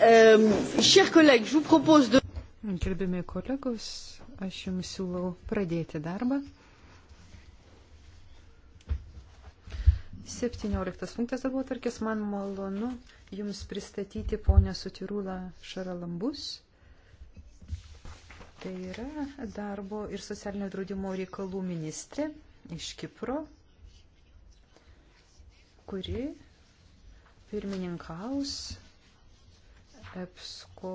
Euh, Gerbimi kolegos, aš jums siūlau pradėti darbą. 17 punktas darbo tarkės, man malonu jums pristatyti ponę Sutirūlą Šaralambus. Tai yra darbo ir socialinio draudimo reikalų ministrė iš Kipro, kuri pirmininkaus EPSCO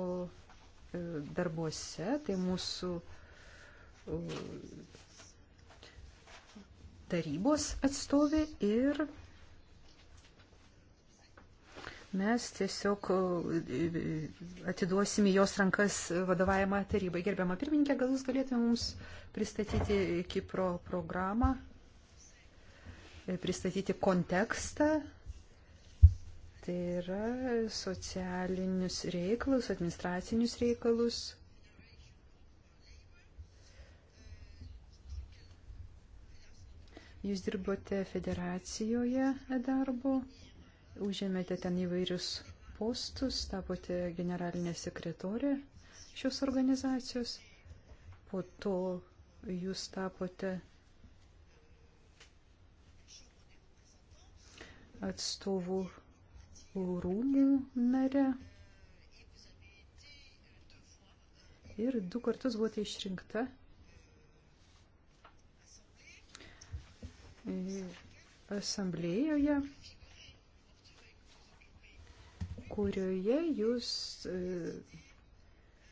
e, darbuose, tai mūsų e, tarybos atstovė ir mes tiesiog e, atiduosime jos rankas vadovavimą tarybai. Gerbiama pirmininkė, gal jūs galėtume mums pristatyti Kipro programą, pristatyti kontekstą Tai yra socialinius reikalus, administracinius reikalus. Jūs dirbote federacijoje darbo, užėmėte ten įvairius postus, tapote generalinė sekretorė šios organizacijos. Po to jūs tapote atstovų rūmų nare ir du kartus buvote tai išrinkta e, asamblėjoje, kurioje jūs e,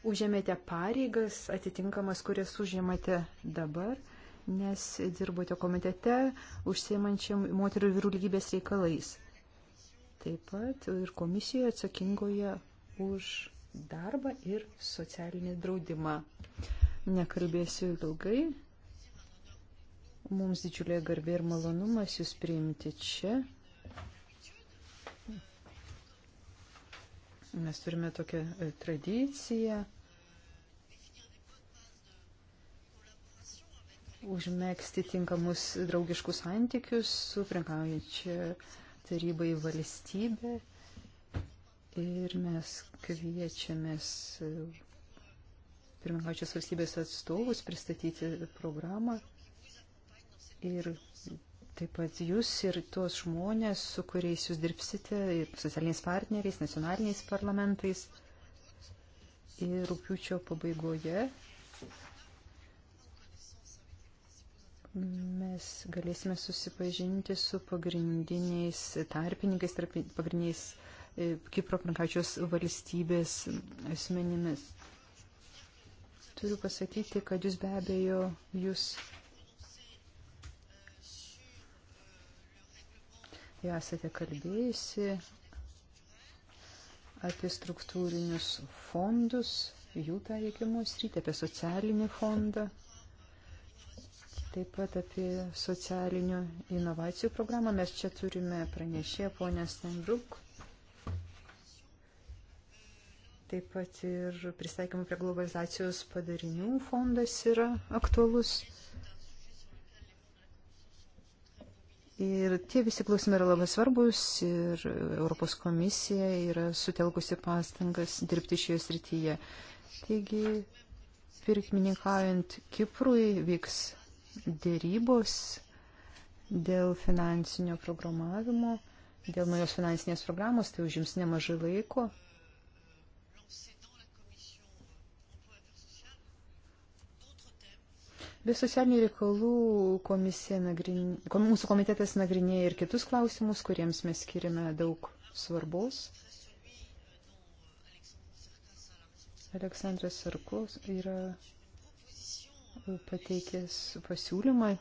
užėmėte pareigas atitinkamas, kurias užėmate dabar, nes dirbote komitete užsiemančiam moterų ir vyrų lygybės reikalais taip pat ir komisijoje atsakingoje už darbą ir socialinį draudimą. Nekalbėsiu ilgai. Mums didžiulė garbė ir malonumas jūs priimti čia. Mes turime tokią e, tradiciją. užmėgsti tinkamus draugiškus santykius su prinkaujančia tarybai valstybė ir mes kviečiamės e, pirmininkaučios valstybės atstovus pristatyti programą ir taip pat jūs ir tuos žmonės, su kuriais jūs dirbsite, socialiniais partneriais, nacionaliniais parlamentais. Ir rūpiučio pabaigoje mes galėsime susipažinti su pagrindiniais tarpininkais, tarp, pagrindiniais e, Kipro aplinkačios valstybės asmenimis. Turiu pasakyti, kad jūs be abejo, jūs jau esate kalbėjusi apie struktūrinius fondus, jų taikymus rytį, apie socialinį fondą. Taip pat apie socialinių inovacijų programą mes čia turime pranešę ponę Stenbruk. Taip pat ir pristaikymų prie globalizacijos padarinių fondas yra aktualus. Ir tie visi klausimai yra labai svarbus ir Europos komisija yra sutelkusi pastangas dirbti šioje srityje. Taigi, pirmininkaujant Kiprui vyks dėrybos dėl finansinio programavimo, dėl naujos finansinės programos, tai užims nemažai laiko. Be socialinių reikalų komisija nagrin... mūsų komitetas nagrinėja ir kitus klausimus, kuriems mes skiriame daug svarbos. Aleksandras Sarkos yra pateikęs pasiūlymą,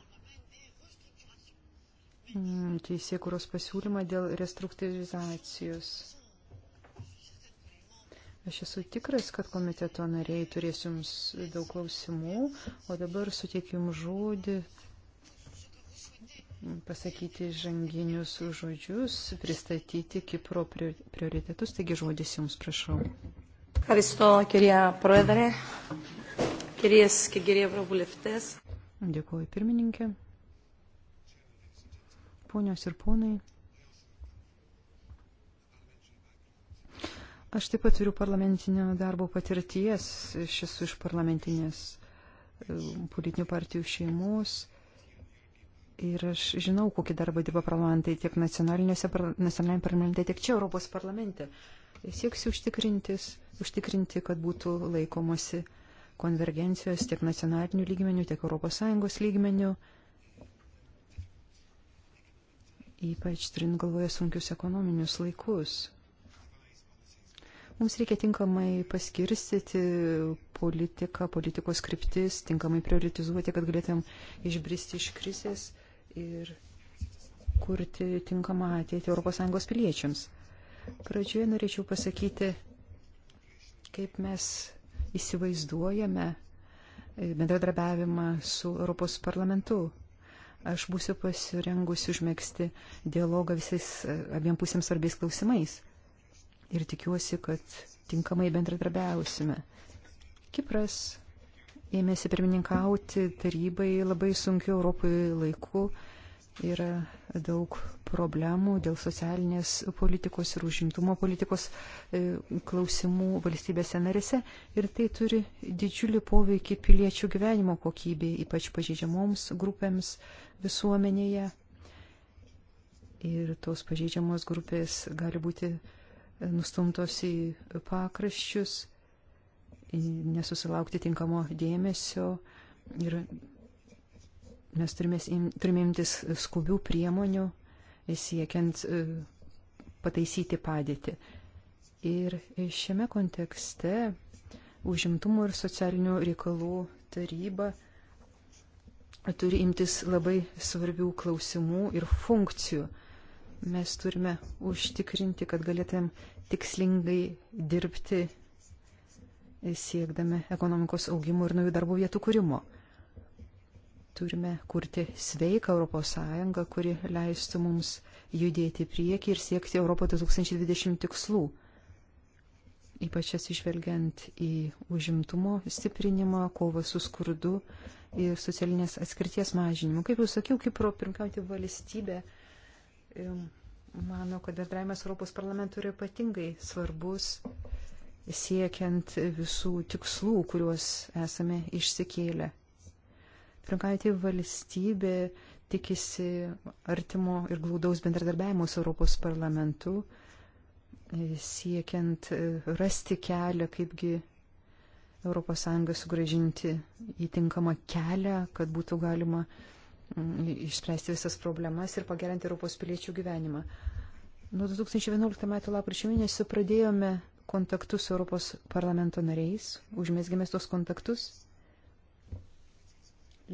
mm, teisėkuros pasiūlymą dėl restruktūrizacijos. Aš esu tikras, kad komiteto nariai turės jums daug klausimų, o dabar suteikiu jums žodį pasakyti žanginius žodžius, pristatyti Kipro prioritetus, taigi žodis jums prašau. Karisto, kirie proedrė, Κυρίες και κύριοι Ευρωβουλευτές. Dėkuoju pirmininkė. Ponios ir ponai. Aš taip pat turiu parlamentinio darbo patirties. Aš esu iš parlamentinės e, politinių partijų šeimos. Ir aš žinau, kokį darbą dirba parlamentai tiek nacionaliniam parlamente, tiek čia Europos parlamente. Sieksiu užtikrinti, kad būtų laikomasi uh, konvergencijos tiek nacionalinių lygmenių, tiek ES lygmenių, ypač turint galvoje sunkius ekonominius laikus. Mums reikia tinkamai paskirstyti politiką, politikos kryptis, tinkamai prioritizuoti, kad galėtum išbristi iš krizės ir kurti tinkamą ateitį ES piliečiams. Pradžioje norėčiau pasakyti, kaip mes įsivaizduojame e, bendradarbiavimą su Europos parlamentu. Aš būsiu pasirengusi užmėgsti dialogą visais e, abiem pusėms svarbiais klausimais ir tikiuosi, kad tinkamai bendradarbiausime. Kipras ėmėsi pirmininkauti tarybai labai sunkiu Europoje laiku Yra daug problemų dėl socialinės politikos ir užimtumo politikos e, klausimų valstybėse narėse ir tai turi didžiulį poveikį piliečių gyvenimo kokybei, ypač pažeidžiamoms grupėms visuomenėje. Ir tos pažeidžiamos grupės gali būti nustumtos į pakraščius, nesusilaukti tinkamo dėmesio ir Mes turime, turime imtis e, skubių priemonių e, siekiant e, pataisyti padėtį. Ir šiame kontekste užimtumo ir socialinių reikalų taryba turi imtis labai svarbių klausimų ir funkcijų. Mes turime užtikrinti, kad galėtumėm tikslingai dirbti siekdami ekonomikos augimo ir naujų darbo vietų kūrimo. Turime kurti sveiką ES, kuri leistų mums judėti prieki ir siekti Europo 2020 tikslų, ypač atsižvelgiant į užimtumo stiprinimą, kovą su skurdu ir socialinės atskirties mažinimu. Kaip jau sakiau, Kipro pirmkiauti valstybė mano, kad bendravimas Europos parlamentų yra ypatingai svarbus siekiant visų tikslų, kuriuos esame išsikėlę. Frankaitė valstybė tikisi artimo ir glaudaus bendradarbiavimo su Europos parlamentu, e, siekiant e, rasti kelią, kaipgi ES sugražinti į tinkamą kelią, kad būtų galima išspręsti visas problemas ir pagerinti Europos piliečių gyvenimą. Nuo 2011 m. lapkričio mėnesio pradėjome kontaktus su Europos parlamento nariais, užmėsgėmės tos kontaktus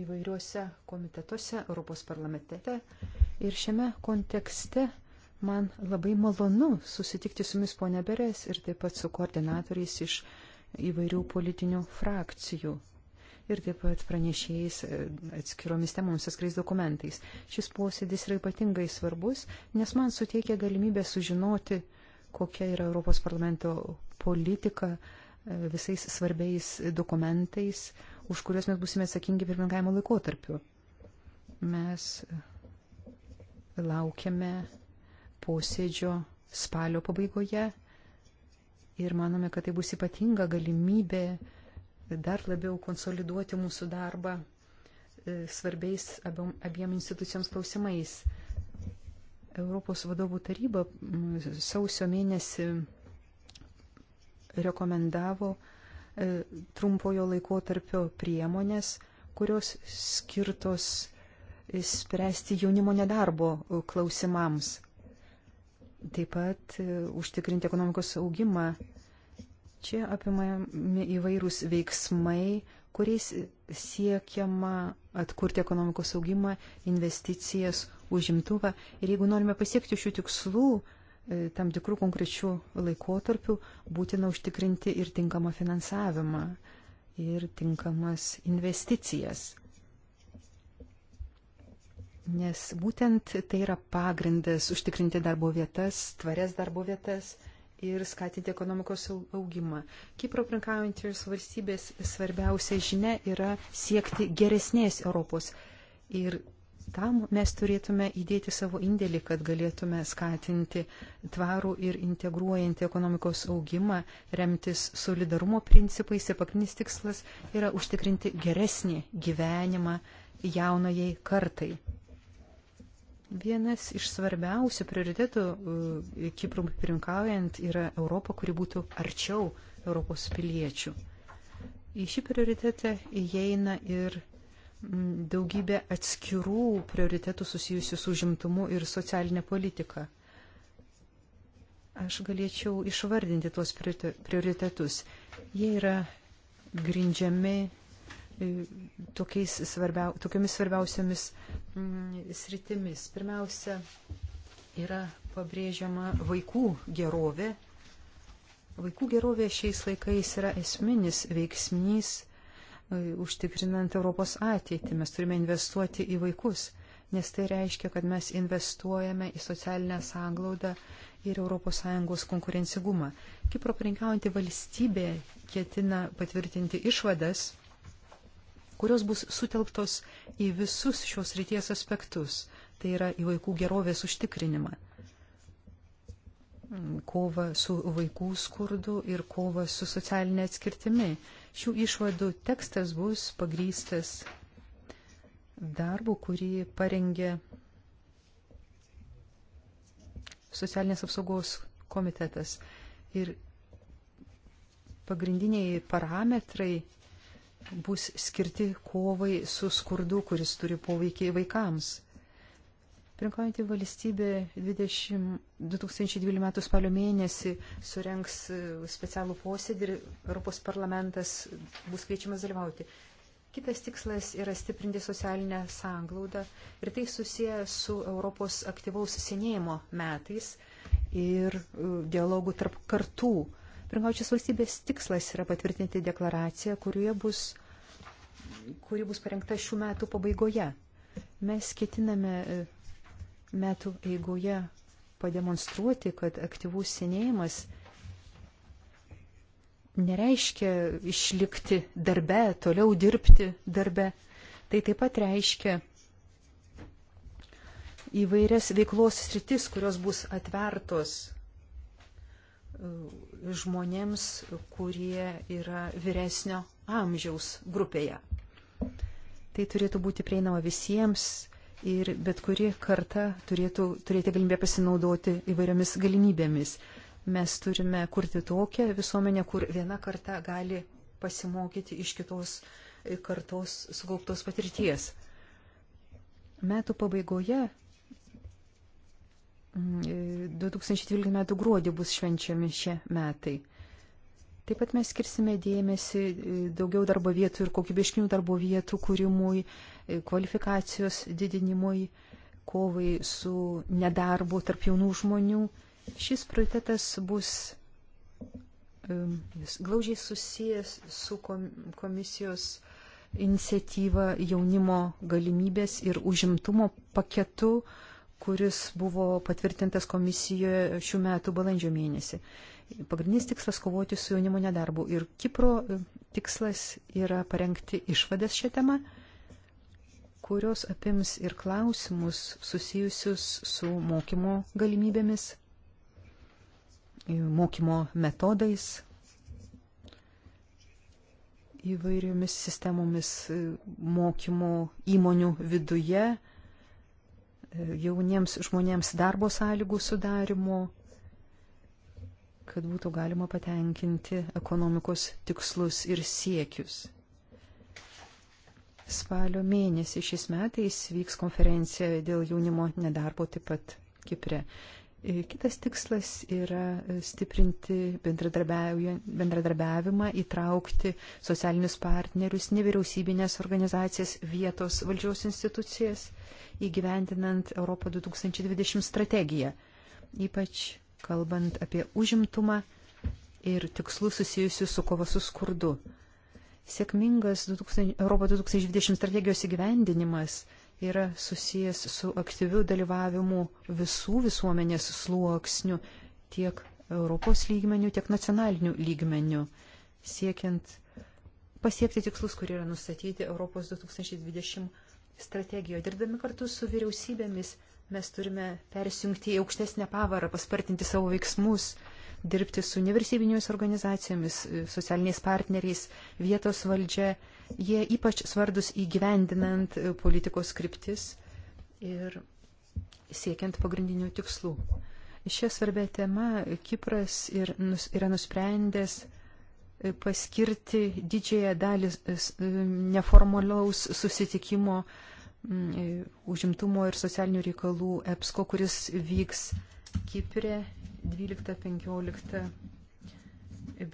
įvairiuose komitetuose Europos parlamentete. Ir šiame kontekste man labai malonu susitikti su jumis, ponia Berės, ir taip pat su koordinatoriais iš įvairių politinių frakcijų. Ir taip pat pranešėjais e, atskiromis temomis atskrais dokumentais. Šis posėdis yra ypatingai svarbus, nes man suteikia galimybę sužinoti, kokia yra Europos parlamento politika e, visais svarbiais dokumentais, už kuriuos mes busime atsakingi pirmininkavimo laikotarpiu. Mes laukiame posėdžio spalio pabaigoje ir manome, kad tai bus ypatinga galimybė dar labiau konsoliduoti mūsų darbą e, svarbiais abiem, abiem institucijoms klausimais. Europos vadovų taryba sausio mėnesį rekomendavo E, trumpojo laiko tarpio priemonės, kurios skirtos spręsti jaunimo nedarbo klausimams. Taip pat e, užtikrinti ekonomikos augimą. Čia apimami įvairūs veiksmai, kuriais siekiama atkurti ekonomikos augimą, investicijas, užimtumą. Ir jeigu norime pasiekti šių tikslų, E, tam tikrų konkrečių laikotarpių būtina užtikrinti ir tinkamą finansavimą, ir tinkamas investicijas. Nes būtent tai yra pagrindas užtikrinti darbo vietas, tvarias darbo vietas ir skatinti ekonomikos augimą. Kipro prinkaujantis valstybės svarbiausia žinia yra siekti geresnės Europos. Ir Tam mes turėtume įdėti savo indėlį, kad galėtume skatinti tvarų ir integruojantį ekonomikos augimą, remtis solidarumo principais ir pagrindinis tikslas yra užtikrinti geresnį gyvenimą jaunajai kartai. Vienas iš svarbiausių prioritetų e, Kiprui pirinkaujant yra Europa, kuri būtų arčiau Europos piliečių. Į šį prioritetą įeina ir daugybė atskirų prioritetų susijusių su žimtumu ir socialinė politika. Aš galėčiau išvardinti tuos prioritetus. Jie yra grindžiami e, svarbiau, tokiamis svarbiausiamis mm, sritimis. Pirmiausia, yra pabrėžiama vaikų gerovė. Vaikų gerovė šiais laikais yra esminis veiksnys E, užtikrinant Europos ateitį. Mes turime investuoti į vaikus, nes tai reiškia, kad mes investuojame į socialinę sąnglaudą ir ES konkurencigumą. Kipro prinkaujantį valstybė ketina patvirtinti išvadas, kurios bus sutelktos į visus šios ryties aspektus, tai yra į vaikų gerovės užtikrinimą kova su vaikų skurdu ir kova su socialinė atskirtimi. Šių išvadų tekstas bus pagrystas darbu, kurį parengė socialinės apsaugos komitetas. Ir pagrindiniai parametrai bus skirti kovai su skurdu, kuris turi poveikį vaikams. Pirmkaujantį valstybę 20, 2012 m. spalio mėnesį surenks e, specialų posėdį ir Europos parlamentas bus kviečiamas dalyvauti. Kitas tikslas yra stiprinti socialinę sanglaudą ir tai susiję su Europos aktyvaus senėjimo metais ir e, dialogų tarp kartų. Pirmaučias valstybės tikslas yra patvirtinti deklaraciją, kurioje bus, kuri bus parengta šių metų pabaigoje. Mes ketiname e, metų eigoje pademonstruoti, kad aktyvus senėjimas nereiškia išlikti darbe, toliau dirbti darbe. Tai taip pat reiškia įvairias veiklos sritis, kurios bus atvertos e, žmonėms, kurie yra vyresnio amžiaus grupėje. Tai turėtų būti prieinama visiems, ir bet kuri karta turėtų turėti galimybę pasinaudoti įvairiomis galimybėmis. Mes turime kurti tokią visuomenę, kur viena karta gali pasimokyti iš kitos kartos sugauptos patirties. Metų pabaigoje 2012 mm, e, m. gruodį bus švenčiami šie metai. Taip pat mes skirsime dėmesį e, daugiau darbo vietų ir kokybiškinių darbo vietų kūrimui, e, kvalifikacijos didinimui, kovai su nedarbu tarp jaunų žmonių. Šis prioritetas bus um, glaudžiai susijęs su komisijos iniciatyva jaunimo galimybės ir užimtumo paketu, kuris buvo patvirtintas komisijoje šių metų balandžio mėnesį. Pagrindinis tikslas kovoti su jaunimo nedarbu ir Kipro e, tikslas yra parengti išvadas šią temą, kurios apims ir klausimus susijusius su mokymo galimybėmis, e, mokymo metodais, įvairiomis sistemomis e, mokymo įmonių viduje, jauniems žmonėms darbo sąlygų sudarimo, kad būtų galima patenkinti ekonomikos tikslus ir siekius. Spalio mėnesį šiais metais vyks konferencija dėl jaunimo nedarbo taip pat Kipre. E, kitas tikslas yra stiprinti bendradarbiavimą, įtraukti socialinius partnerius, nevyriausybinės organizacijas, vietos valdžiaus institucijas, įgyvendinant Europą 2020 strategiją. Ypač kalbant apie užimtumą ir tikslus susijusius su kova su skurdu. Sėkmingas 2000, Europo 2020 strategijos įgyvendinimas yra susijęs su aktyviu dalyvavimu visų visuomenės sluoksnių tiek Europos lygmenių, tiek nacionalinių lygmenių, siekiant pasiekti tikslus, kurie yra nustatyti Europos 2020 strategijoje. Dirbdami kartu su vyriausybėmis Mes turime persijungti į aukštesnę pavarą, paspartinti savo veiksmus, dirbti su universitybinėmis organizacijomis, socialiniais partneriais, vietos valdžia. Jie ypač svarbus įgyvendinant politikos kryptis ir siekiant pagrindinių tikslų. Šią svarbę temą Kipras ir, nus, yra nusprendęs paskirti didžiąją dalį neformaliaus susitikimo Mm, užimtumo ir socialinių reikalų EPSCO, kuris vyks Kiprė 12-15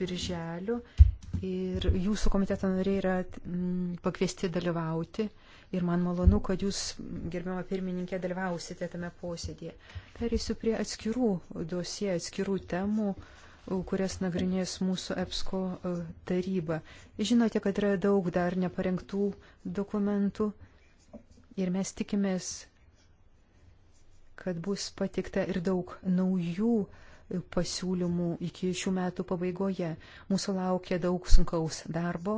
birželių. Ir jūsų komiteto nariai yra mm, pakviesti dalyvauti. Ir man malonu, kad jūs, gerbiama pirmininkė, dalyvausite tame posėdėje. Perėsiu prie atskirų dosie, atskirų temų, kurias nagrinės mūsų EPSCO e, taryba. Žinote, kad yra daug dar neparengtų dokumentų Ir mes tikimės, kad bus patikta ir daug naujų pasiūlymų iki šių metų pabaigoje. Mūsų laukia daug sunkaus darbo.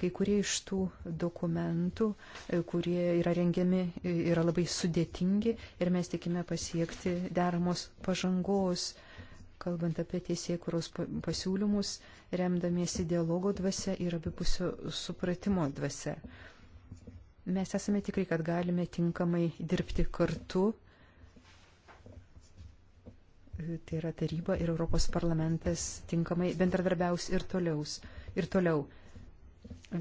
Kai kurie iš tų dokumentų, e, kurie yra rengiami, e, yra labai sudėtingi ir mes tikime pasiekti deramos pažangos, kalbant apie teisėkuros pasiūlymus, remdamiesi dialogo dvasia ir abipusio supratimo dvasia. Mes esame tikrai, kad galime tinkamai dirbti kartu. Tai yra taryba ir Europos parlamentas tinkamai bendradarbiaus ir, toliaus, ir toliau.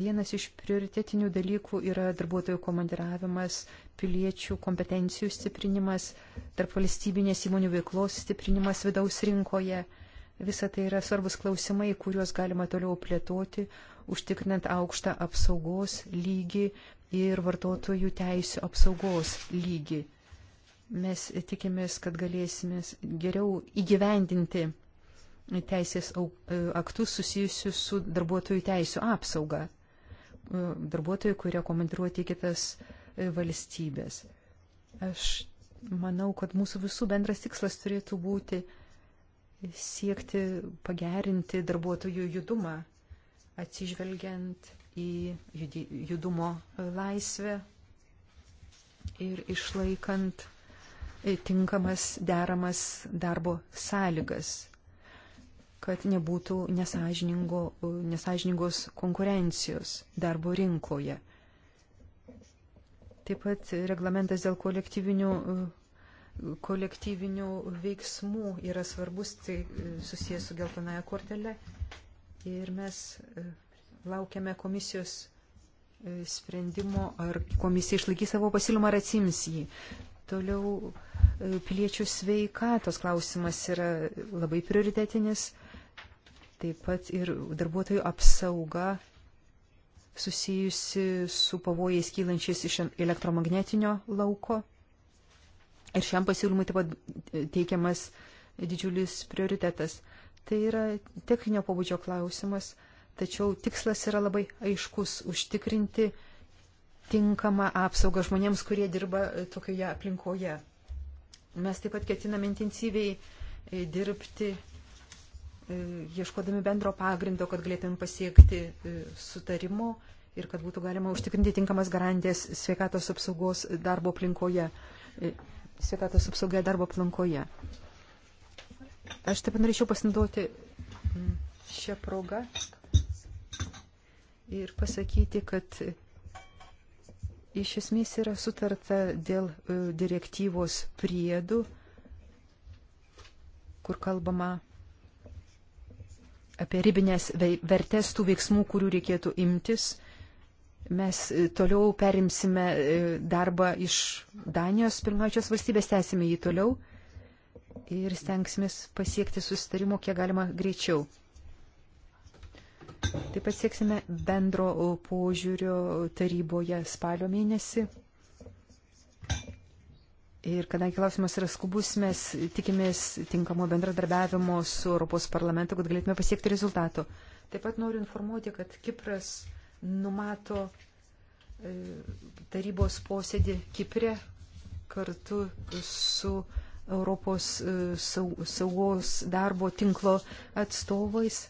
Vienas iš prioritetinių dalykų yra darbuotojų komandiravimas, piliečių kompetencijų stiprinimas, tarp valstybinės įmonių veiklos stiprinimas vidaus rinkoje. Visa tai yra svarbus klausimai, kuriuos galima toliau plėtoti, užtikrinant aukštą apsaugos lygį ir vartotojų teisų apsaugos lygį. Mes tikimės, kad galėsime geriau įgyvendinti teisės aktus susijusius su darbuotojų teisų apsauga. E, darbuotojų, kurie komandiruoti į kitas e, valstybės. Aš manau, kad mūsų visų bendras tikslas turėtų būti siekti pagerinti darbuotojų judumą, atsižvelgiant į judumo laisvę ir išlaikant e, tinkamas deramas darbo sąlygas, kad nebūtų e, nesažiningos konkurencijos darbo rinkoje. Taip pat reglamentas dėl kolektyvinių, e, kolektyvinių veiksmų yra svarbus, tai susijęs su geltonaja kortelė. Ir mes Laukiame komisijos e, sprendimo, ar komisija išlaikys savo pasiūlymą ar atsims jį. Toliau e, piliečių sveikatos klausimas yra labai prioritetinis, taip pat ir darbuotojų apsauga susijusi su pavojais kylančiais iš elektromagnetinio lauko. Ir šiam pasiūlymui taip pat e, teikiamas didžiulis prioritetas. Tai yra techninio pobūdžio klausimas Tačiau tikslas yra labai aiškus - užtikrinti tinkamą apsaugą žmonėms, kurie dirba e, tokioje aplinkoje. Mes taip pat ketiname intensyviai e, dirbti, e, ieškodami bendro pagrindo, kad galėtume pasiekti sutarimo ir kad būtų galima užtikrinti tinkamas garantijas sveikatos apsaugos darbo aplinkoje. Sveikatos apsaugoje darbo aplinkoje. Aš taip norėčiau pasinaudoti šią progą, ir pasakyti, kad iš esmės yra sutarta dėl e, direktyvos priedų, kur kalbama apie ribinės vertės tų veiksmų, kurių reikėtų imtis. Mes e, toliau perimsime e, darbą iš Danijos pirmaučios valstybės, tęsime jį toliau ir stengsimės pasiekti susitarimo kiek galima greičiau. Taip pat sieksime bendro požiūrio taryboje spalio mėnesį. Ir kadangi klausimas yra skubus, mes tikimės tinkamo bendradarbiavimo su Europos parlamentu, kad galėtume pasiekti rezultatų. Taip pat noriu informuoti, kad Kipras numato e, tarybos posėdį Kiprė kartu su Europos e, saugos darbo tinklo atstovais.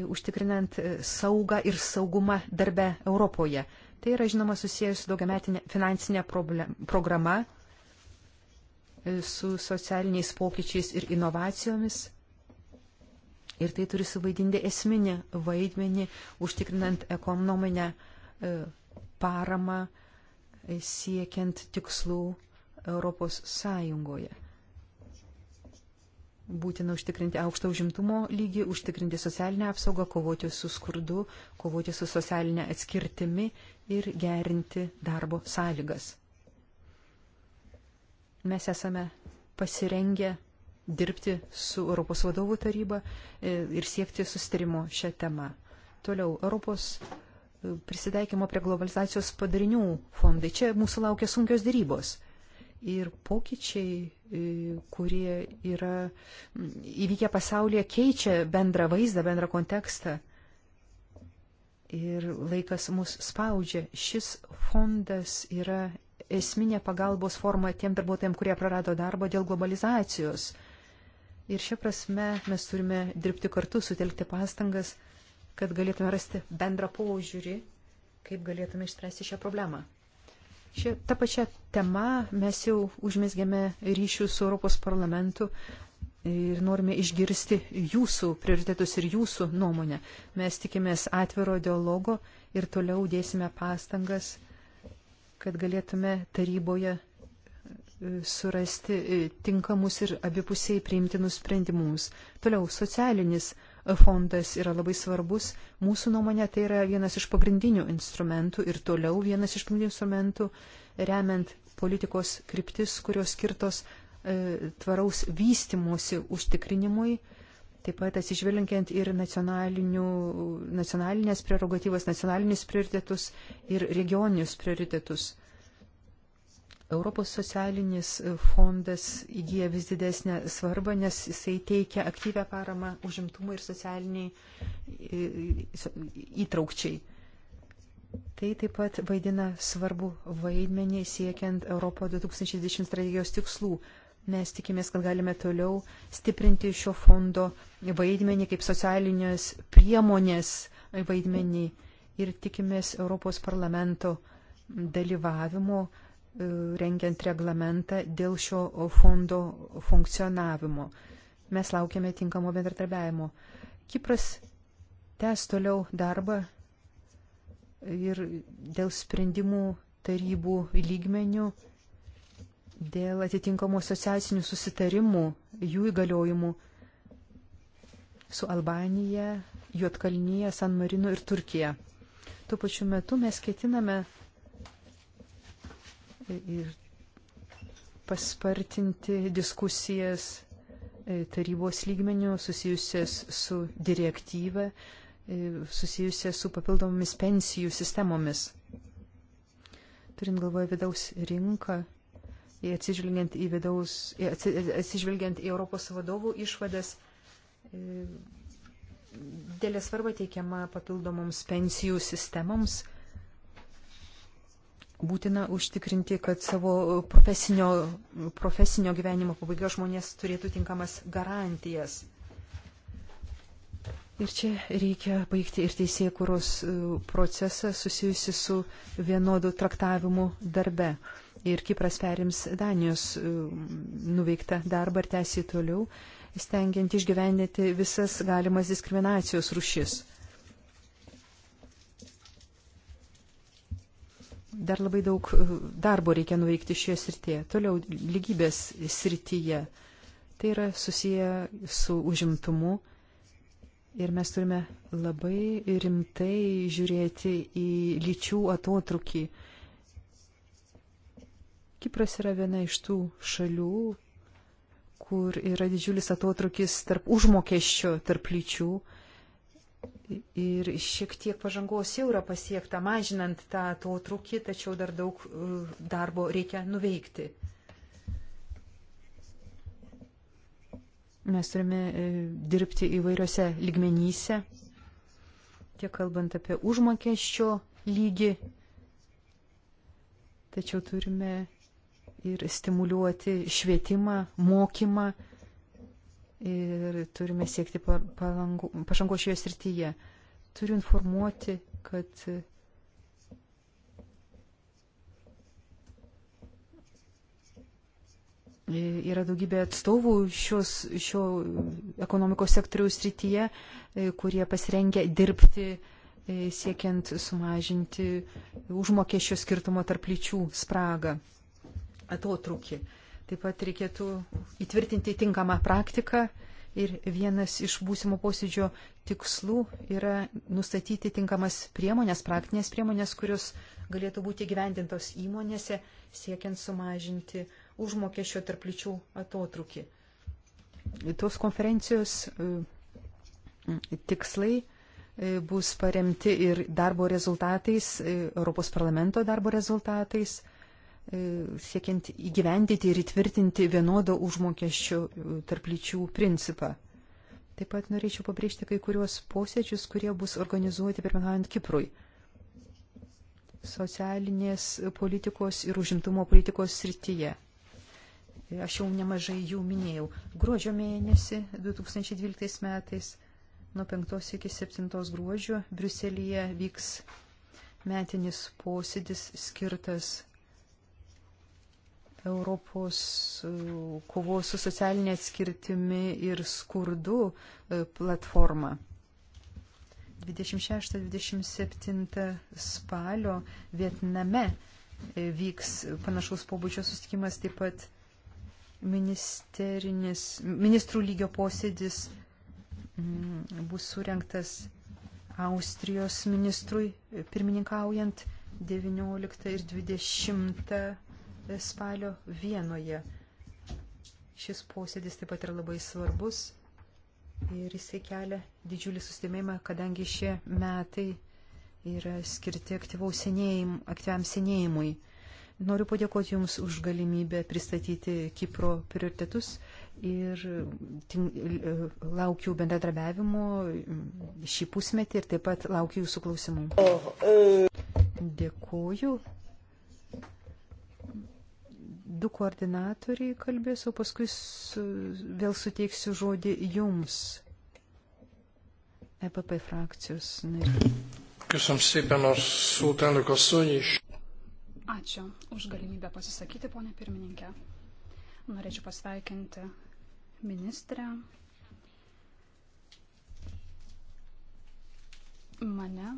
E, užtikrinant e, saugą ir saugumą darbe Europoje. Tai yra, žinoma, susijęs su daugiametinė finansinė problem, programa, e, su socialiniais pokyčiais ir inovacijomis. Ir tai turi suvaidinti esminį vaidmenį, užtikrinant ekonominę paramą siekiant tikslų Europos Sąjungoje. Būtina užtikrinti aukštą užimtumo lygį, užtikrinti socialinę apsaugą, kovoti su skurdu, kovoti su socialinė atskirtimi ir gerinti darbo sąlygas. Mes esame pasirengę dirbti su Europos vadovų taryba e, ir siekti sustarimo šią temą. Toliau, Europos e, prisidaikymo prie globalizacijos padarinių fondai. Čia mūsų laukia sunkios dėrybos ir pokyčiai, e, kurie yra įvykę pasaulyje, keičia bendrą vaizdą, bendrą kontekstą. Ir laikas mus spaudžia. Šis fondas yra esminė pagalbos forma tiem darbuotojim, kurie prarado darbą dėl globalizacijos. Ir šia prasme mes turime dirbti kartu, sutelkti pastangas, kad galėtume rasti bendrą požiūrį, kaip galėtume išspręsti šią problemą. Šia, ta pačia tema mes jau užmesgėme ryšių su Europos parlamentu ir norime išgirsti jūsų prioritetus ir jūsų nuomonę. Mes tikimės atviro dialogo ir toliau dėsime pastangas, kad galėtume taryboje e, surasti e, tinkamus ir abipusiai priimtinus sprendimus. Toliau socialinis fondas yra labai svarbus. Mūsų nuomonė tai yra vienas iš pagrindinių instrumentų ir toliau vienas iš pagrindinių instrumentų remiant politikos kryptis, kurios skirtos e, tvaraus vystimusi užtikrinimui, taip pat atsižvelgiant ir nacionalinės prerogatyvas, nacionalinius prioritetus ir regioninius prioritetus. Europos socialinis fondas įgyja vis didesnę svarbą, nes jisai teikia aktyvę paramą užimtumui ir socialiniai įtraukčiai. Tai taip pat vaidina svarbu vaidmenį siekiant Europo 2020 strategijos tikslų. Mes tikimės, kad galime toliau stiprinti šio fondo vaidmenį kaip socialinės priemonės vaidmenį ir tikimės Europos parlamento dalyvavimo uh, E, rengiant reglamentą dėl šio fondo funkcionavimo. Mes laukiame tinkamo bendradarbiavimo. Kipras tęs toliau darbą ir dėl sprendimų tarybų lygmenių, dėl atitinkamų asociacinių susitarimų, jų įgaliojimų su Albanija, Juotkalnyje, San Marino ir Turkija. Tuo pačiu metu mes ketiname ir paspartinti diskusijas e, tarybos lygmenių susijusias su direktyva, e, susijusias su papildomomis pensijų sistemomis. Turint galvoje vidaus rinką, atsižvelgiant į, vidaus, atsižvelgiant į Europos vadovų išvadas, e, dėlė svarba teikiama papildomoms pensijų sistemoms būtina užtikrinti, kad savo profesinio, profesinio gyvenimo pabaigos žmonės turėtų tinkamas garantijas. Ir čia reikia baigti ir teisėkuros e, procesą susijusi su vienodu traktavimu darbe. Ir Kipras perims Danijos e, nuveiktą darbą ir tęsį toliau, stengiant išgyvendinti visas galimas diskriminacijos rušis. dar labai daug e, darbo reikia nuveikti šioje srityje. Toliau lygybės srityje. Tai yra susiję su užimtumu ir mes turime labai rimtai žiūrėti į lyčių atotrukį. Kipras yra viena iš tų šalių, kur yra didžiulis atotrukis tarp užmokesčio, tarp lyčių Ir šiek tiek pažangos jau yra pasiekta, mažinant tą to trukį, tačiau dar daug e, darbo reikia nuveikti. Mes turime e, dirbti įvairiose ligmenyse, tiek kalbant apie užmokesčio lygį, tačiau turime ir stimuliuoti švietimą, mokymą ir turime siekti pažangos šioje srityje. Turiu informuoti, kad e, Yra daugybė atstovų šios, šio ekonomikos sektoriaus srityje, e, kurie pasirengia dirbti e, siekiant sumažinti užmokesčio skirtumo tarp lyčių spragą, atotrukį. Taip pat reikėtų įtvirtinti tinkamą praktiką ir vienas iš būsimo posėdžio tikslų yra nustatyti tinkamas priemonės, praktinės priemonės, kurios galėtų būti gyvendintos įmonėse, siekiant sumažinti užmokesčio tarp lyčių atotrukį. Tos konferencijos e, tikslai e, bus paremti ir darbo rezultatais, e, Europos parlamento darbo rezultatais E, siekiant įgyvendyti ir įtvirtinti vienodą užmokesčio e, tarp lyčių principą. Taip pat norėčiau pabrėžti kai kuriuos posėdžius, kurie bus organizuoti pirmininkaujant Kiprui. Socialinės politikos ir užimtumo politikos srityje. E, aš jau nemažai jų minėjau. Gruodžio mėnesį 2012 metais nuo 5 iki 7 gruodžio Briuselėje vyks metinis posėdis skirtas Europos e, kovos su socialinė atskirtimi ir skurdu e, platforma. 26-27 spalio Vietname e, vyks panašaus pobūdžio susitikimas, taip pat ministrų lygio posėdis mm, bus surinktas Austrijos ministrui pirmininkaujant 19 ir 20 spalio Vienoje. Šis posėdis taip pat yra labai svarbus ir jisai kelia didžiulį sustimėjimą, kadangi šie metai yra skirti senėjim, aktyviam senėjimui. Noriu padėkoti Jums už galimybę pristatyti Kipro prioritetus ir ting, laukiu bendradarbiavimo šį pusmetį ir taip pat laukiu Jūsų klausimų. Oh, uh. Dėkuoju du koordinatoriai kalbės, o paskui su, vėl suteiksiu žodį jums, EPP frakcijos nariai. Köszönöm szépen a szót, elnök asszony, és... Ačiū už galimybę pasisakyti, ponė pirmininkė. Norėčiau pasveikinti ministrę. Mane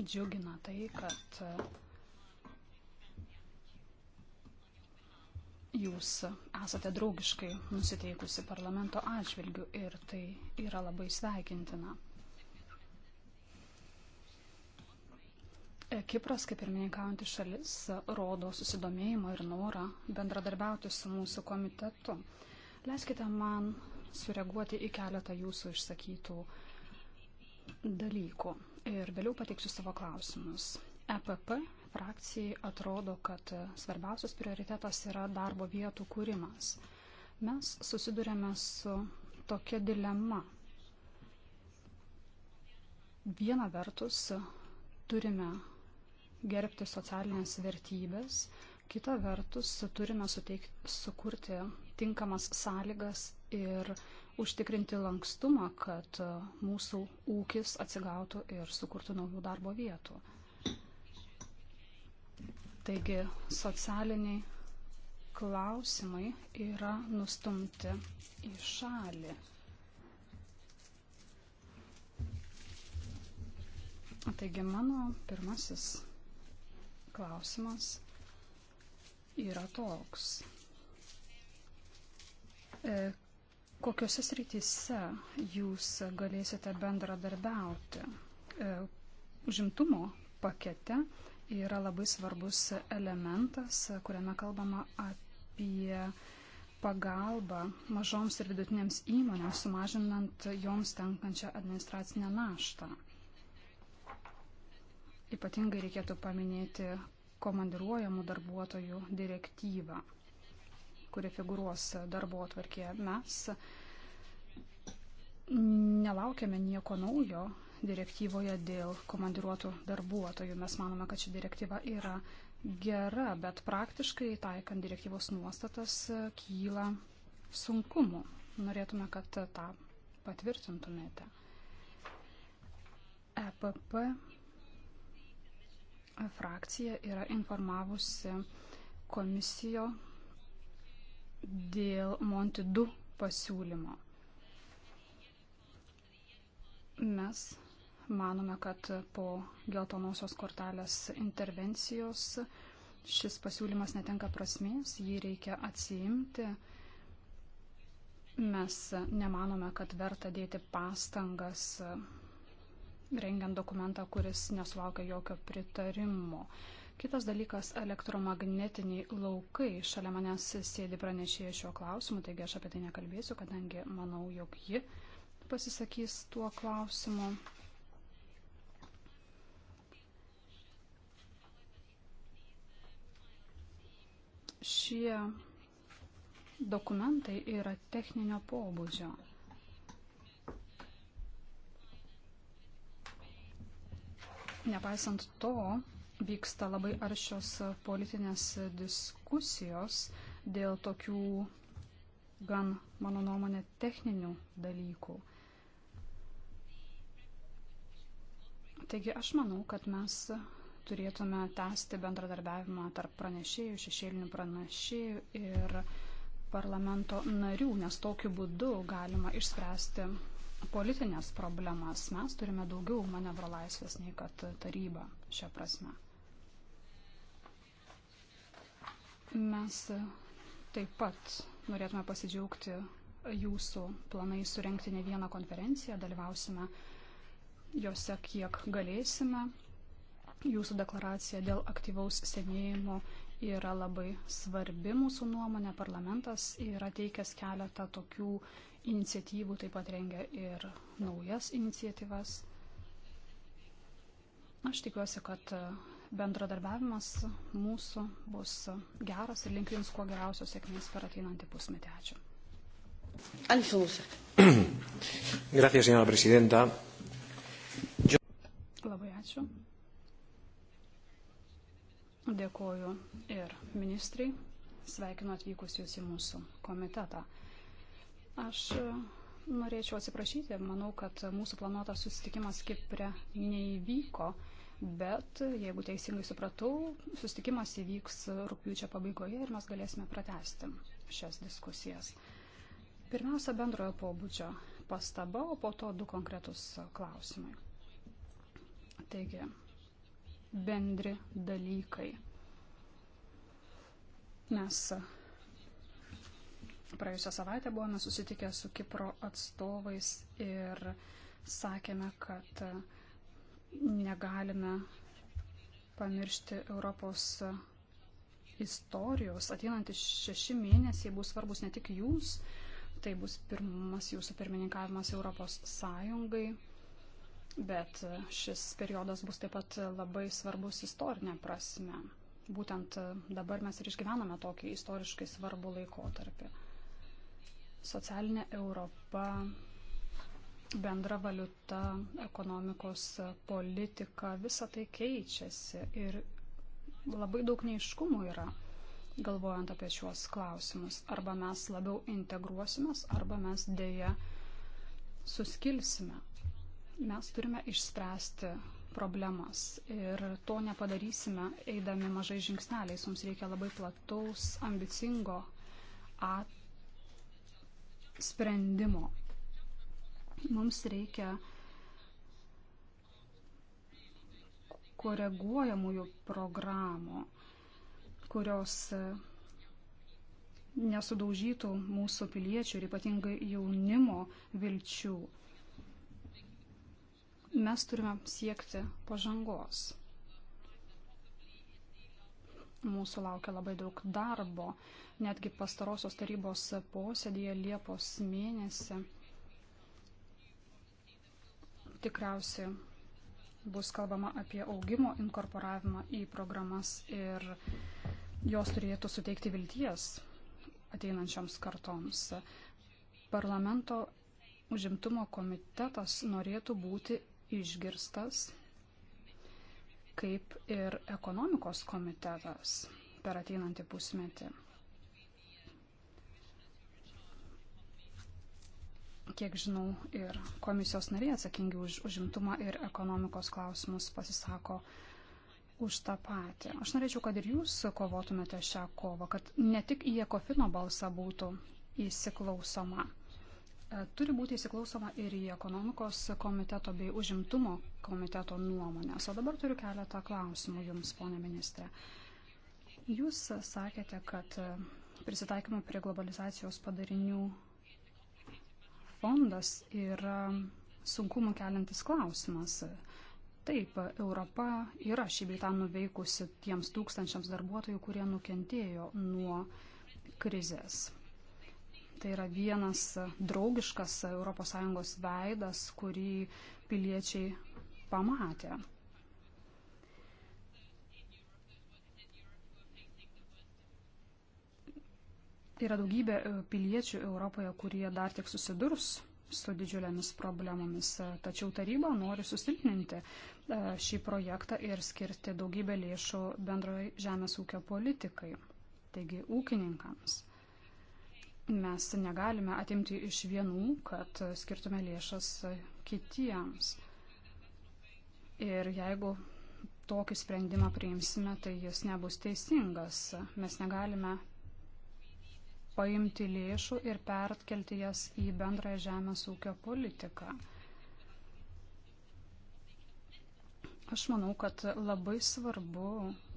džiugina tai, kad jūs esate draugiškai nusiteikusi parlamento atžvilgių ir tai yra labai sveikintina. E, Kipras, kaip ir minėkaujantis šalis, rodo susidomėjimą ir norą bendradarbiauti su mūsų komitetu. Leiskite man sureaguoti į keletą jūsų išsakytų dalykų ir vėliau pateiksiu savo klausimus. EPP frakcijai atrodo, kad svarbiausias prioritetas yra darbo vietų kūrimas. Mes susidurėme su tokia dilema. Viena vertus turime gerbti socialinės vertybės, kita vertus turime suteikti, sukurti tinkamas sąlygas ir užtikrinti lankstumą, kad mūsų ūkis atsigautų ir sukurtų naujų darbo vietų. Taigi socialiniai klausimai yra nustumti į šalį. Taigi mano pirmasis klausimas yra toks. E, Kokiuose srityse jūs galėsite bendradarbiauti? E, užimtumo pakete yra labai svarbus elementas, kuriame kalbama apie pagalbą mažoms ir vidutinėms įmonėms, sumažinant joms tenkančią administracinę naštą. Ypatingai reikėtų paminėti komandiruojamų darbuotojų direktyvą, kuri figuruos darbo atvarkėje. Mes nelaukėme nieko naujo direktyvoje dėl komandiruotų darbuotojų. Mes manome, kad ši direktyva yra gera, bet praktiškai taikant direktyvos nuostatas kyla sunkumų. Norėtume, kad tą patvirtintumėte. EPP frakcija yra informavusi komisijo dėl Monti 2 pasiūlymo. Mes manome, kad po geltonosios kortelės intervencijos šis pasiūlymas netenka prasmės, jį reikia atsiimti. Mes nemanome, kad verta dėti pastangas rengiant dokumentą, kuris nesulaukia jokio pritarimo. Kitas dalykas - elektromagnetiniai laukai. Šalia manęs sėdi pranešėja šiuo klausimu, taigi aš apie tai nekalbėsiu, kadangi manau, jog ji pasisakys tuo klausimu. šie dokumentai yra techninio pobūdžio. Nepaisant to, vyksta labai aršios politinės diskusijos dėl tokių gan, mano nuomonė, techninių dalykų. Taigi aš manau, kad mes turėtume tęsti bendradarbiavimą tarp pranešėjų, šešėlinių pranešėjų ir parlamento narių, nes tokiu būdu galima išspręsti politinės problemas. Mes turime daugiau manevro laisvės nei kad taryba šią prasme. Mes taip pat norėtume pasidžiaugti jūsų planai surenkti ne vieną konferenciją, dalyvausime juose kiek galėsime. Jūsų deklaracija dėl aktyvaus senėjimo yra labai svarbi mūsų nuomonė. Parlamentas yra teikęs keletą tokių iniciatyvų, taip pat rengia ir naujas iniciatyvas. Aš tikiuosi, kad bendradarbiavimas mūsų bus geras ir linkiu Jums kuo geriausios sėkmės per ateinantį pusmetį. Ačiū. Gracias, señora presidenta. Yo... Labai ačiū. Dėkoju ir ministrai. Sveikinu atvykus jūs į mūsų komitetą. Aš e, norėčiau atsiprašyti. Manau, kad mūsų planuotas susitikimas Kipre neįvyko, bet jeigu teisingai supratau, susitikimas įvyks rūpjūčio pabaigoje ir mes galėsime pratesti šias diskusijas. Pirmiausia, bendrojo pobūdžio pastaba, o po to du konkretus klausimai. Taigi, bendri dalykai. Mes praėjusią savaitę buvome susitikę su Kipro atstovais ir sakėme, kad negalime pamiršti Europos istorijos. Ateinantis šeši mėnesiai bus svarbus ne tik jūs, tai bus pirmas jūsų pirmininkavimas Europos Sąjungai. Bet šis periodas bus taip pat labai svarbus istorinė prasme. Būtent dabar mes ir išgyvename tokį istoriškai svarbų laikotarpį. Socialinė Europa, bendra valiuta, ekonomikos politika, visa tai keičiasi ir labai daug neiškumų yra galvojant apie šiuos klausimus. Arba mes labiau integruosimės, arba mes dėja suskilsime. Mes turime išspręsti problemas ir to nepadarysime eidami mažai žingsneliais. Mums reikia labai plataus, ambicingo at... sprendimo. Mums reikia koreguojamųjų programų, kurios nesudaužytų mūsų piliečių ir ypatingai jaunimo vilčių mes turime siekti pažangos. Mūsų laukia labai daug darbo. Netgi pastarosios tarybos posėdėje Liepos mėnesį tikriausiai bus kalbama apie augimo inkorporavimą į programas ir jos turėtų suteikti vilties ateinančioms kartoms. Parlamento užimtumo komitetas norėtų būti išgirstas, kaip ir ekonomikos komitetas per ateinantį pusmetį. Kiek žinau, ir komisijos nariai atsakingi už užimtumą ir ekonomikos klausimus pasisako už tą patį. Aš norėčiau, kad ir jūs kovotumėte šią kovą, kad ne tik į Ekofino balsą būtų įsiklausoma. E, turi būti įsiklausoma ir į ekonomikos komiteto bei užimtumo komiteto nuomonės. O dabar turiu keletą klausimų jums, ponė ministrė. Jūs sakėte, kad e, prisitaikymo prie globalizacijos padarinių fondas yra sunkumų keliantis klausimas. Taip, Europa yra šį beitą nuveikusi tiems tūkstančiams darbuotojų, kurie nukentėjo nuo krizės. Tai yra vienas draugiškas ES veidas, kurį piliečiai pamatė. Yra daugybė e, piliečių Europoje, kurie dar tik susidurs su didžiulėmis problemomis. Tačiau taryba nori susilpninti e, šį projektą ir skirti daugybę lėšų bendroji žemės ūkio politikai, taigi ūkininkams mes negalime atimti iš vienų, kad skirtume lėšas kitiems. Ir jeigu tokį sprendimą priimsime, tai jis nebus teisingas. Mes negalime paimti lėšų ir perkelti jas į bendrąją žemės ūkio politiką. Aš manau, kad labai svarbu,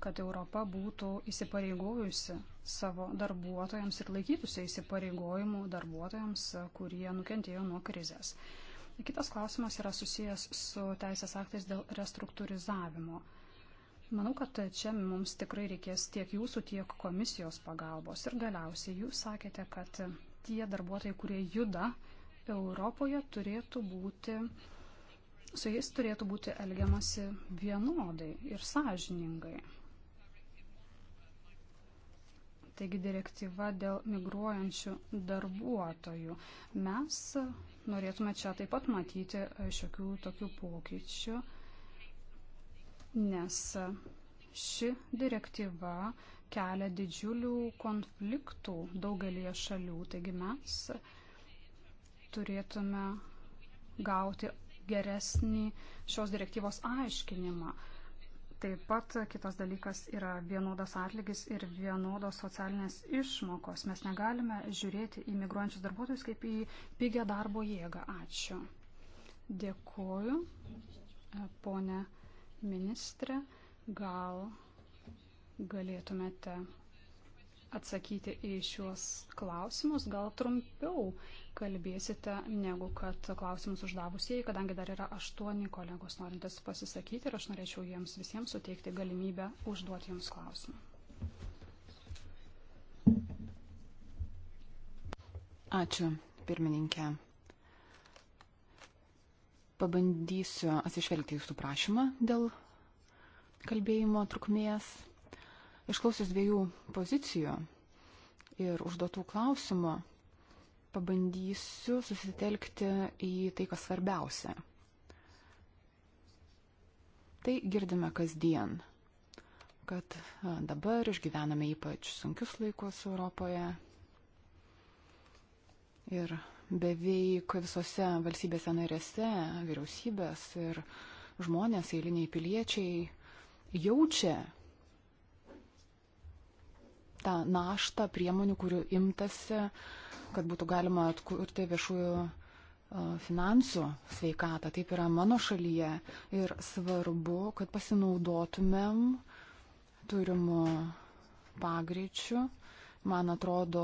kad Europa būtų įsipareigojusi savo darbuotojams ir laikytųsi įsipareigojimų darbuotojams, kurie nukentėjo nuo krizės. Kitas klausimas yra susijęs su teisės aktais dėl restruktūrizavimo. Manau, kad čia mums tikrai reikės tiek jūsų, tiek komisijos pagalbos. Ir galiausiai jūs sakėte, kad tie darbuotojai, kurie juda Europoje, turėtų būti, su jais turėtų būti elgiamasi vienodai ir sąžiningai taigi direktyva dėl migruojančių darbuotojų. Mes norėtume čia taip pat matyti šiokių tokių pokyčių, nes ši direktyva kelia didžiulių konfliktų daugelie šalių, taigi mes turėtume gauti geresnį šios direktyvos aiškinimą. Taip pat kitas dalykas yra vienodas atlygis ir vienodos socialinės išmokos. Mes negalime žiūrėti į migruojančius darbuotojus kaip į pigę darbo jėgą. Ačiū. Dėkuoju, ponė ministrė. Gal galėtumėte atsakyti į šiuos klausimus. Gal trumpiau kalbėsite, negu kad klausimus uždavusieji, kadangi dar yra aštuoni kolegos norintis pasisakyti ir aš norėčiau jiems visiems suteikti galimybę užduoti jums klausimą. Ačiū, pirmininkė. Pabandysiu atsižvelgti jūsų prašymą dėl kalbėjimo trukmės. Išklausius dviejų pozicijų ir užduotų klausimų, pabandysiu susitelkti į tai, kas svarbiausia. Tai girdime kasdien, kad dabar išgyvename ypač sunkius laikus Europoje ir beveik visose valstybėse narėse vyriausybės ir žmonės, eiliniai piliečiai jaučia, tą naštą priemonių, kurių imtasi, kad būtų galima atkurti viešųjų finansų sveikatą. Taip yra mano šalyje ir svarbu, kad pasinaudotumėm turimu pagreičiu. Man atrodo,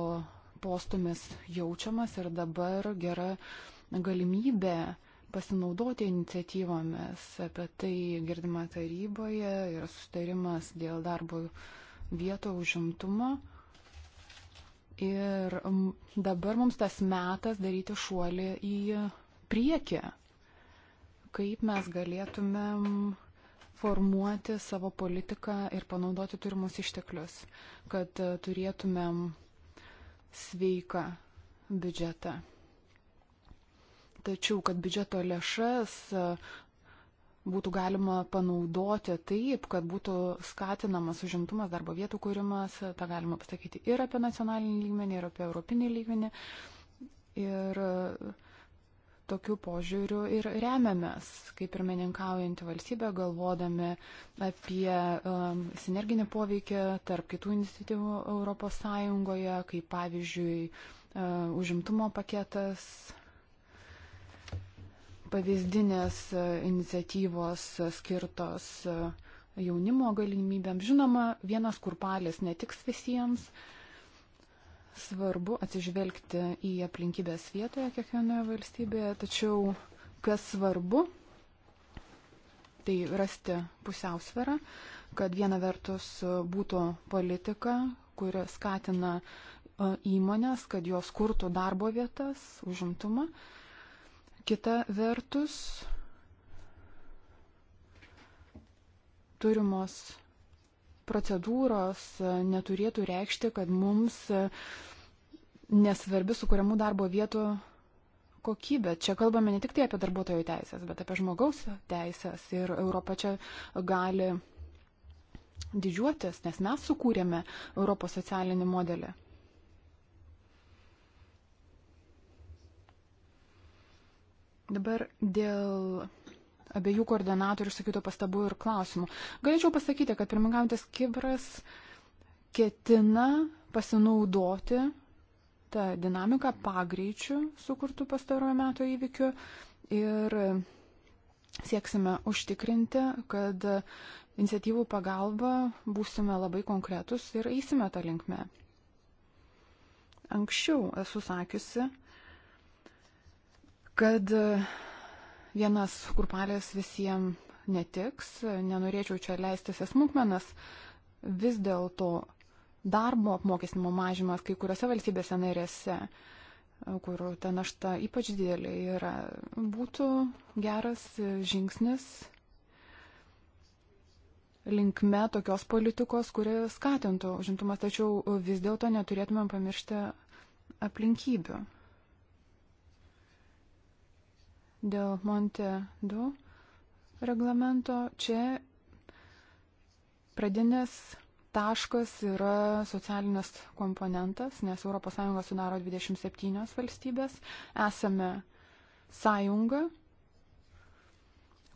postumis jaučiamas ir dabar gera galimybė pasinaudoti iniciatyvomis. Apie tai girdima taryboje ir sustarimas dėl darbo vieto užimtumą. Ir dabar mums tas metas daryti šuolį į priekį, kaip mes galėtumėm formuoti savo politiką ir panaudoti turimus išteklius, kad e, turėtumėm sveiką biudžetą. Tačiau, kad biudžeto lėšas e, būtų galima panaudoti taip, kad būtų skatinamas užimtumas, darbo vietų kūrimas, tą galima pasakyti ir apie nacionalinį lygmenį, ir apie europinį lygmenį. Ir e, tokiu požiūriu ir remiamės, kaip ir meninkaujantį valstybę, galvodami apie um, sinerginį poveikį tarp kitų institucijų ES, kaip pavyzdžiui um, užimtumo paketas, pavyzdinės e, iniciatyvos e, skirtos e, jaunimo galimybėm. Žinoma, vienas kurpalis netiks visiems. Svarbu atsižvelgti į aplinkybės vietoje kiekvienoje valstybėje, tačiau kas svarbu, tai rasti pusiausvėrą, kad viena vertus būtų politika, kuri skatina įmonės, kad jos kurtų darbo vietas, užimtumą, uh, Kita vertus, turimos procedūros e, neturėtų reikšti, kad mums e, nesvarbi sukūriamų darbo vietų kokybė. Čia kalbame ne tik tai apie darbuotojų teisės, bet apie žmogaus teisės. Ir Europa čia gali didžiuotis, nes mes sukūrėme Europos socialinį modelį. Dabar dėl abiejų koordinatorių išsakytų pastabų ir klausimų. Galėčiau pasakyti, kad pirmingaujantis Kibras ketina pasinaudoti tą dinamiką pagreičių sukurtų pastarojo meto įvykių ir sieksime užtikrinti, kad iniciatyvų pagalba būsime labai konkretus ir eisime tą linkmę. Anksčiau esu sakiusi, kad e, vienas kurpalės visiems netiks, nenorėčiau čia leistis į smulkmenas, vis dėlto darbo apmokestinimo mažymas kai kuriuose valstybėse narėse, kur ta našta ypač didelė yra, būtų geras žingsnis linkme tokios politikos, kuri skatintų užimtumas, tačiau vis dėlto neturėtumėm pamiršti aplinkybių dėl Monte 2 reglamento. Čia pradinis taškas yra socialinis komponentas, nes ES sudaro 27 valstybės. Esame sąjunga,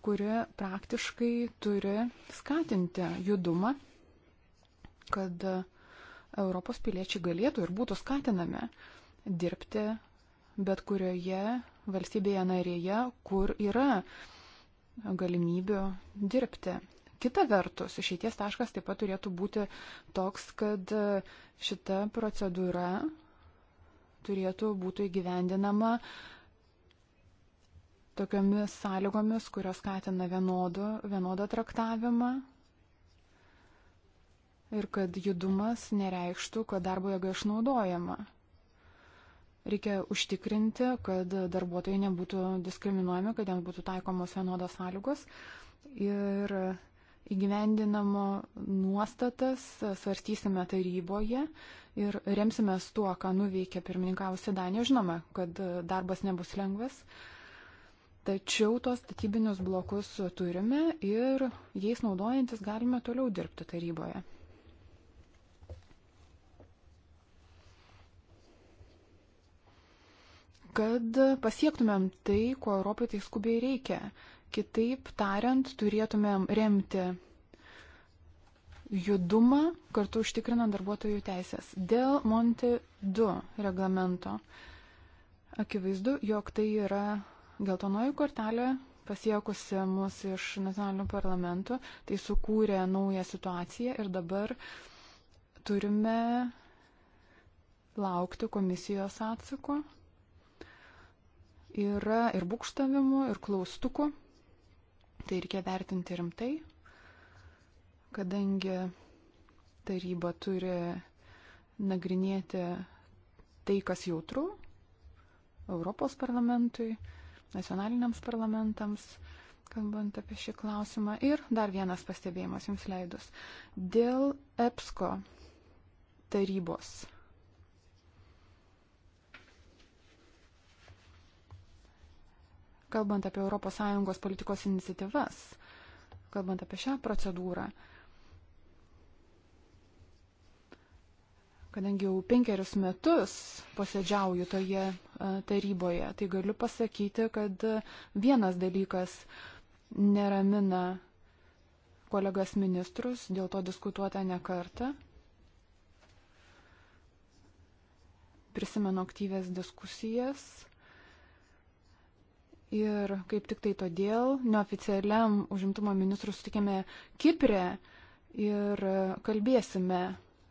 kuri praktiškai turi skatinti judumą, kad Europos piliečiai galėtų ir būtų skatinami dirbti bet kurioje valstybėje narėje, kur yra galimybių dirbti. Kita vertus, išeities taškas taip pat turėtų būti toks, kad šita procedūra turėtų būti įgyvendinama tokiomis sąlygomis, kurios skatina vienodo, vienodą traktavimą ir kad judumas nereikštų, kad darbo jėga išnaudojama. Reikia užtikrinti, kad darbuotojai nebūtų diskriminuojami, kad jiems būtų taikomos vienodos sąlygos. Ir įgyvendinamo nuostatas svarstysime taryboje ir remsime tuo, ką nuveikė pirmininkavusi Danija. Žinoma, kad darbas nebus lengvas, tačiau tos statybinius blokus turime ir jais naudojantis galime toliau dirbti taryboje. kad pasiektumėm tai, ko Europai tai skubiai reikia. Kitaip tariant, turėtumėm remti judumą, kartu užtikrinant darbuotojų teisės. Dėl Monti 2 reglamento akivaizdu, jog tai yra geltonoji kortelė pasiekusi mus iš nacionalinių parlamentų, tai sukūrė naują situaciją ir dabar turime laukti komisijos atsako yra ir būkštavimų, ir klaustukų. Tai reikia vertinti rimtai, kadangi taryba turi nagrinėti tai, kas jautru Europos parlamentui, nacionaliniams parlamentams, kalbant apie šį klausimą. Ir dar vienas pastebėjimas jums leidus. Dėl EPSCO tarybos kalbant apie ES politikos iniciatyvas, kalbant apie šią procedūrą, kadangi jau penkerius metus posėdžiauju toje e, taryboje, tai galiu pasakyti, kad vienas dalykas neramina kolegas ministrus, dėl to diskutuota ne kartą. Prisimenu aktyvės diskusijas Ir kaip tik tai todėl neoficialiam užimtumo ministrų sutikėme Kiprė ir kalbėsime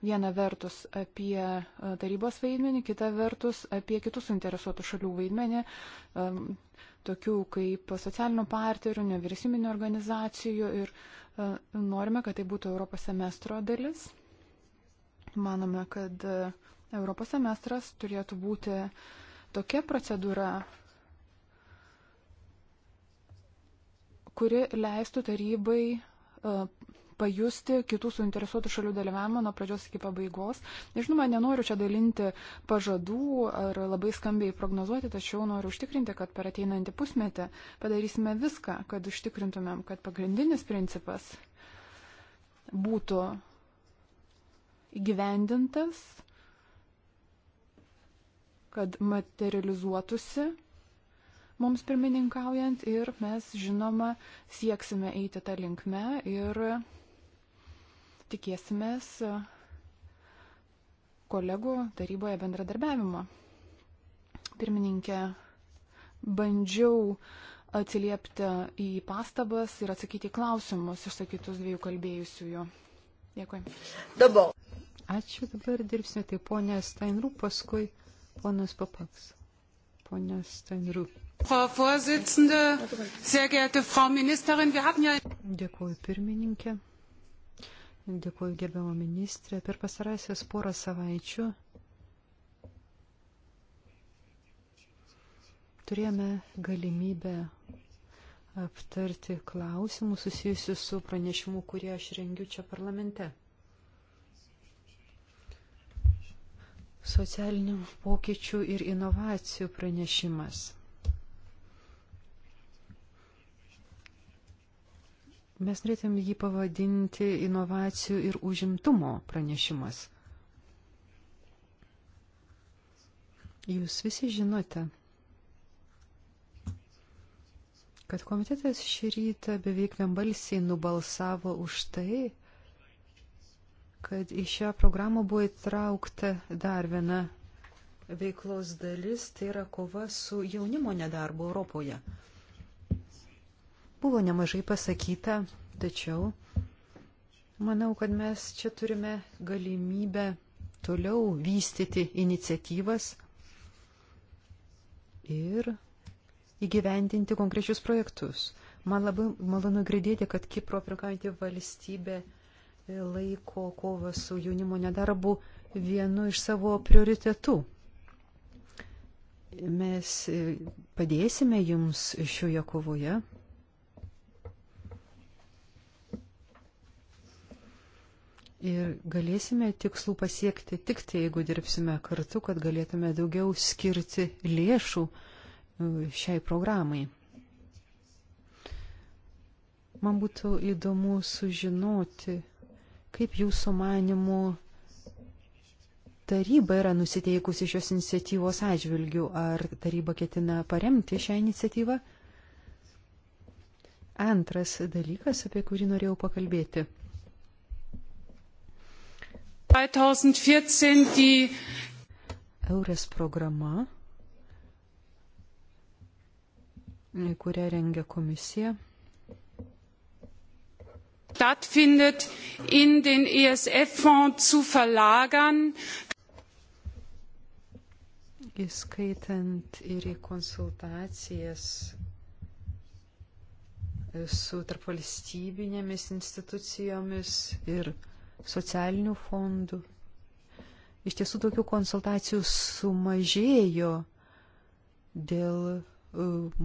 viena vertus apie e, tarybos vaidmenį, kita vertus apie kitus suinteresuotų šalių vaidmenį, e, tokių kaip socialinių partnerių, nevyriausybinio organizacijų ir e, norime, kad tai būtų Europos semestro dalis. Manome, kad Europos semestras turėtų būti tokia procedūra, kuri leistų tarybai e, pajusti kitų suinteresuotų šalių dalyvavimą nuo pradžios iki pabaigos. Žinoma, nenoriu čia dalinti pažadų ar labai skambiai prognozuoti, tačiau noriu užtikrinti, kad per ateinantį pusmetį padarysime viską, kad užtikrintumėm, kad pagrindinis principas būtų įgyvendintas, kad materializuotųsi mums pirmininkaujant ir mes, žinoma, sieksime eiti tą linkmę ir tikėsimės kolegų taryboje bendradarbiavimo. Pirmininkė, bandžiau atsiliepti į pastabas ir atsakyti į klausimus išsakytus dviejų kalbėjusiųjų. Dėkui. Dabar. Ačiū, dabar dirbsime. Tai ponė Steinrų, paskui ponas Papaks. Ponė Steinrų. Frau Vorsitzende, sehr geehrte Frau Ministerin, wir hatten ja. Dėkuoju pirmininkė, dėkuoju gerbiamo ministrė. Per pasarąsias porą savaičių turėjome galimybę aptarti klausimų susijusių su pranešimu, kurį aš rengiu čia parlamente. Socialinių pokyčių ir inovacijų pranešimas. Mes norėtume jį pavadinti inovacijų ir užimtumo pranešimas. Jūs visi žinote, kad komitetas šį rytą beveik vienbalsiai nubalsavo už tai, kad į šią programą buvo įtraukta dar viena veiklos dalis, tai yra kova su jaunimo nedarbu Europoje. Buvo nemažai pasakyta, tačiau manau, kad mes čia turime galimybę toliau vystyti iniciatyvas ir įgyvendinti konkrečius projektus. Man labai malonu girdėti, kad Kipro aprinkaujantį valstybę laiko kovą su jaunimo nedarbu vienu iš savo prioritetų. Mes padėsime jums šioje kovoje. Ir galėsime tikslų pasiekti tik tai, jeigu dirbsime kartu, kad galėtume daugiau skirti lėšų e, šiai programai. Man būtų įdomu sužinoti, kaip jūsų manimų taryba yra nusiteikusi šios iniciatyvos atžvilgių. Ar taryba ketina paremti šią iniciatyvą? Antras dalykas, apie kurį norėjau pakalbėti. 2014 die Eures programa, kurią rengia komisija. stattfindet, in den ESF-Fonds zu verlagern. Įskaitant ir į konsultacijas su tarpvalstybinėmis institucijomis ir socialinių fondų. Iš tiesų tokių konsultacijų sumažėjo dėl e,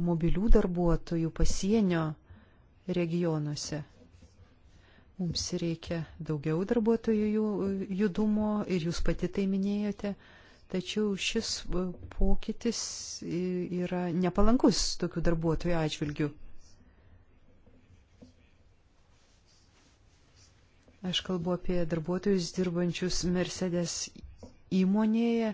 mobilių darbuotojų pasienio regionuose. Mums reikia daugiau darbuotojų e, judumo ir jūs pati tai minėjote, tačiau šis e, pokytis yra nepalankus tokių darbuotojų atžvilgių. Aš kalbu apie darbuotojus dirbančius Mercedes įmonėje.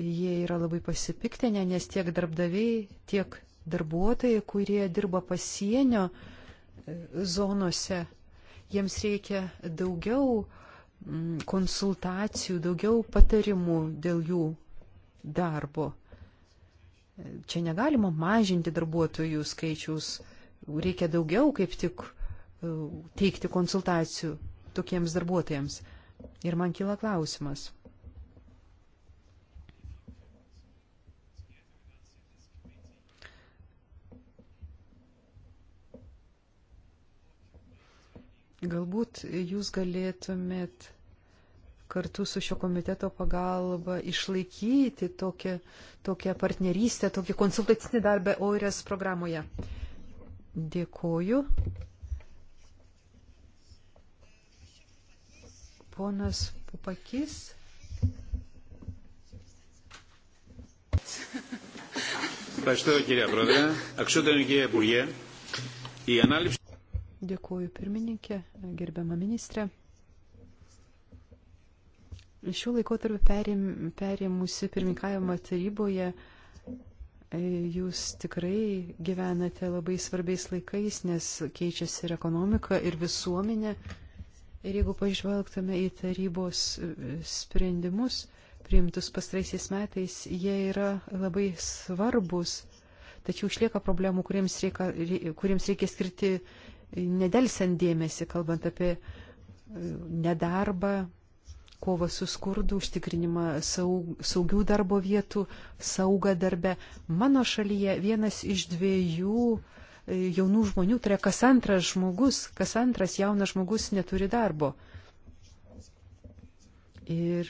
Jie yra labai pasipiktinę, nes tiek darbdaviai, tiek darbuotojai, kurie dirba pasienio e, zonose, jiems reikia daugiau mm, konsultacijų, daugiau patarimų dėl jų darbo. E, čia negalima mažinti darbuotojų skaičius, reikia daugiau kaip tik E, teikti konsultacijų tokiems darbuotojams. Ir man kyla klausimas. Galbūt jūs galėtumėt kartu su šio komiteto pagalba išlaikyti tokią, tokią partnerystę, tokį konsultacinį darbą OIRES programoje. Dėkoju. Ponas Pupakis. Ευχαριστώ κυρία Πρόεδρε. Αξιότιμη κυρία Υπουργέ, η ανάληψη... Dėkuoju pirmininkė, gerbiama ministrė. Šiuo laikotarpiu perėm, perėmusi pirmininkavimą taryboje, e, jūs tikrai gyvenate labai svarbiais laikais, nes keičiasi ir ekonomika, ir visuomenė. Ir jeigu pažvelgtume į tarybos e, sprendimus, priimtus pastraisiais metais, jie yra labai svarbus, tačiau išlieka problemų, kuriems reikia, kuriems reikia skirti nedelsiant dėmesį, kalbant apie e, nedarbą, kovą su skurdu, užtikrinimą saug, saugių darbo vietų, saugą darbę. Mano šalyje vienas iš dviejų uh, jaunų žmonių, tai yra kas antras žmogus, kas antras jaunas žmogus neturi darbo. Ir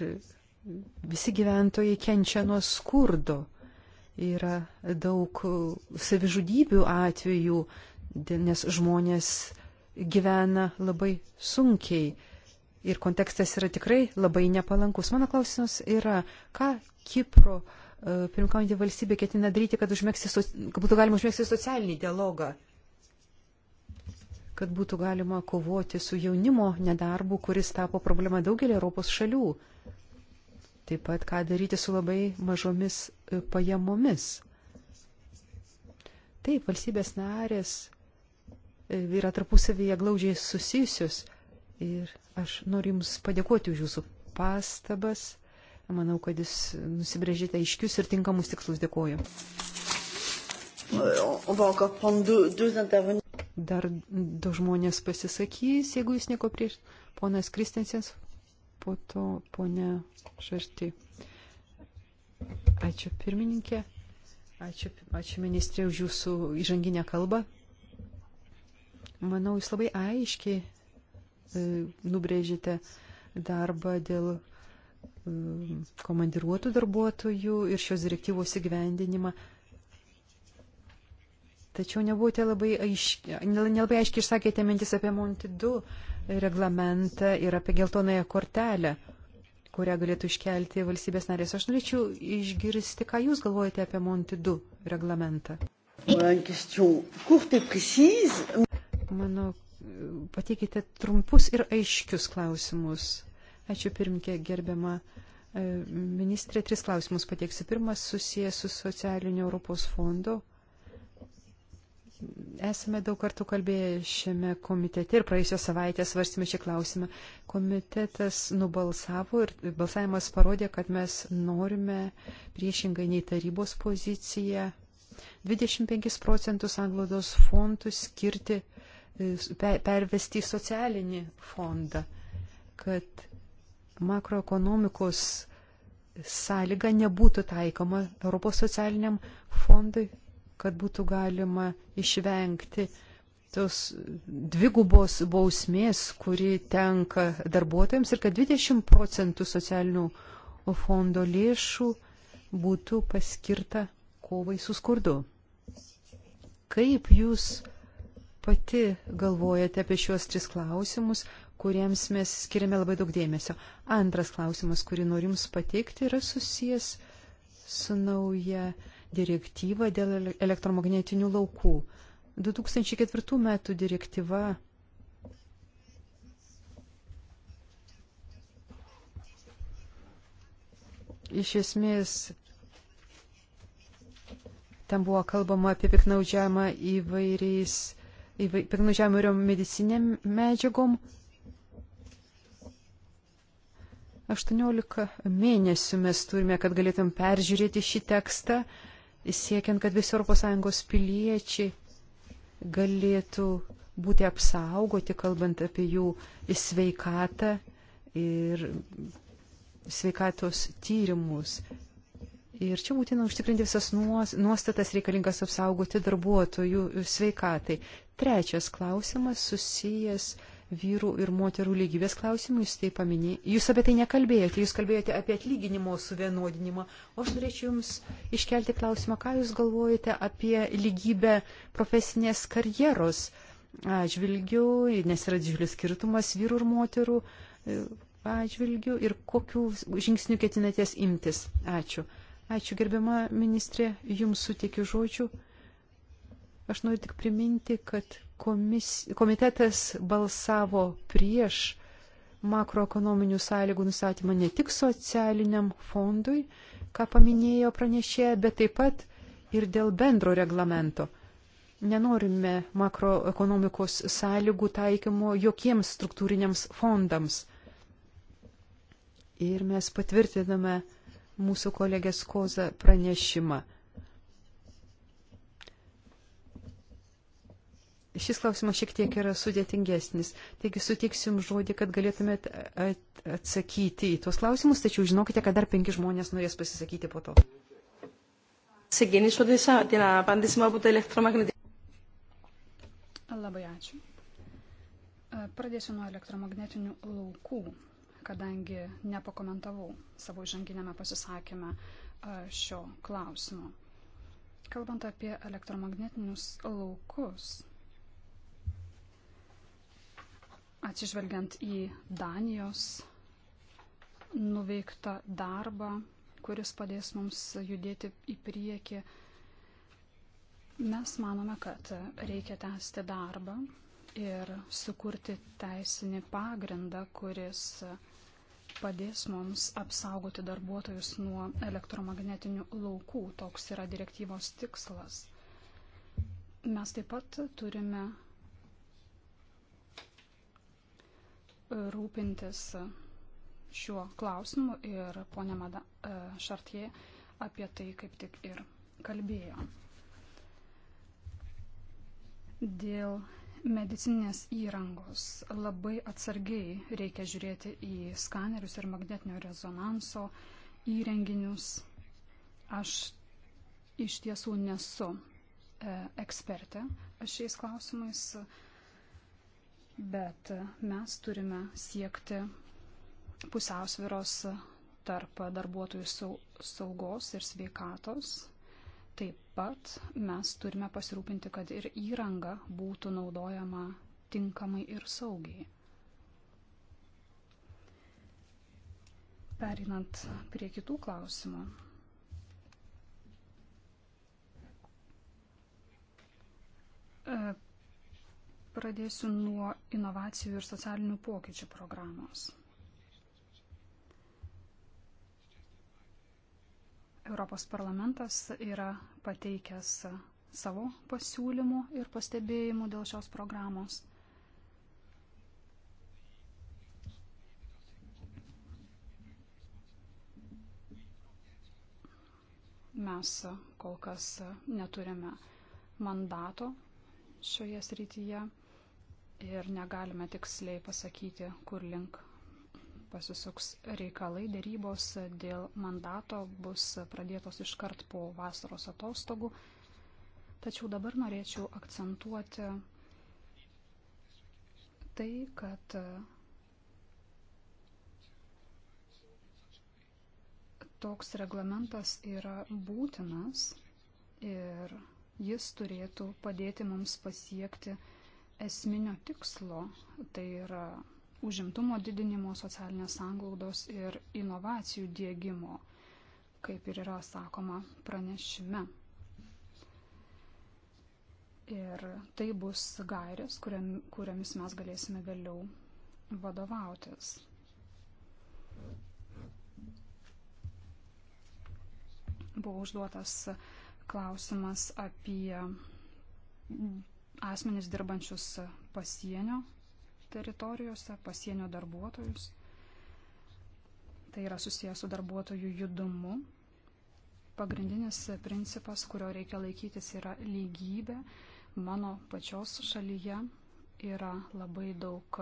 visi gyventojai kenčia nuo skurdo. Yra daug savižudybių atvejų, nes žmonės gyvena labai sunkiai. Ir kontekstas yra tikrai labai nepalankus. Mano klausimas yra, ką Kipro uh, E, pirmkaujantį valstybę ketina daryti, kad, kad būtų galima užmėgsti socialinį dialogą, kad būtų galima kovoti su jaunimo nedarbu, kuris tapo problema daugelį Europos šalių. Taip pat ką daryti su labai mažomis e, pajamomis. Taip, valstybės narės e, yra tarpusavyje glaudžiai susijusius ir aš noriu Jums padėkoti už Jūsų pastabas Manau, kad jis nusibrėžėte aiškius ir tinkamus tikslus. Dėkuoju. Dar du žmonės pasisakys, jeigu jūs nieko prieš. Ponas Kristensens, po to ponia Šarti. Ačiū pirmininkė. Ačiū, ačiū ministrė už jūsų įžanginę kalbą. Manau, jūs labai aiškiai e, nubrėžite darbą dėl komandiruotų darbuotojų ir šios direktyvos įgyvendinimą. Tačiau nebuvote labai, aiški, nelabai aiškiai išsakėte mintis apie Monti 2 reglamentą ir apie geltonąją kortelę, kurią galėtų iškelti valstybės narės. Aš norėčiau išgirsti, ką Jūs galvojate apie Monti 2 reglamentą. Mano pateikite trumpus ir aiškius klausimus. Ačiū pirmkė, gerbiama e, ministrė. Tris klausimus pateiksiu. Pirmas susijęs su socialiniu Europos fondu. Esame daug kartų kalbėję šiame komitete ir praėjusią savaitę svarstėme šį klausimą. Komitetas nubalsavo ir balsavimas parodė, kad mes norime priešingai nei tarybos poziciją 25 procentus anglodos fondų skirti, e, pervesti į socialinį fondą, kad makroekonomikos sąlyga nebūtų taikoma Europos socialiniam fondui, kad būtų galima išvengti tos dvigubos bausmės, kuri tenka darbuotojams ir kad 20 procentų socialinių fondo lėšų būtų paskirta kovai su skurdu. Kaip jūs pati galvojate apie šios tris klausimus, kuriems mes skiriame labai daug dėmesio. Antras klausimas, kurį noriu Jums pateikti, yra susijęs su nauja direktyva dėl elektromagnetinių laukų. 2004 metų direktyva iš esmės ten buvo kalbama apie piknaudžiamą įvairiais, įvai, piknaudžiamą ir medicinėm medžiagom 18 mėnesių mes turime, kad galėtum peržiūrėti šį tekstą, siekiant, kad visi ES piliečiai galėtų būti apsaugoti, kalbant apie jų sveikatą ir sveikatos tyrimus. Ir čia būtina užtikrinti visas nuostatas reikalingas apsaugoti darbuotojų sveikatai. Trečias klausimas susijęs su vyrų ir moterų lygybės klausimų, jūs tai paminėjote. Jūs apie tai nekalbėjote, jūs kalbėjote apie atlyginimo suvienodinimą. O aš norėčiau Jums iškelti klausimą, ką Jūs galvojate apie lygybę profesinės karjeros atžvilgių, nes yra didžiulis skirtumas vyrų ir moterų e, atžvilgių ir kokiu žingsniu ketinatės imtis. Ačiū. Ačiū, gerbiama ministrė, Jums suteikiu žodžių. Aš noriu tik priminti, kad komis, komitetas balsavo prieš makroekonominių sąlygų nustatymą ne tik socialiniam fondui, ką paminėjo pranešėja, bet taip pat ir dėl bendro reglamento. Nenorime makroekonomikos sąlygų taikymo jokiems struktūriniams fondams. Ir mes patvirtiname mūsų kolegės Koza pranešimą. Šis klausimas šiek tiek yra sudėtingesnis. Taigi suteiksim žodį, kad galėtumėt atsakyti į tuos klausimus, tačiau žinokite, kad dar penki žmonės norės pasisakyti po to. Labai ačiū. Pradėsiu nuo elektromagnetinių laukų, kadangi nepakomentavau savo žanginėme pasisakymę e, šio klausimo. Kalbant apie elektromagnetinius laukus, atsižvelgiant į Danijos nuveiktą darbą, kuris padės mums judėti į priekį. Mes manome, kad reikia tęsti darbą ir sukurti teisinį pagrindą, kuris padės mums apsaugoti darbuotojus nuo elektromagnetinių laukų. Toks yra direktyvos tikslas. Mes taip pat turime rūpintis šiuo klausimu ir ponė Mada e, Šartie apie tai kaip tik ir kalbėjo. Dėl medicininės įrangos labai atsargiai reikia žiūrėti į skanerius ir magnetinio rezonanso įrenginius. Aš iš tiesų nesu e, ekspertė šiais klausimais. E, bet mes turime siekti pusiausviros tarp darbuotojų saugos ir sveikatos. Taip pat mes turime pasirūpinti, kad ir įranga būtų naudojama tinkamai ir saugiai. Perinant prie kitų klausimų pradėsiu nuo inovacijų ir socialinių pokyčių programos. Europos parlamentas yra pateikęs savo pasiūlymų ir pastebėjimų dėl šios programos. Mes kol kas neturime mandato šioje srityje ir negalime tiksliai pasakyti, kur link pasisuks reikalai. Dėrybos dėl mandato bus pradėtos iškart po vasaros atostogų. Tačiau dabar norėčiau akcentuoti tai, kad toks reglamentas yra būtinas ir jis turėtų padėti mums pasiekti esminio tikslo, tai yra užimtumo didinimo, socialinės sanglaudos ir inovacijų dėgymo, kaip ir yra sakoma pranešime. Ir tai bus gairės, kuriam, kuriamis mes galėsime vėliau vadovautis. Buvo užduotas klausimas apie asmenys dirbančius pasienio teritorijose, pasienio darbuotojus. Tai yra susijęs su darbuotojų judumu. Pagrindinis principas, kurio reikia laikytis, yra lygybė. Mano pačios šalyje yra labai daug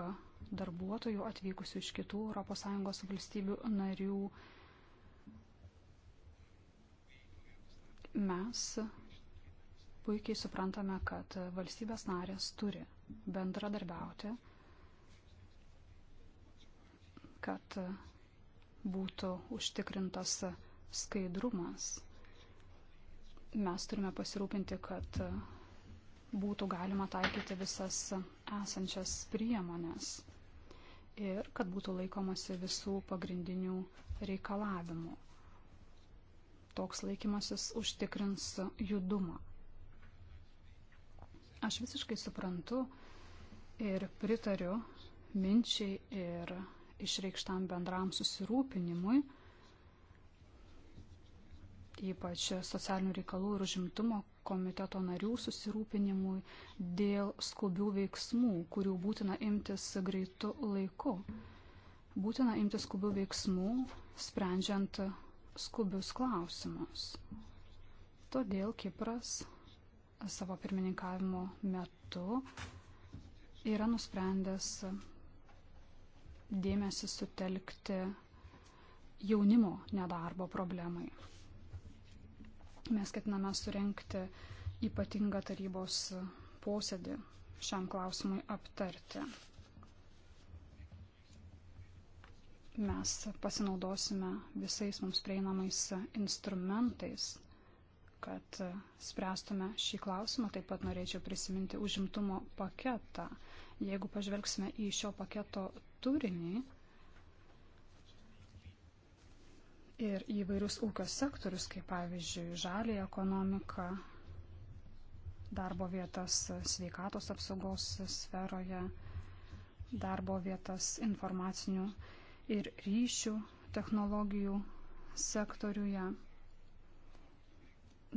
darbuotojų atvykusių iš kitų ES valstybių narių. Mes puikiai suprantame, kad valstybės narės turi bendradarbiauti, kad būtų užtikrintas skaidrumas. Mes turime pasirūpinti, kad būtų galima taikyti visas esančias priemonės ir kad būtų laikomasi visų pagrindinių reikalavimų. Toks laikymasis užtikrins judumą Aš visiškai suprantu ir pritariu minčiai ir išreikštam bendram susirūpinimui, ypač socialinių reikalų ir užimtumo komiteto narių susirūpinimui dėl skubių veiksmų, kurių būtina imtis greitų laiku. Būtina imtis skubių veiksmų, sprendžiant skubius klausimus. Todėl Kipras savo pirmininkavimo metu yra nusprendęs dėmesį sutelkti jaunimo nedarbo problemai. Mes ketiname surenkti ypatingą tarybos posėdį šiam klausimui aptarti. Mes pasinaudosime visais mums prieinamais instrumentais kad spręstume šį klausimą. Taip pat norėčiau prisiminti užimtumo paketą. Jeigu pažvelgsime į šio paketo turinį ir įvairius ūkio sektorius, kaip pavyzdžiui, žalį ekonomiką, darbo vietas sveikatos apsaugos sferoje, darbo vietas informacinių ir ryšių technologijų sektoriuje,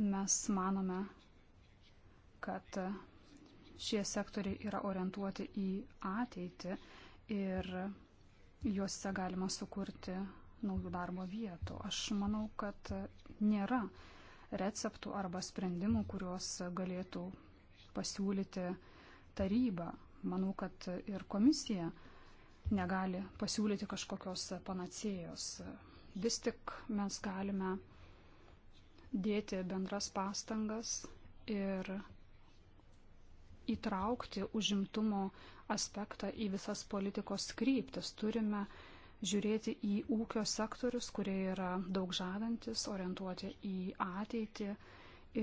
Mes manome, kad šie sektoriai yra orientuoti į ateitį ir juose galima sukurti naujų darbo vietų. Aš manau, kad nėra receptų arba sprendimų, kuriuos galėtų pasiūlyti taryba. Manau, kad ir komisija negali pasiūlyti kažkokios panacėjos. Vis tik mes galime dėti bendras pastangas ir įtraukti užimtumo aspektą į visas politikos kryptis. Turime žiūrėti į ūkio sektorius, kurie yra daug žadantis, orientuoti į ateitį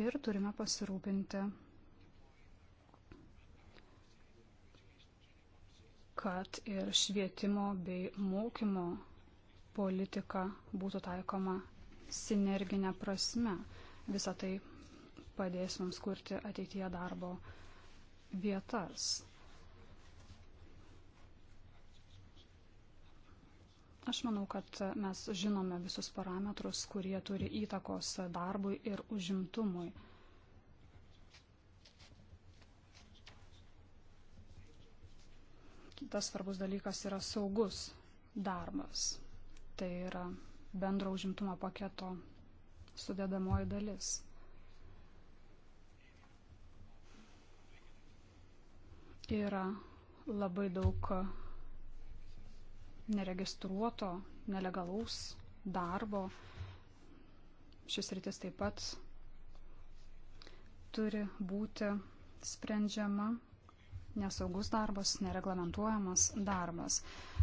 ir turime pasirūpinti, kad ir švietimo bei mokymo politika būtų taikoma sinerginę prasme. Visą tai padės mums kurti ateityje darbo vietas. Aš manau, kad mes žinome visus parametrus, kurie turi įtakos darbui ir užimtumui. Kitas svarbus dalykas yra saugus darbas. Tai yra bendro užimtumo paketo sudėdamoji dalis. Yra labai daug neregistruoto, nelegalaus darbo. Šis rytis taip pat turi būti sprendžiama nesaugus darbas, nereglamentuojamas darbas.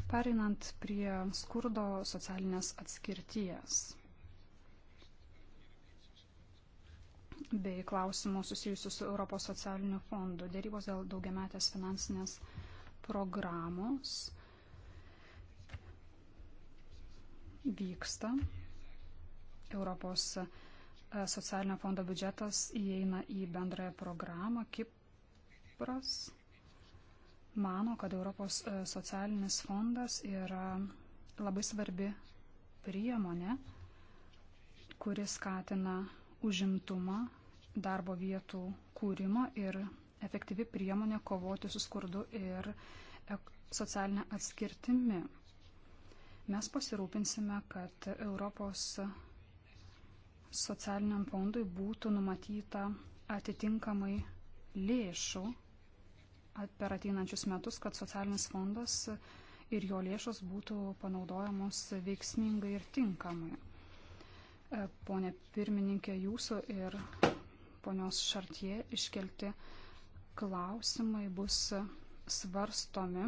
Pereinant prie skurdo socialinės atskirties bei klausimų susijusių su Europos socialiniu fondu, dėrybos dėl daugiametės finansinės programos vyksta. Europos e, socialinio fondo biudžetas įeina į bendrąją programą. Kipras mano, kad Europos e, socialinis fondas yra labai svarbi priemonė, kuris skatina užimtumą, darbo vietų kūrimą ir efektyvi priemonė kovoti su skurdu ir e, socialinė atskirtimi. Mes pasirūpinsime, kad Europos socialiniam fondui būtų numatyta atitinkamai lėšų per ateinančius metus, kad socialinis fondas ir jo lėšos būtų panaudojamos veiksmingai ir tinkamai. E, Pone pirmininkė, jūsų ir ponios Šartie iškelti klausimai bus svarstomi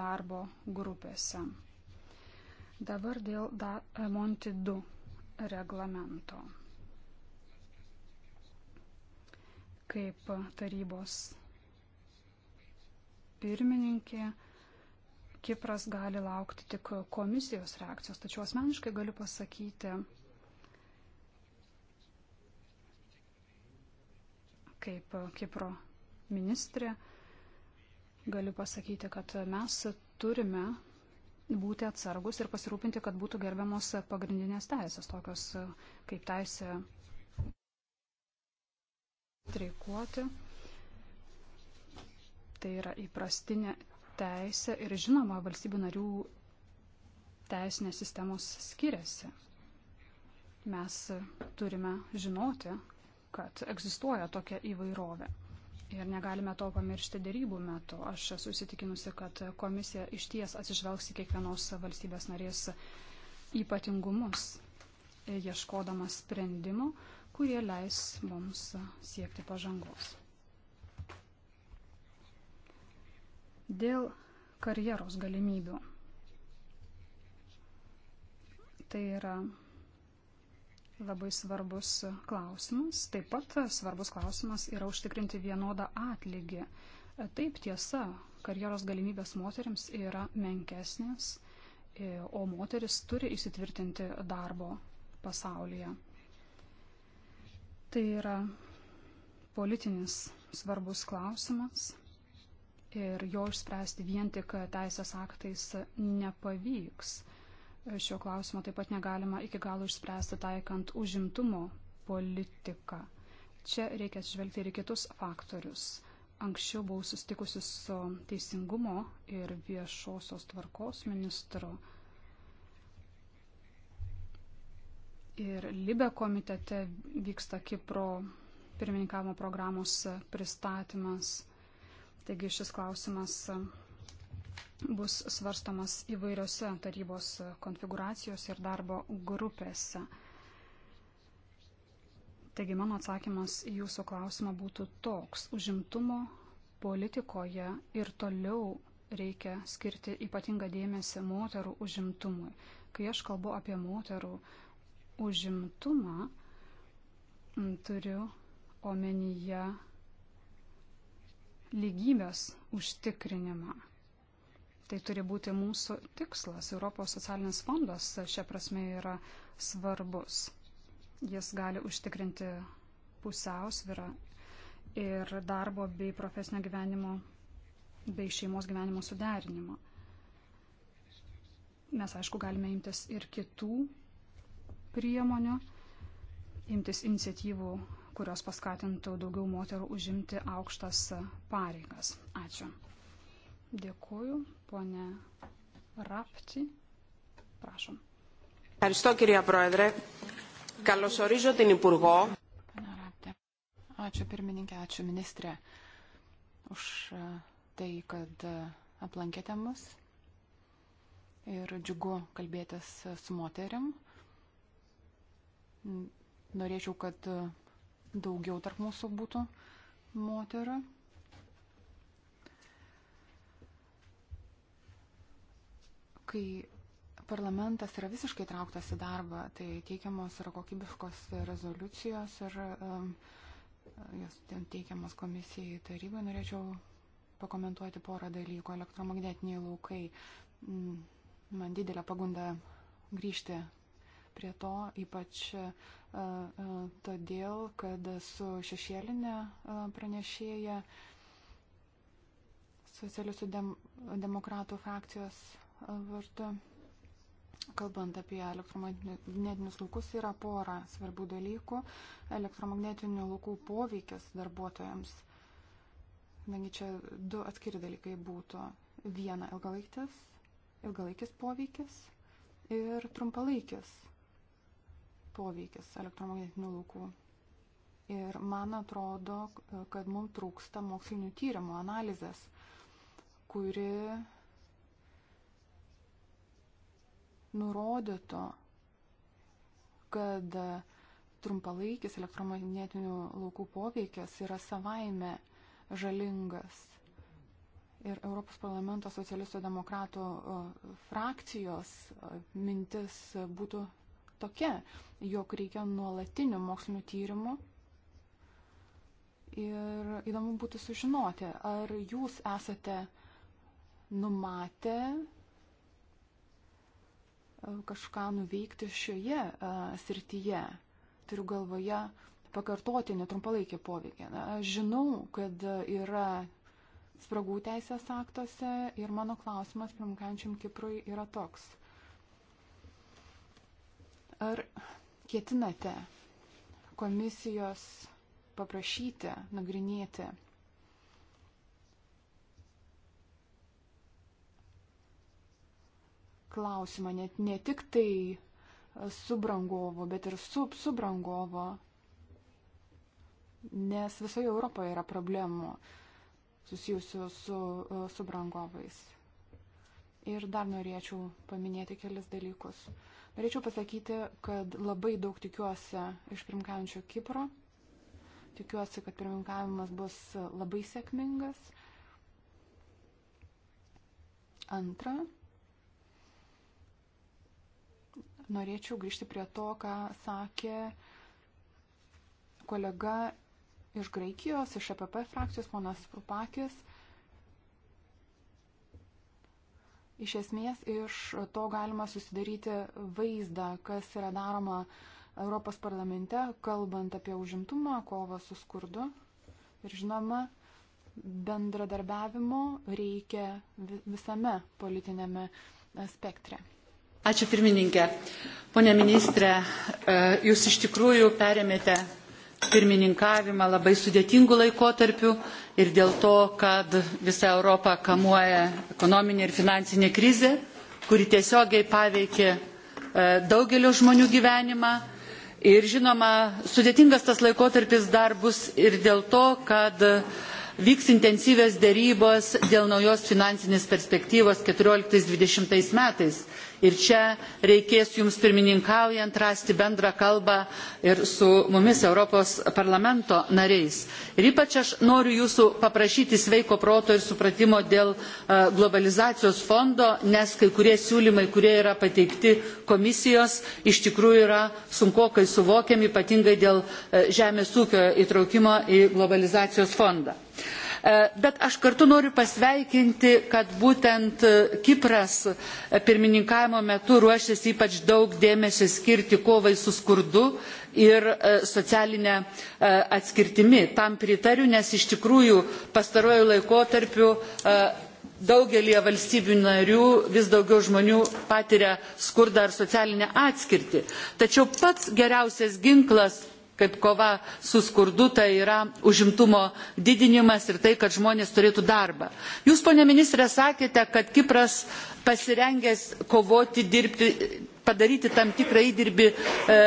darbo grupėse. Dabar dėl da, e, Monti 2 reglamento. Kaip tarybos pirmininkė. Kipras gali laukti tik komisijos reakcijos, tačiau asmeniškai galiu pasakyti, kaip Kipro ministrė, galiu pasakyti, kad mes turime būti atsargus ir pasirūpinti, kad būtų gerbiamos pagrindinės teisės, tokios kaip teisė streikuoti tai yra įprastinė teisė ir žinoma, valstybių narių teisinės sistemos skiriasi. Mes turime žinoti, kad egzistuoja tokia įvairovė. Ir negalime to pamiršti dėrybų metu. Aš esu įsitikinusi, kad komisija iš ties atsižvelgs į kiekvienos valstybės narės ypatingumus, ieškodama sprendimų, kurie leis mums siekti pažangos. Dėl karjeros galimybių. Tai yra labai svarbus klausimas. Taip pat svarbus klausimas yra užtikrinti vienodą atlygį. Taip tiesa, karjeros galimybės moteriams yra menkesnės, e, o moteris turi įsitvirtinti darbo pasaulyje. Tai yra politinis svarbus klausimas ir jo išspręsti vien tik teisės aktais nepavyks. Šio klausimo taip pat negalima iki galo išspręsti taikant užimtumo politiką. Čia reikia atsižvelgti ir kitus faktorius. Anksčiau buvau sustikusi su teisingumo ir viešosios tvarkos ministru. Ir Libe komitete vyksta Kipro pirmininkavimo programos pristatymas Taigi šis klausimas e, bus svarstamas įvairiose tarybos e, konfiguracijos ir darbo grupėse. Taigi mano atsakymas į jūsų klausimą būtų toks. Užimtumo politikoje ir toliau reikia skirti ypatingą dėmesį moterų užimtumui. Kai aš kalbu apie moterų užimtumą, turiu omenyje lygybės užtikrinimą. Tai turi būti mūsų tikslas. Europos socialinis fondas šia prasme yra svarbus. Jis gali užtikrinti pusiausvirą ir darbo bei profesinio gyvenimo bei šeimos gyvenimo suderinimo. Mes, aišku, galime imtis ir kitų priemonių, imtis iniciatyvų kurios paskatintų daugiau moterų užimti aukštas pareigas. Ačiū. Dėkuoju, ponė Rapti. Prašom. Ευχαριστώ κυρία Πρόεδρε. Καλωσορίζω την Υπουργό. Ačiū pirmininkė, ačiū ministrė už e, tai, kad e, aplankėte mus. Ir džiugu kalbėtis e, su moterim. Norėčiau, kad daugiau tarp mūsų būtų moterų. Kai parlamentas yra visiškai trauktas į darbą, tai teikiamos yra kokybiškos rezoliucijos ir um, jos teikiamos komisijai tarybai. Norėčiau pakomentuoti porą dalykų. Elektromagnetiniai laukai. Mm, man didelė pagunda grįžti prie to, ypač uh, todėl, kad su šešėlinė pranešėja socialistų dem, demokratų frakcijos vardu, kalbant apie elektromagnetinius laukus, yra pora svarbių dalykų. Elektromagnetinių laukų poveikis darbuotojams, kadangi čia du atskiri dalykai būtų. Viena ilgalaikis, ilgalaikis poveikis ir trumpalaikis poveikis elektromagnetinių laukų. Ir man atrodo, kad mums trūksta mokslinių tyrimų analizės, kuri nurodytų, kad trumpalaikis elektromagnetinių laukų poveikis yra savaime žalingas. Ir Europos parlamento socialistų demokratų frakcijos mintis būtų tokia, jog reikia nuolatinių mokslinių tyrimų. Ir įdomu būtų sužinoti, ar jūs esate numatę e, kažką nuveikti šioje e, srityje. Turiu galvoje pakartotinį trumpalaikį poveikį. Aš žinau, kad yra spragų teisės aktuose ir mano klausimas pirmkančiam Kiprui yra toks. Ar ketinate komisijos paprašyti, nagrinėti klausimą net ne tik tai subrangovo, bet ir sub subrangovo, nes visoje Europoje yra problemų susijusių su e, subrangovais. Ir dar norėčiau paminėti kelis dalykus. Uh, Norėčiau pasakyti, kad labai daug tikiuosi iš pirmkaujančio Kipro. Tikiuosi, kad pirmkavimas bus labai sėkmingas. Antra, norėčiau grįžti prie to, ką sakė kolega iš Graikijos, iš APP e frakcijos, ponas Prupakis. Iš esmės iš to galima susidaryti vaizdą, kas yra daroma Europos parlamente, kalbant apie užimtumą, kovą su skurdu. Ir žinoma, bendradarbiavimo reikia visame politinėme spektre. Ačiū pirmininkė. Pone ministrė, e, jūs iš tikrųjų perėmėte pirmininkavimą labai sudėtingų laikotarpių ir dėl to, kad visą Europą kamuoja ekonominė ir finansinė krizė, kuri tiesiogiai paveikė e, daugelio žmonių gyvenimą. Ir žinoma, sudėtingas tas laikotarpis dar bus ir dėl to, kad vyks intensyvės dėrybos dėl naujos finansinės perspektyvos 14-20 metais ir čia reikės jums pirmininkaujant rasti bendrą kalbą ir su mumis Europos parlamento nariais. Ir ypač aš noriu jūsų paprašyti sveiko proto ir supratimo dėl e, globalizacijos fondo, nes kai kurie siūlymai, kurie yra pateikti komisijos, iš tikrųjų yra sunkokai suvokiami, ypatingai dėl e, žemės ūkio įtraukimo į globalizacijos fondą. E, bet aš kartu noriu pasveikinti, kad būtent e, Kipras e, pirmininkavimo metu ruošiasi ypač daug dėmesio skirti kovai su skurdu ir socialinė atskirtimi. Tam pritariu, nes iš tikrųjų pastarojų laikotarpių daugelie valstybių narių vis daugiau žmonių patiria skurdą ar socialinę atskirtį. Tačiau pats geriausias ginklas kaip kova su skurdu, tai yra užimtumo didinimas ir tai, kad žmonės turėtų darbą. Jūs, ponė ministrė, sakėte, kad Kipras pasirengęs kovoti, dirbti, padaryti tam tikrą įdirbį e,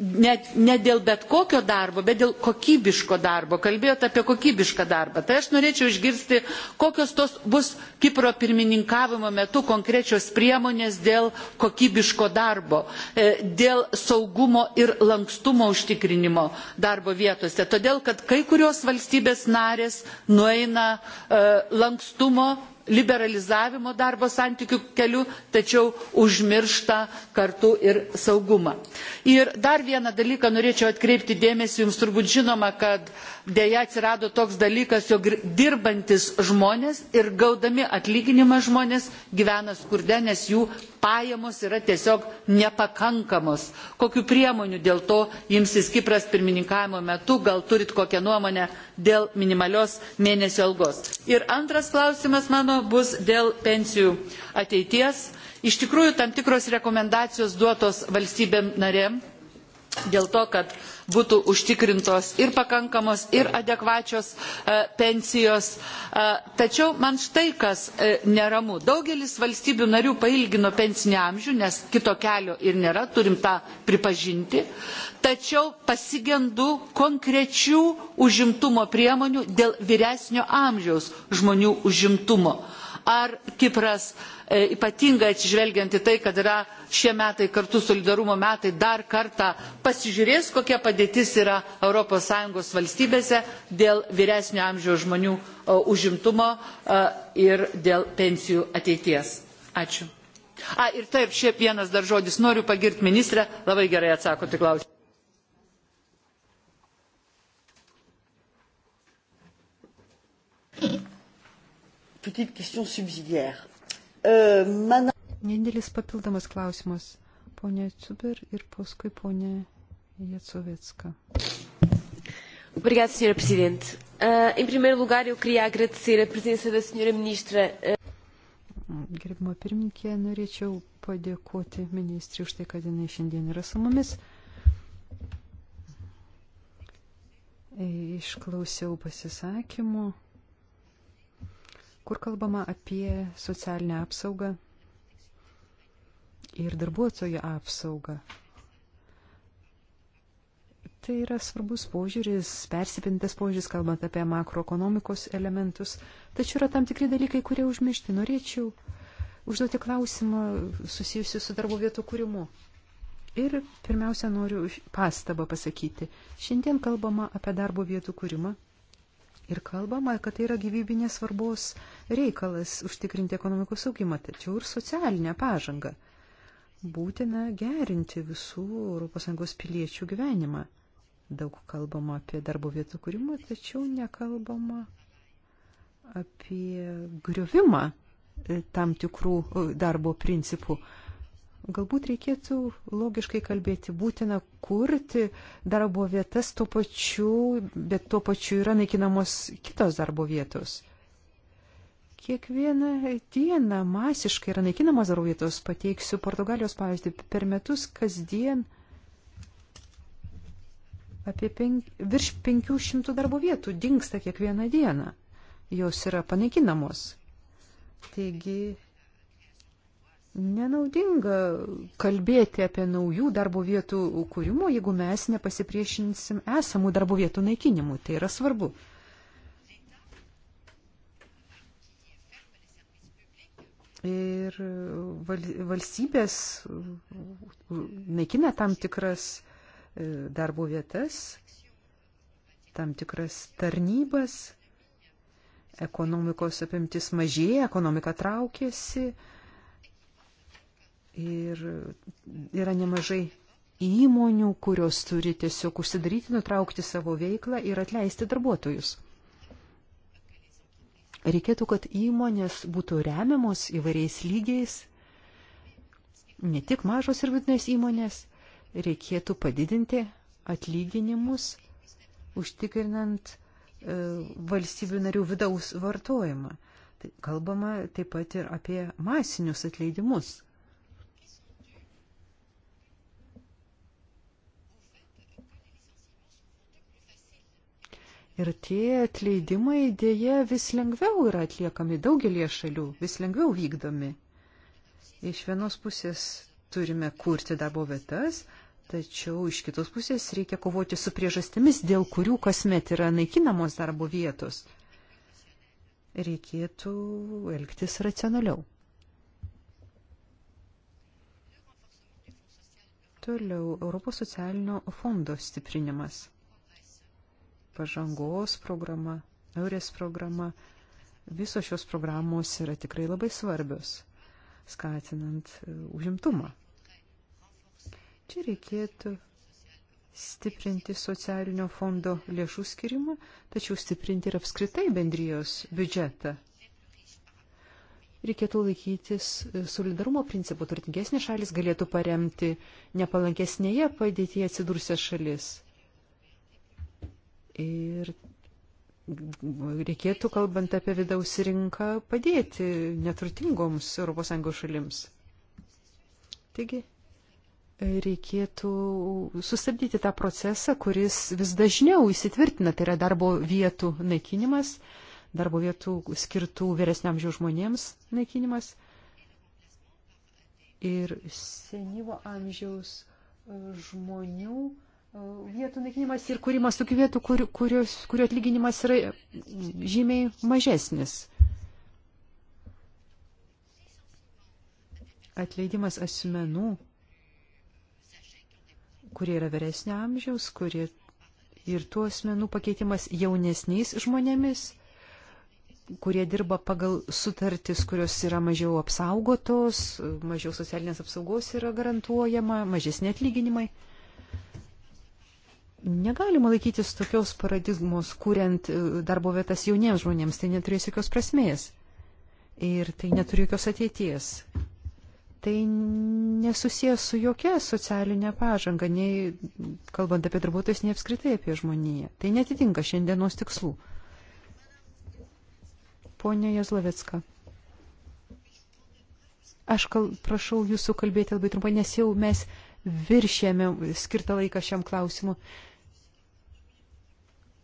net ne dėl bet kokio darbo, bet dėl kokybiško darbo. Kalbėjote apie kokybišką darbą. Tai aš norėčiau išgirsti, kokios tos bus Kipro pirmininkavimo metu konkrečios priemonės dėl kokybiško darbo, e, dėl saugumo ir lankstumo užtikrinimo darbo vietose. Todėl, kad kai kurios valstybės narės nueina e, lankstumo liberalizavimo darbo santykių keliu, tačiau užmiršta kartu ir saugumą. Ir dar vieną dalyką norėčiau atkreipti dėmesį, jums turbūt žinoma, kad dėja atsirado toks dalykas, jog dirbantis žmonės ir gaudami atlyginimą žmonės gyvena skurde, nes jų pajamos yra tiesiog nepakankamos. Kokiu priemoniu dėl to imsis Kipras pirmininkavimo metu, gal turit kokią nuomonę dėl minimalios mėnesio algos. Ir antras klausimas mano mano bus dėl pensijų ateities. Iš tikrųjų, tam tikros rekomendacijos duotos valstybėm narėm dėl to, kad būtų užtikrintos ir pakankamos, ir adekvačios e, pensijos. E, tačiau man štai kas e, neramu. Daugelis valstybių narių pailgino pensinį amžių, nes kito kelio ir nėra, turim tą pripažinti. Tačiau pasigendu konkrečių užimtumo priemonių dėl vyresnio amžiaus žmonių užimtumo ar Kipras e, ypatingai atsižvelgiant į tai, kad yra šie metai kartu solidarumo metai, dar kartą pasižiūrės, kokia padėtis yra ES valstybėse dėl vyresnio amžiaus žmonių e, užimtumo e, ir dėl pensijų ateities. Ačiū. A, ir taip, šiaip vienas dar žodis. Noriu pagirti ministrę, labai gerai atsakote klausimą. Thank you petite question subsidiaire. Euh, mana... Nedidelis papildomas klausimas. Pone Cuber ir paskui ponė Jacovecka. Obrigado, Sr. Presidente. Uh, em primeiro lugar, eu queria agradecer a presença da Sra. Ministra. Uh... Gerbimo pirmininkė, norėčiau padėkoti ministrė už tai, kad jinai šiandien yra su mumis. Išklausiau pasisakymų kur kalbama apie socialinę apsaugą ir darbuotojų apsaugą. Tai yra svarbus požiūris, persipintas požiūris, kalbant apie makroekonomikos elementus. Tačiau yra tam tikri dalykai, kurie užmiršti. Norėčiau užduoti klausimą susijusiu su darbo vietų kūrimu. Ir pirmiausia, noriu pastabą pasakyti. Šiandien kalbama apie darbo vietų kūrimą, Ir kalbama, kad tai yra gyvybinės svarbos reikalas užtikrinti ekonomikos augimą, tačiau ir socialinę pažangą. Būtina gerinti visų ES piliečių gyvenimą. Daug kalbama apie darbo vietų kūrimą, tačiau nekalbama apie griovimą e, tam tikrų e, darbo principų. Galbūt reikėtų logiškai kalbėti, būtina kurti darbo vietas tuo pačiu, bet tuo pačiu yra naikinamos kitos darbo vietos. Kiekvieną dieną masiškai yra naikinamos darbo vietos, pateiksiu Portugalijos pavyzdį, per metus kasdien apie penk, virš 500 darbo vietų dinksta kiekvieną dieną. Jos yra panaikinamos. Taigi nenaudinga kalbėti apie naujų darbo vietų kūrimo, jeigu mes nepasipriešinsim esamų darbo vietų naikinimui. Tai yra svarbu. Ir valstybės naikina tam tikras e, darbo vietas, tam tikras tarnybas, ekonomikos apimtis mažėja, ekonomika traukėsi, Ir yra nemažai įmonių, kurios turi tiesiog užsidaryti, nutraukti savo veiklą ir atleisti darbuotojus. Reikėtų, kad įmonės būtų remiamos įvairiais lygiais, ne tik mažos ir vidinės įmonės, reikėtų padidinti atlyginimus, užtikrinant e, valstybių narių vidaus vartojimą. Tai kalbama taip pat ir apie masinius atleidimus. Ir tie atleidimai dėje vis lengviau yra atliekami daugelie šalių, vis lengviau vykdomi. Iš vienos pusės turime kurti darbo vietas, tačiau iš kitos pusės reikia kovoti su priežastimis, dėl kurių kasmet yra naikinamos darbo vietos. Reikėtų elgtis racionaliau. Toliau Europos socialinio fondo stiprinimas pažangos programa, eurės programa. Visos šios programos yra tikrai labai svarbios, skatinant e, užimtumą. Čia reikėtų stiprinti socialinio fondo lėšų skirimą, tačiau stiprinti ir apskritai bendrijos biudžetą. Reikėtų laikytis e, solidarumo principų. Turtingesnės šalis galėtų paremti nepalankesnėje padėtyje atsidūrusias šalis. Ir reikėtų, kalbant apie vidaus rinką, padėti neturtingoms ES šalims. Taigi, reikėtų sustabdyti tą procesą, kuris vis dažniau įsitvirtina, tai yra darbo vietų naikinimas, darbo vietų skirtų vyresniam žiaus žmonėms naikinimas ir senyvo amžiaus žmonių uh, vietų naikinimas ir kūrimas tokių vietų, kur, kurios, kurio atlyginimas yra žymiai mažesnis. Atleidimas asmenų, kurie yra vyresnio amžiaus, kurie ir tų asmenų pakeitimas jaunesniais žmonėmis, kurie dirba pagal sutartis, kurios yra mažiau apsaugotos, mažiau socialinės apsaugos yra garantuojama, mažesni atlyginimai negalima laikytis tokios paradigmos, kuriant e, darbo vietas jauniems žmonėms, tai neturės jokios prasmės. Ir tai neturi jokios ateities. Tai nesusijęs su jokia socialinė pažanga, nei kalbant apie darbuotojus, nei apskritai apie žmoniją. Tai netitinka šiandienos tikslų. Pone Jazlovecka. Aš kal, prašau jūsų kalbėti labai trumpai, nes jau mes viršėme skirtą laiką šiam klausimui. Uh,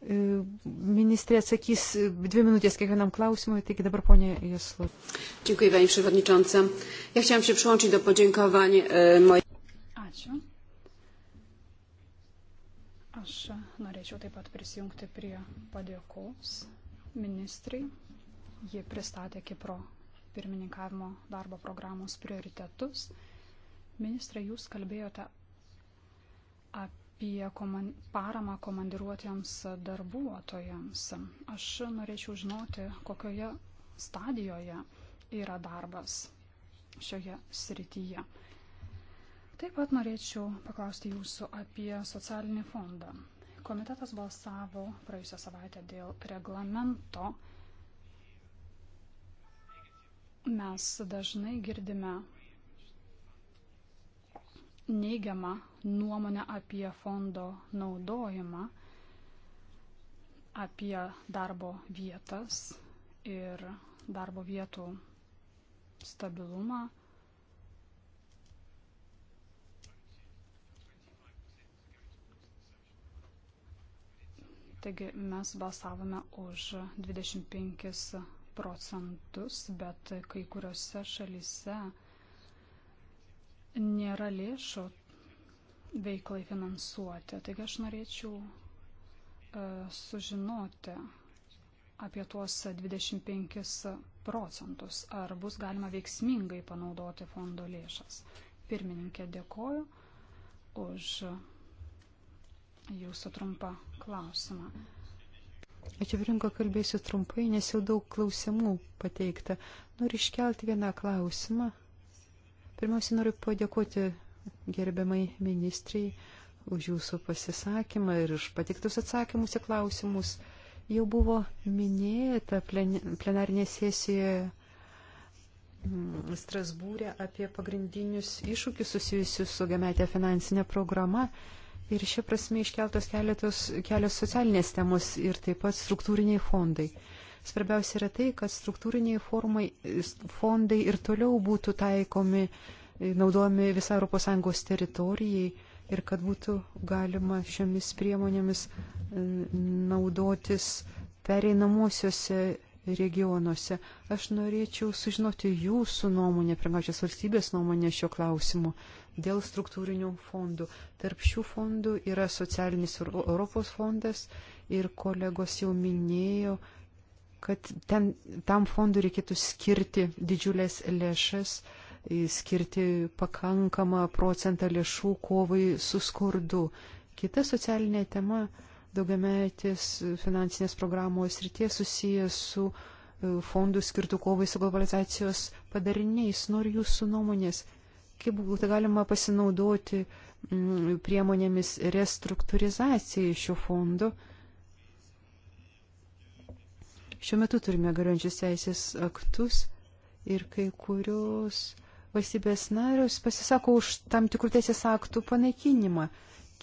E, ministrė atsakys dvi minutės kiekvienam klausimui, taigi dabar ponė Jaslu. Dziękuję, panie przewodniczący. Ja chciałam się przyłączyć do podziękowań e, mojej. Ačiū. Aš norėčiau taip pat prisijungti prie padėkos ministrai. Ji pristatė Kipro pirmininkavimo darbo programos prioritetus. Ministrai, jūs kalbėjote apie apie koman paramą komandiruotiems darbuotojams. Aš norėčiau žinoti, kokioje stadijoje yra darbas šioje srityje. Taip pat norėčiau paklausti jūsų apie socialinį fondą. Komitetas balsavo praėjusią savaitę dėl reglamento. Mes dažnai girdime neigiamą nuomonę apie fondo naudojimą, apie darbo vietas ir darbo vietų stabilumą. Taigi mes balsavome už 25 procentus, bet kai kuriuose šalyse nėra lėšų veiklai finansuoti. Taigi aš norėčiau e, sužinoti apie tuos 25 procentus, ar bus galima veiksmingai panaudoti fondo lėšas. Pirmininkė dėkoju už jūsų trumpą klausimą. Ačiū Virinko, kalbėsiu trumpai, nes jau daug klausimų pateikta. Noriu iškelti vieną klausimą Pirmiausia, noriu padėkoti gerbiamai ministrai už jūsų pasisakymą ir už patiktus atsakymus į klausimus. Jau buvo minėta plen, plenarinė sesijoje mm, Strasbūrė apie pagrindinius iššūkius susijusius su gametė e finansinė programa. Ir šia prasme iškeltos keletos, kelios socialinės temos ir taip pat struktūriniai fondai. Svarbiausia yra tai, kad struktūriniai formai, fondai ir toliau būtų taikomi, naudojami visą ES teritorijai ir kad būtų galima šiomis priemonėmis naudotis pereinamosiose regionuose. Aš norėčiau sužinoti jūsų nuomonę, pirmiausias valstybės nuomonę šio klausimu dėl struktūrinių fondų. Tarp šių fondų yra socialinis Europos fondas ir kolegos jau minėjo, kad ten, tam fondui reikėtų skirti didžiulės lėšas, skirti pakankamą procentą lėšų kovai su skurdu. Kita socialinė tema daugiametės finansinės programos rytie susijęs su e, fondų skirtų kovai su globalizacijos padariniais. Noriu jūsų nuomonės, kaip būtų galima pasinaudoti priemonėmis restruktūrizacijai šio fondo Šiuo metu turime galiojančius teisės aktus ir kai kurios valstybės narius pasisako už tam tikrų teisės aktų panaikinimą.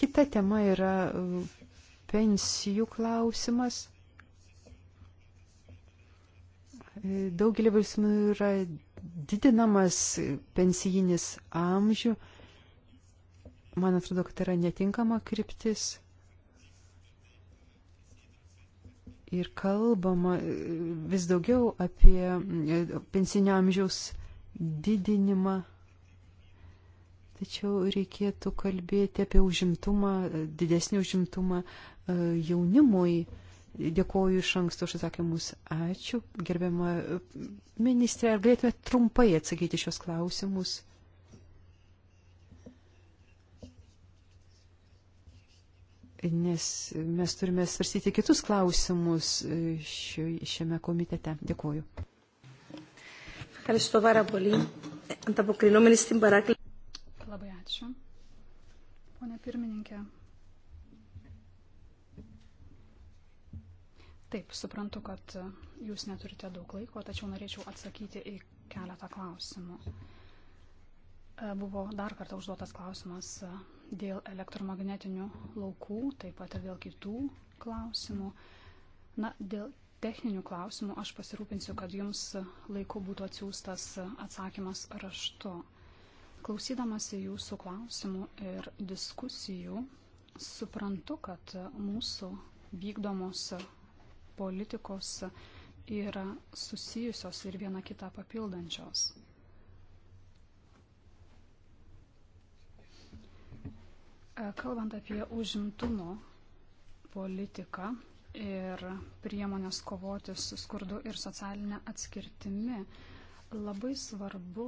Kita tema yra uh, pensijų klausimas. E, daugelį valstybių yra didinamas pensijinis amžių. Man atrodo, kad tai yra netinkama kryptis. ir kalbama e, vis daugiau apie e, pensinio amžiaus didinimą. Tačiau reikėtų kalbėti apie užimtumą, e, didesnį užimtumą jaunimui. Dėkuoju iš anksto už atsakymus. Ačiū, gerbiama ministrė. Ar galėtume trumpai atsakyti šios klausimus? nes mes turime svarstyti kitus klausimus e, šiame komitete. Dėkuoju. Labai ačiū. Pone pirmininkė. Taip, suprantu, kad jūs neturite daug laiko, tačiau norėčiau atsakyti į keletą klausimų. E, buvo dar kartą užduotas klausimas dėl elektromagnetinių laukų, taip pat ir dėl kitų klausimų. Na, dėl techninių klausimų aš pasirūpinsiu, kad jums laiku būtų atsiųstas atsakymas raštu. Klausydamasi jūsų klausimų ir diskusijų, suprantu, kad mūsų vykdomos politikos yra susijusios ir viena kitą papildančios. E, kalbant apie užimtumo politiką ir priemonės kovoti su skurdu ir socialinė atskirtimi, labai svarbu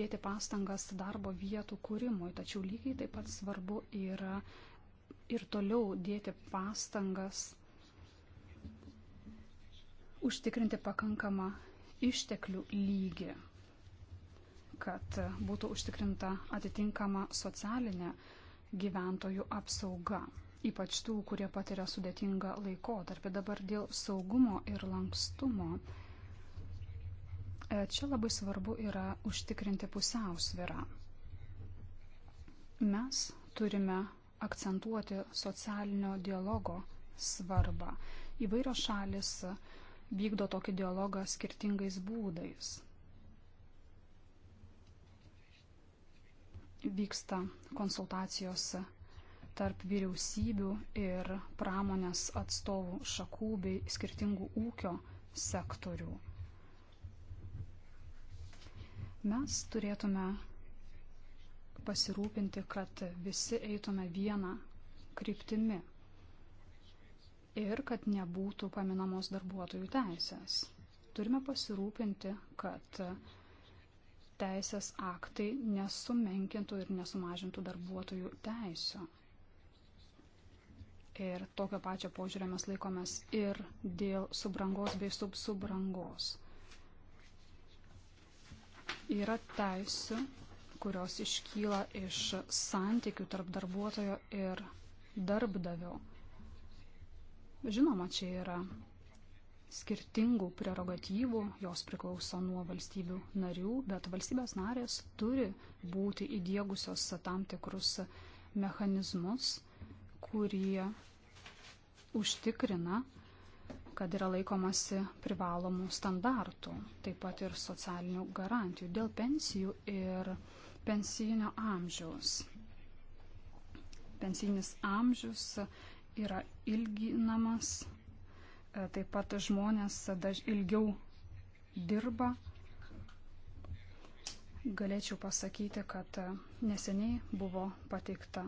dėti pastangas darbo vietų kūrimui, tačiau lygiai taip pat svarbu yra ir toliau dėti pastangas užtikrinti pakankamą išteklių lygį, kad būtų užtikrinta atitinkama socialinė atskirtimi gyventojų apsauga, ypač tų, kurie patiria sudėtingą laikotarpį dabar dėl saugumo ir lankstumo. E, čia labai svarbu yra užtikrinti pusiausvirą. Mes turime akcentuoti socialinio dialogo svarbą. Įvairios šalis vykdo tokį dialogą skirtingais būdais. vyksta konsultacijos tarp vyriausybių ir pramonės atstovų šakų bei skirtingų ūkio sektorių. Mes turėtume pasirūpinti, kad visi eitume vieną kryptimi ir kad nebūtų paminamos darbuotojų teisės. Turime pasirūpinti, kad uh, teisės aktai nesumenkintų ir nesumažintų darbuotojų teisų. Ir tokio pačio požiūrio mes laikomės ir dėl subrangos bei subsubrangos. Yra teisų, kurios iškyla iš santykių tarp darbuotojo ir darbdavio. Žinoma, čia yra skirtingų prerogatyvų, jos priklauso nuo valstybių narių, bet valstybės narės turi būti įdėgusios tam tikrus mechanizmus, kurie užtikrina, kad yra laikomasi privalomų standartų, taip pat ir socialinių garantijų dėl pensijų ir pensijinio amžiaus. Pensijinis amžius yra ilginamas E, taip pat žmonės daž, ilgiau dirba. Galėčiau pasakyti, kad e, neseniai buvo pateikta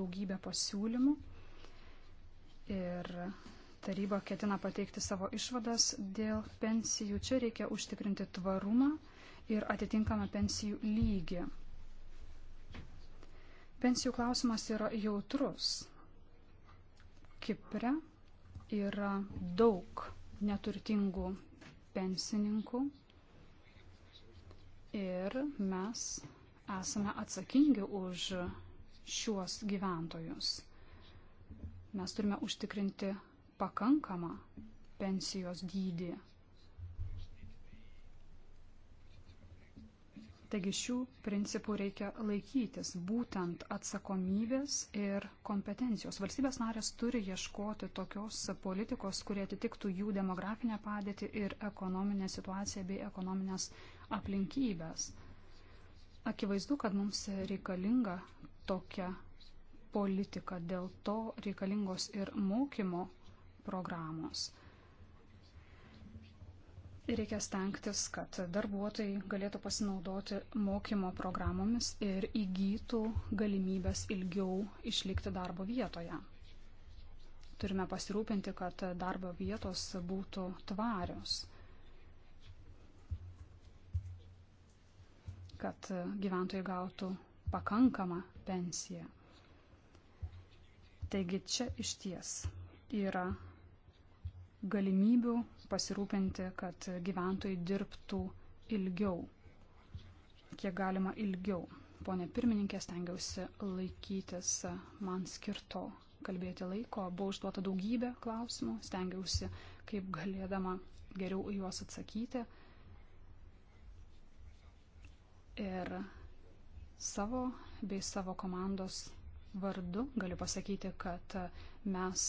daugybė pasiūlymų ir taryba ketina pateikti savo išvadas dėl pensijų. Čia reikia užtikrinti tvarumą ir atitinkamą pensijų lygį. Pensijų klausimas yra jautrus. Kipre yra daug neturtingų pensininkų ir mes esame atsakingi už šiuos gyventojus. Mes turime užtikrinti pakankamą pensijos dydį Taigi šių principų reikia laikytis būtent atsakomybės ir kompetencijos. Valstybės narės turi ieškoti tokios politikos, kurie atitiktų jų demografinę padėtį ir ekonominę situaciją bei ekonominės aplinkybės. Akivaizdu, kad mums reikalinga tokia politika, dėl to reikalingos ir mokymo programos. Reikia stengtis, kad darbuotojai galėtų pasinaudoti mokymo programomis ir įgytų galimybės ilgiau išlikti darbo vietoje. Turime pasirūpinti, kad darbo vietos būtų tvarios, kad gyventojai gautų pakankamą pensiją. Taigi čia iš ties yra galimybių pasirūpinti, kad gyventojai dirbtų ilgiau, kiek galima ilgiau. Pone pirmininkė, stengiausi laikytis man skirto kalbėti laiko. Buvo užduota daugybė klausimų, stengiausi kaip galėdama geriau juos atsakyti. Ir savo bei savo komandos vardu galiu pasakyti, kad mes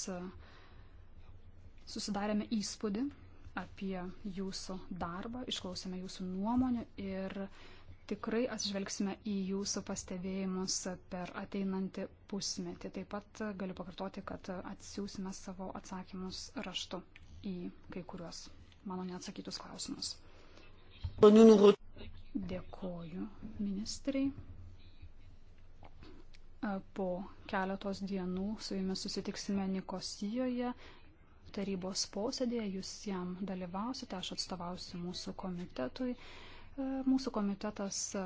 susidarėme įspūdį, apie jūsų darbą, išklausėme jūsų nuomonių ir tikrai atsižvelgsime į jūsų pastebėjimus per ateinantį pusmetį. Taip pat galiu pakartoti, kad atsiųsime savo atsakymus raštu į kai kuriuos mano neatsakytus klausimus. Dėkoju ministrai. Po keletos dienų su jumis susitiksime Nikosijoje tarybos posėdėje, jūs jam dalyvausite, aš atstovausiu mūsų komitetui. E, mūsų komitetas e,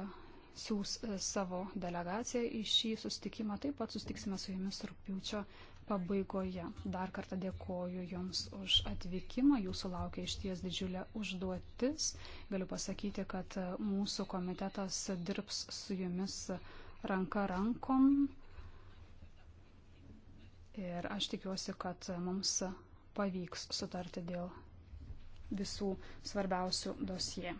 siūs e, savo delegaciją į šį sustikimą, taip pat sustiksime su jumis rūpiučio pabaigoje. Dar kartą dėkoju Jums už atvykimą, Jūsų laukia iš ties didžiulė užduotis. Galiu pasakyti, kad mūsų komitetas dirbs su Jumis ranka rankom. Ir aš tikiuosi, kad mums pavyks sutarti dėl visų svarbiausių dosijų.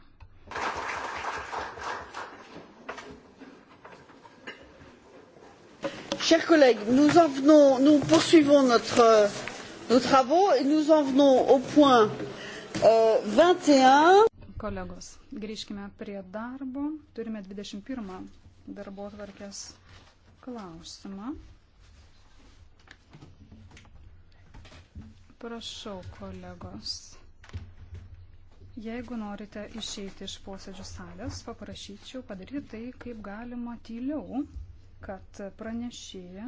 chers collègues nous en venons nous poursuivons notre, nos travaux et nous en venons au point euh, vingt et un Kolegos, grįžkime prie darbo. Turime 21 darbo tvarkės klausimą. Prašau, kolegos. Jeigu norite išeiti iš posėdžių salės, paprašyčiau padaryti tai, kaip galima tyliau, kad pranešėja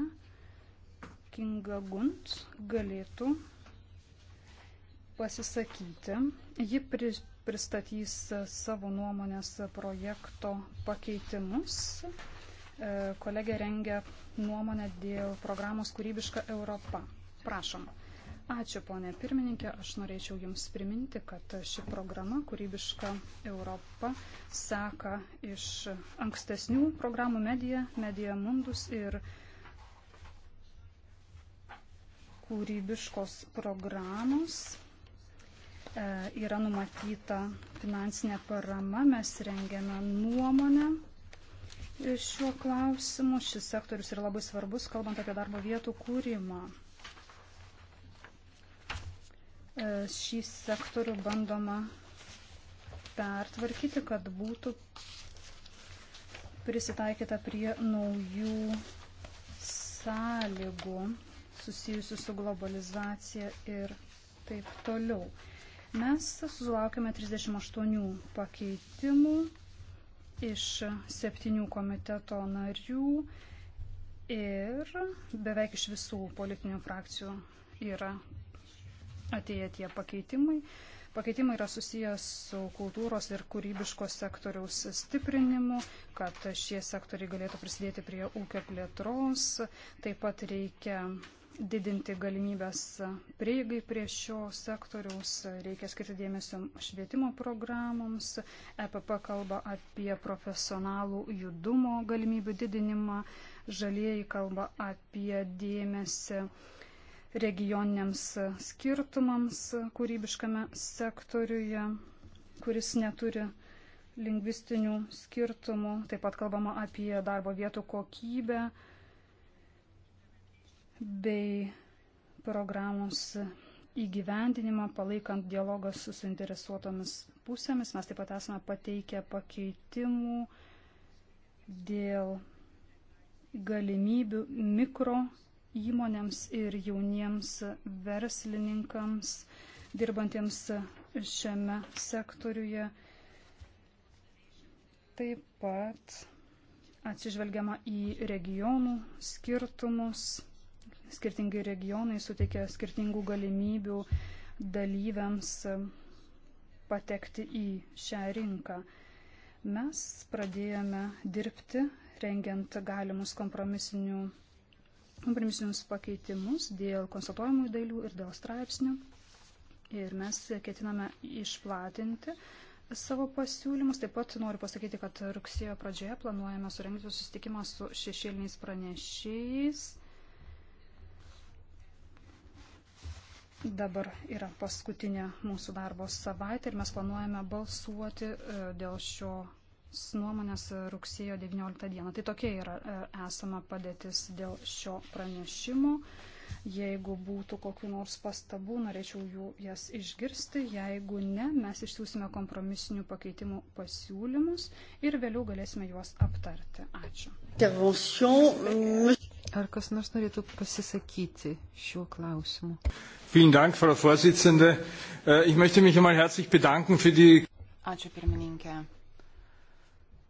Kinga Gunt galėtų pasisakyti. Ji pristatys savo nuomonės projekto pakeitimus. E, kolegė rengia nuomonę dėl programos kūrybiška Europa. Prašom. Ačiū, ponė pirmininkė. Aš norėčiau Jums priminti, kad ši programa Kūrybiška Europa seka iš ankstesnių programų Medija, Medija Mundus ir kūrybiškos programos e, yra numatyta finansinė parama, mes rengiame nuomonę šiuo klausimu. Šis sektorius yra labai svarbus, kalbant apie darbo vietų kūrimą. E, šį sektorių bandoma pertvarkyti, kad būtų prisitaikyta prie naujų sąlygų susijusių su globalizacija ir taip toliau. Mes sulaukime 38 pakeitimų iš septynių komiteto narių ir beveik iš visų politinių frakcijų yra atėję tie pakeitimai. Pakeitimai yra susijęs su kultūros ir kūrybiškos sektoriaus stiprinimu, kad šie sektoriai galėtų prisidėti prie ūkio plėtros. Taip pat reikia didinti galimybės prieigai prie šio sektoriaus, reikia skirti dėmesio švietimo programoms. EPP kalba apie profesionalų judumo galimybių didinimą, žalieji kalba apie dėmesį regioniniams skirtumams kūrybiškame sektoriuje, kuris neturi lingvistinių skirtumų. Taip pat kalbama apie darbo vietų kokybę bei programos įgyvendinimą, palaikant dialogą su suinteresuotomis pusėmis. Mes taip pat esame pateikę pakeitimų dėl galimybių mikro įmonėms ir jauniems verslininkams dirbantiems šiame sektoriuje. Taip pat atsižvelgiama į regionų skirtumus. Skirtingi regionai suteikia skirtingų galimybių dalyviams patekti į šią rinką. Mes pradėjome dirbti, rengiant galimus kompromisinių Primsiu pakeitimus dėl konstatuojamų dalių ir dėl straipsnių. Ir mes ketiname išplatinti savo pasiūlymus. Taip pat noriu pasakyti, kad rugsėjo pradžioje planuojame surengti susitikimą su šešėliniais pranešėjais. Dabar yra paskutinė mūsų darbo savaitė ir mes planuojame balsuoti e, dėl šio nuomonės rugsėjo 19 dieną. Tai tokia yra e, esama padėtis dėl šio pranešimo. Jeigu būtų kokiu nors pastabų, norėčiau jų jas išgirsti. Jeigu ne, mes išsiųsime kompromisinių pakeitimų pasiūlymus ir vėliau galėsime juos aptarti. Ačiū. Ar kas nors norėtų pasisakyti šiuo klausimu? Dank, Frau Vorsitzende. Äh, ich möchte mich einmal herzlich bedanken für die. Ačiū pirmininkė.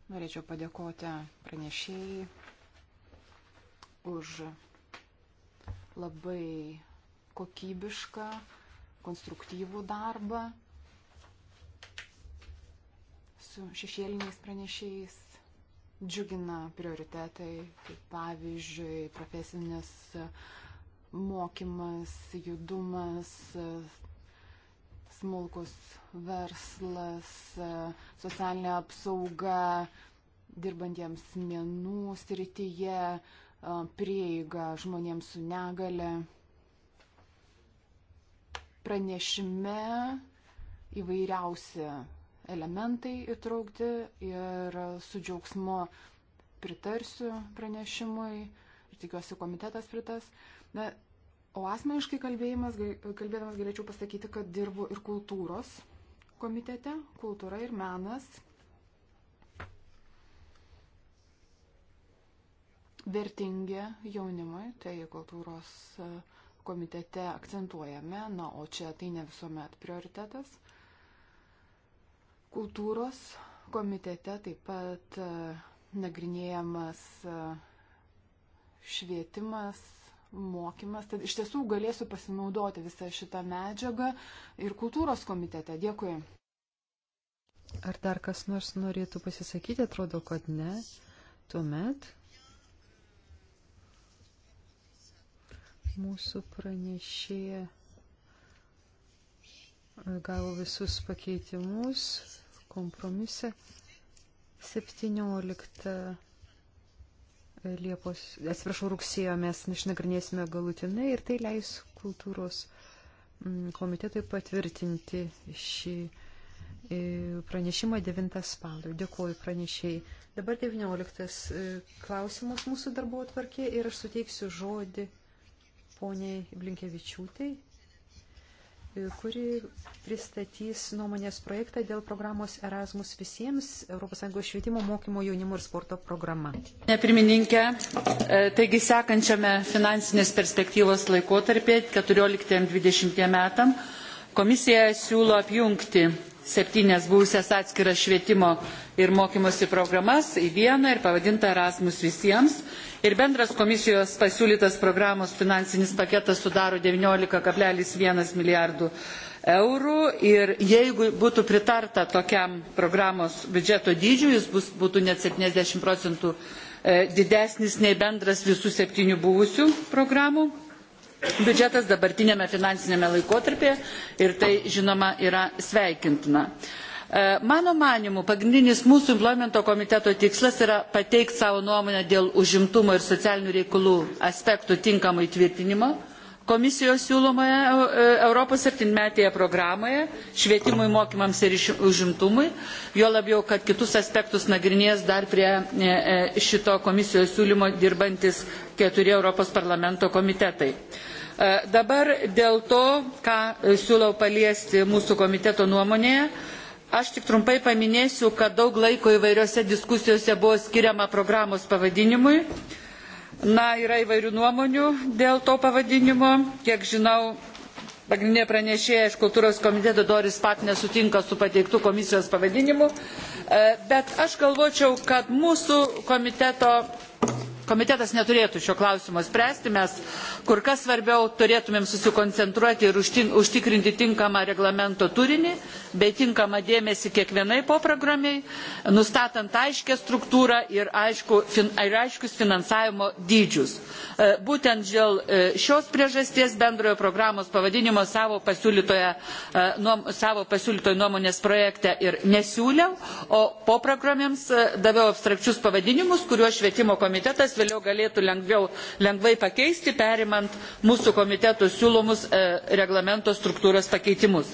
Norėčiau padėkoti pranešėjai už labai kokybišką, konstruktyvų darbą su šešėliniais pranešėjais. Džiugina prioritetai, kaip pavyzdžiui, profesinis mokymas, judumas, smulkus verslas, e, socialinė apsauga dirbantiems menų srityje, e, prieiga žmonėms su negale. Pranešime įvairiausi elementai įtraukti ir su džiaugsmu pritarsiu pranešimui ir tikiuosi komitetas pritars. Na, O asmeniškai kalbėdamas galėčiau pasakyti, kad dirbu ir kultūros komitete, kultūra ir menas. Vertingi jaunimui, tai kultūros e, komitete akcentuojame, na, o čia tai ne visuomet prioritetas. Kultūros komitete taip pat e, nagrinėjamas e, švietimas, mokymas, tad iš tiesų galėsiu pasinaudoti visą šitą medžiagą ir kultūros komitete. Dėkui. Ar dar kas nors norėtų pasisakyti, atrodo, kad ne. Tuomet mūsų pranešėja gavo visus pakeitimus kompromise 17 Liepos, atsiprašau, rugsėjo mes išnagrinėsime galutinai ir tai leis kultūros mm, komitetui patvirtinti šį e, pranešimą 9 spalio. Dėkuoju pranešiai. Dabar 19 e, klausimas mūsų darbo atvarkė ir aš suteiksiu žodį poniai Blinkevičiūtai kuri pristatys nuomonės projektą dėl programos Erasmus visiems ES švietimo mokymo jaunimo ir sporto programa. Ne pirmininkė, e, taigi sekančiame finansinės perspektyvos laikotarpėje 14-20 metam komisija siūlo apjungti septynias būsias atskiras švietimo ir mokymosi programas į vieną ir pavadintą Erasmus visiems. Ir bendras komisijos pasiūlytas programos finansinis paketas sudaro 19,1 milijardų eurų ir jeigu būtų pritarta tokiam programos biudžeto dydžiui, jis bus, būtų net 70 procentų e, didesnis nei bendras visų septynių buvusių programų biudžetas dabartinėme finansinėme laikotarpėje ir tai žinoma yra sveikintina. E, mano manimu, pagrindinis mūsų implemento komiteto tikslas yra pateikti savo nuomonę dėl užimtumo ir socialinių reikalų aspektų tinkamo įtvirtinimo komisijos siūlomoje e, Europos septynmetėje programoje švietimui, mokymams ir užimtumui, jo labiau, kad kitus aspektus nagrinės dar prie e, šito komisijos siūlymo dirbantis keturi Europos parlamento komitetai. E, dabar dėl to, ką e, siūlau paliesti mūsų komiteto nuomonėje, aš tik trumpai paminėsiu, kad daug laiko įvairiose diskusijose buvo skiriama programos pavadinimui. Na, yra įvairių nuomonių dėl to pavadinimo. Kiek žinau, pagrindinė pranešėja iš kultūros komiteto Doris Pat nesutinka su pateiktų komisijos pavadinimu. E, bet aš galvočiau, kad mūsų komiteto Komitetas neturėtų šio klausimo spręsti, mes kur kas svarbiau turėtumėm susikoncentruoti ir užtikrinti tinkamą reglamento turinį, bei tinkamą dėmesį kiekvienai poprogramiai, nustatant aiškę struktūrą ir, aišku, fin, ir aiškius finansavimo dydžius. E, būtent dėl e, šios priežasties bendrojo programos pavadinimo savo pasiūlytoje, e, nuom, savo pasiūlytoje nuomonės projekte ir nesiūliau, o poprogramėms daviau abstrakčius pavadinimus, kuriuos švietimo komitetas komitetas vėliau galėtų lengviau, lengvai pakeisti, perimant mūsų komiteto siūlomus e, reglamento struktūros pakeitimus.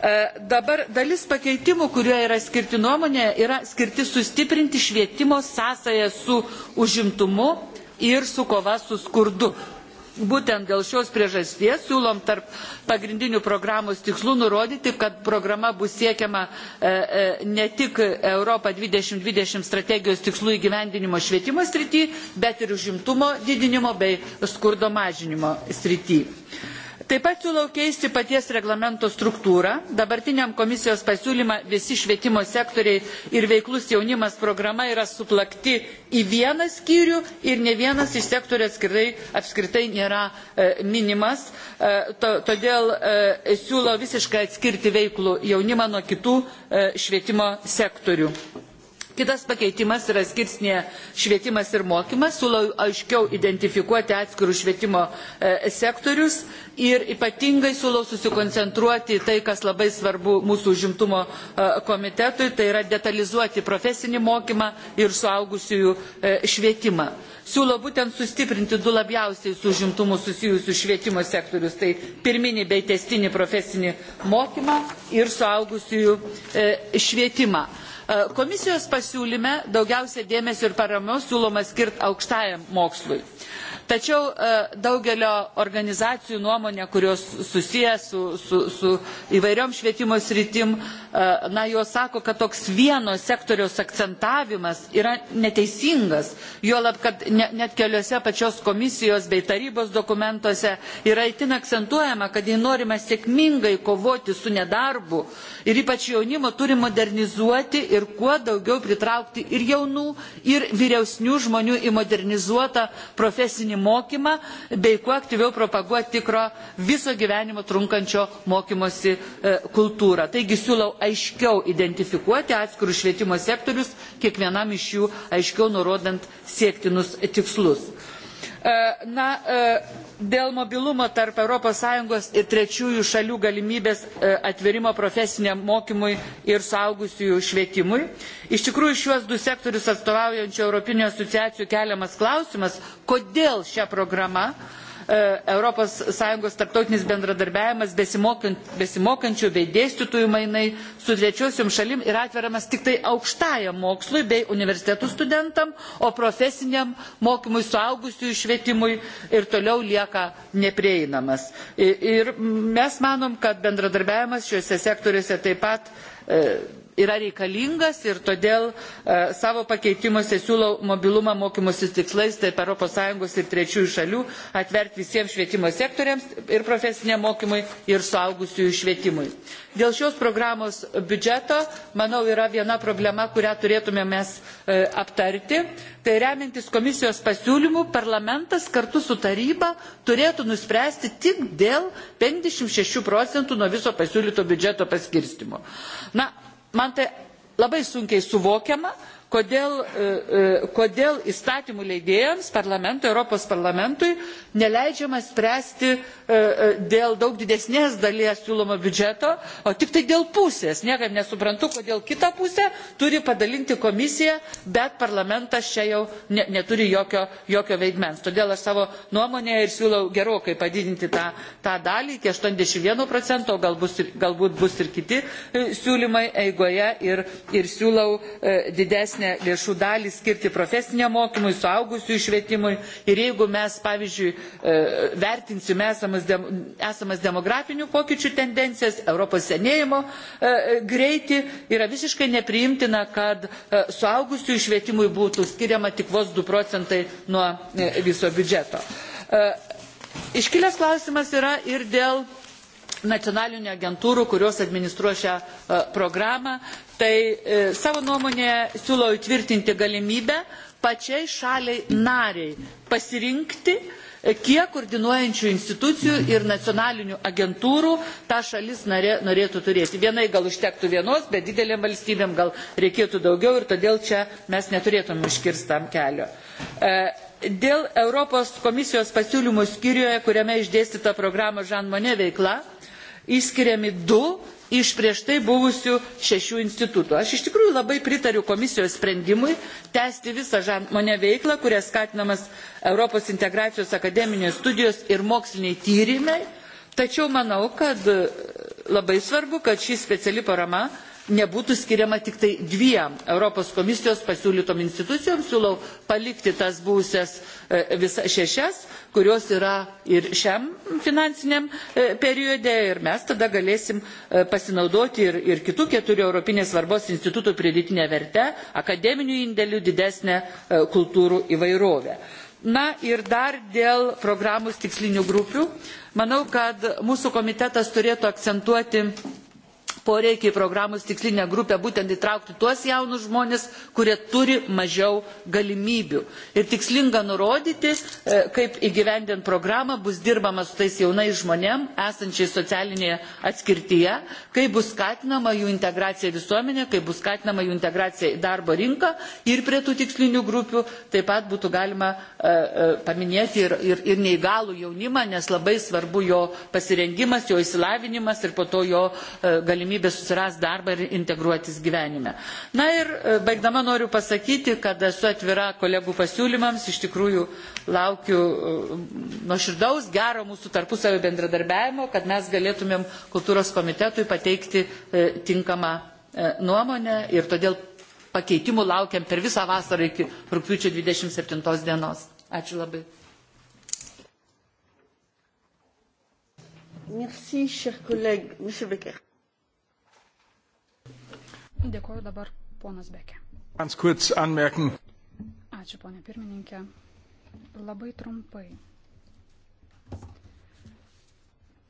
E, dabar dalis pakeitimų, kurie yra skirti nuomonė, yra skirti sustiprinti švietimo sąsąją su užimtumu ir su kova su skurdu Būtent dėl šios priežasties siūlom tarp pagrindinių programos tikslų nurodyti, kad programa bus siekiama e, e, ne tik Europą 2020 strategijos tikslų įgyvendinimo švietimo srity, bet ir užimtumo didinimo bei skurdo mažinimo srity taip pat siūlau keisti paties reglamento struktūrą dabartiniam komisijos pasiūlyme visi švietimo sektoriai ir veiklus jaunimas programa yra suplakti į vieną skyrių ir ne vienas iš sektorių atskirai, apskritai nėra e, minimas e, to, todėl e, siūlau visiškai atskirti veiklų jaunimą nuo kitų e, švietimo sektorių. Kitas pakeitimas yra skirsnė švietimas ir mokymas, siūlau aiškiau identifikuoti atskirus švietimo e, sektorius ir ypatingai siūlau susikoncentruoti tai, kas labai svarbu mūsų užimtumo e, komitetui, tai yra detalizuoti profesinį mokymą ir suaugusiųjų e, švietimą. Siūlau būtent sustiprinti du labiausiai su užimtumu susijusius švietimo sektorius, tai pirminį bei testinį profesinį mokymą ir suaugusiųjų švietimą. E, komisijos pasiūlyme daugiausia dėmesio ir paramos siūloma skirti aukštajam mokslui. Tačiau e, daugelio organizacijų nuomonė, kurios susiję su, su, su įvairiom švietimo sritim, e, na, jos sako, kad toks vieno sektoriaus akcentavimas yra neteisingas. Juolab, kad ne, net keliose pačios komisijos bei tarybos dokumentuose yra itin akcentuojama, kad jei norima sėkmingai kovoti su nedarbu ir ypač jaunimo turi modernizuoti ir kuo daugiau pritraukti ir jaunų, ir vyriausnių žmonių į modernizuotą profesinį mokymą, bei kuo aktyviau propaguoti tikro viso gyvenimo trunkančio mokymosi e, kultūrą. Taigi siūlau aiškiau identifikuoti atskirus švietimo sektorius, kiekvienam iš jų aiškiau nurodant siektinus tikslus. E, na, e, dėl mobilumo tarp ES ir trečiųjų šalių galimybės e, atverimo profesiniam mokymui ir saugusiųjų švietimui. Iš tikrųjų, šiuos du sektorius atstovaujančių Europinių asociacijų keliamas klausimas, kodėl šią programą ES tarptautinis bendradarbiavimas besimokančių bei dėstytojų mainai su trečiosiom šalim yra atveriamas tik tai aukštajam mokslui bei universitetų studentam, o profesiniam mokymui suaugusiųjų švietimui ir toliau lieka neprieinamas. Ir mes manom, kad bendradarbiavimas šiuose sektoriuose taip pat e, yra reikalingas ir todėl e, savo pakeitimuose siūlau mobilumą mokymosi tikslais tarp europos sąjungos ir trečiųjų šalių atverti visiems švietimo sektoriams ir profesiniam mokymui ir suaugusiųjų švietimui. dėl šios programos biudžeto manau yra viena problema kurią turėtume mes e, aptarti tai remiantis komisijos pasiūlymu parlamentas kartu su taryba turėtų nuspręsti tik dėl penkiasdešimt šešių procentų nuo viso pasiūlyto biudžeto paskirstymo. na man tai labai sunkiai suvokiama kodėl, e, e, kodėl įstatymų leidėjams, parlamentui, Europos parlamentui neleidžiama spręsti e, dėl daug didesnės dalies siūlomo biudžeto, o tik tai dėl pusės. Niekam nesuprantu, kodėl kitą pusę turi padalinti komisija, bet parlamentas čia jau ne, neturi jokio, jokio veikmens. Todėl aš savo nuomonėje ir siūlau gerokai padidinti tą, tą dalį iki 81 procento, gal bus, galbūt bus ir kiti siūlymai eigoje ir, ir siūlau didesnį didesnę lėšų dalį skirti profesiniam mokymui, suaugusių švietimui ir jeigu mes, pavyzdžiui, e, vertinsime esamas, dem, esamas demografinių pokyčių tendencijas, Europos senėjimo e, e, greitį, yra visiškai nepriimtina, kad suaugusių švietimui būtų skiriama tik vos 2 procentai nuo viso biudžeto. Iškilęs klausimas yra ir dėl nacionalinių agentūrų, kurios administruoja šią e, programą. Tai e, savo nuomonėje siūlau įtvirtinti galimybę pačiai šaliai nariai pasirinkti, e, kiek koordinuojančių institucijų ir nacionalinių agentūrų ta šalis narė, norėtų turėti. Vienai gal užtektų vienos, bet didelėm valstybėm gal reikėtų daugiau ir todėl čia mes neturėtume užkirstam kelio. Dėl Europos komisijos pasiūlymų skyriuje, kuriame išdėstyta programa Žan Monė veikla, išskiriami du iš prieš tai buvusių šešių institutų. Aš iš tikrųjų labai pritariu komisijos sprendimui tęsti visą žantmonę veiklą, kuria skatinamas Europos integracijos akademinės studijos ir moksliniai tyrimai, tačiau manau, kad labai svarbu, kad ši speciali parama nebūtų skiriama tik tai dviem Europos komisijos pasiūlytom institucijom. Siūlau palikti tas būsias e, visas šešias, kurios yra ir šiam finansiniam e, periode ir mes tada galėsim e, pasinaudoti ir, ir kitų keturių Europinės svarbos institutų pridėtinę vertę, akademinių indėlių, didesnę kultūrų įvairovę. Na ir dar dėl programos tikslinių grupių. Manau, kad mūsų komitetas turėtų akcentuoti poreikį į programos tikslinę grupę būtent įtraukti tuos jaunus žmonės, kurie turi mažiau galimybių. Ir tikslinga nurodyti, e, kaip įgyvendint programą bus dirbama su tais jaunais žmonėm, esančiai socialinėje atskirtyje, kaip bus skatinama jų integracija visuomenė, kaip bus skatinama jų integracija į darbo rinką ir prie tų tikslinių grupių taip pat būtų galima e, e, paminėti ir, ir, ir neįgalų jaunimą, nes labai svarbu jo pasirengimas, jo įsilavinimas ir po to jo galimybė galimybę susirasti darbą ir integruotis gyvenime. Na ir e, baigdama noriu pasakyti, kad esu atvira kolegų pasiūlymams, iš tikrųjų laukiu e, nuoširdaus, gero mūsų tarpusavio bendradarbiavimo, kad mes galėtumėm kultūros komitetui pateikti e, tinkamą nuomonę ir todėl pakeitimų laukiam per visą vasarą iki rūpiučio 27 dienos. Ačiū labai. Merci, chers collègues. Monsieur Becker. Dėkuoju dabar ponas Bekė. Ačiū, ponė pirmininkė. Labai trumpai.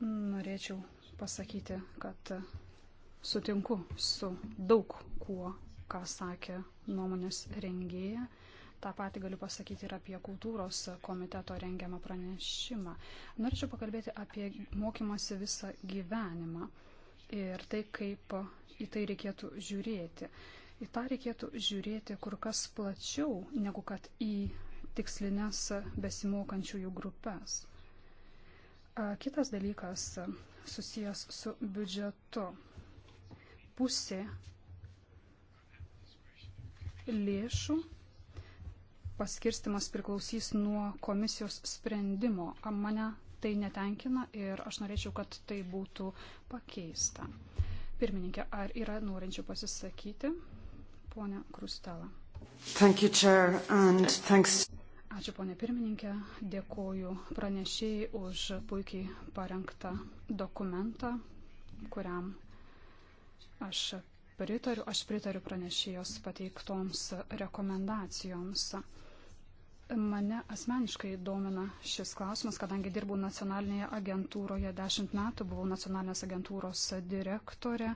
Norėčiau pasakyti, kad sutinku su daug kuo, ką sakė nuomonės rengėja. Ta pati galiu pasakyti ir apie kultūros komiteto rengiamą pranešimą. Norėčiau pakalbėti apie mokymasi visą gyvenimą ir tai, kaip į tai reikėtų žiūrėti. Į tą reikėtų žiūrėti kur kas plačiau negu kad į tikslinės besimokančiųjų grupės. Kitas dalykas susijęs su biudžetu. Pusė lėšų paskirstimas priklausys nuo komisijos sprendimo. Mane tai netenkina ir aš norėčiau, kad tai būtų pakeista. Pirmininkė, ar yra norinčių pasisakyti? Pone Krustela. Thank you, Chair, and thanks. Ačiū, ponė pirmininkė. Dėkoju pranešėjai už puikiai parengtą dokumentą, kuriam aš pritariu. Aš pritariu pranešėjos pateiktoms rekomendacijoms. Mane asmeniškai domina šis klausimas, kadangi dirbau nacionalinėje agentūroje dešimt metų, buvau nacionalinės agentūros direktorė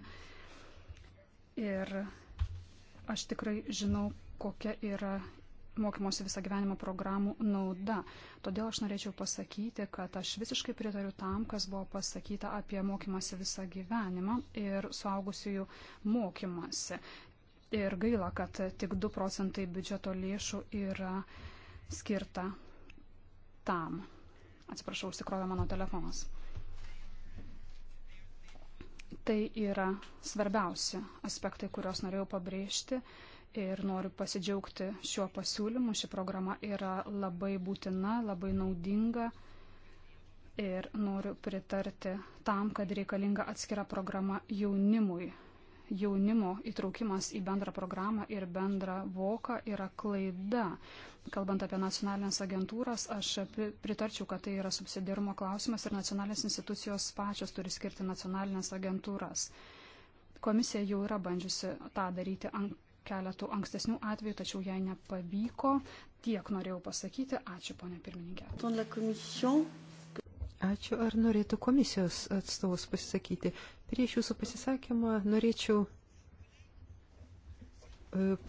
ir aš tikrai žinau, kokia yra mokymosi visą gyvenimą programų nauda. Todėl aš norėčiau pasakyti, kad aš visiškai pritariu tam, kas buvo pasakyta apie mokymasi visą gyvenimą ir suaugusiųjų mokymasi. Ir gaila, kad tik 2 procentai biudžeto lėšų yra skirta tam. Atsiprašau, užsikrovė mano telefonas. Tai yra svarbiausi aspektai, kuriuos norėjau pabrėžti ir noriu pasidžiaugti šiuo pasiūlymu. Ši programa yra labai būtina, labai naudinga ir noriu pritarti tam, kad reikalinga atskira programa jaunimui jaunimo įtraukimas į bendrą programą ir bendrą voką yra klaida. Kalbant apie nacionalinės agentūras, aš pritarčiau, kad tai yra subsidiarumo klausimas ir nacionalinės institucijos pačios turi skirti nacionalinės agentūras. Komisija jau yra bandžiusi tą daryti keletų ankstesnių atvejų, tačiau jai nepavyko. Tiek norėjau pasakyti. Ačiū, ponė pirmininkė. Ačiū. Ar norėtų komisijos atstovus pasisakyti? Prieš jūsų pasisakymą norėčiau e,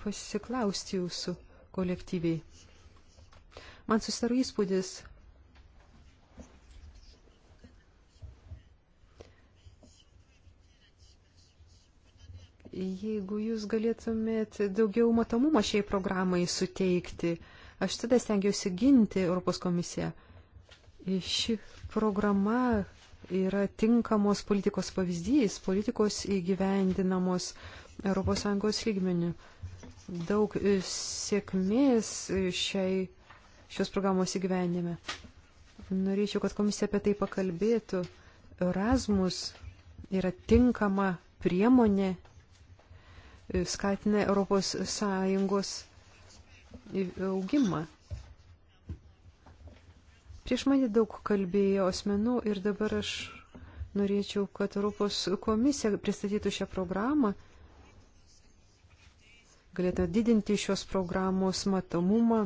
pasiklausti jūsų kolektyviai. Man susidaro įspūdis, jeigu jūs galėtumėt daugiau matomumo šiai programai suteikti, aš tada stengiausi ginti Europos komisiją. Ši programa yra tinkamos politikos pavyzdys, politikos įgyvendinamos ES lygmenių. Daug e, sėkmės e, šiai, šios programos įgyvendime. Norėčiau, kad komisija apie tai pakalbėtų. Erasmus yra tinkama priemonė, e, skatina ES augimą. Prieš mane daug kalbėjo asmenų ir dabar aš norėčiau, kad Europos komisija pristatytų šią programą. Galėtume didinti šios programos matomumą,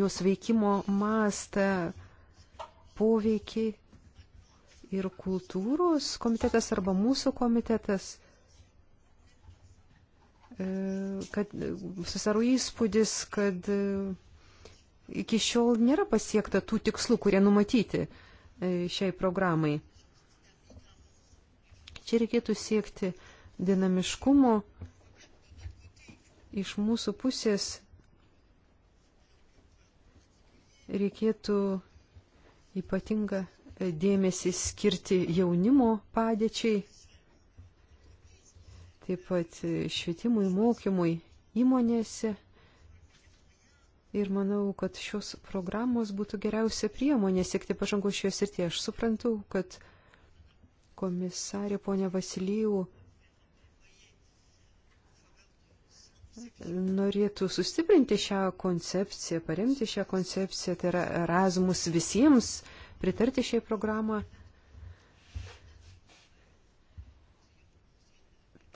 jos veikimo mastą, poveikį ir kultūros komitetas arba mūsų komitetas, e, kad susaro įspūdis, kad iki šiol nėra pasiekta tų tikslų, kurie numatyti e, šiai programai. Čia reikėtų siekti dinamiškumo iš mūsų pusės. Reikėtų ypatingą dėmesį skirti jaunimo padėčiai, taip pat švietimui, mokymui įmonėse Ir manau, kad šios programos būtų geriausia priemonė siekti pažangos šioje srityje. Aš suprantu, kad komisarė ponia Vasilijų norėtų sustiprinti šią koncepciją, paremti šią koncepciją, tai yra Erasmus visiems, pritarti šiai programą.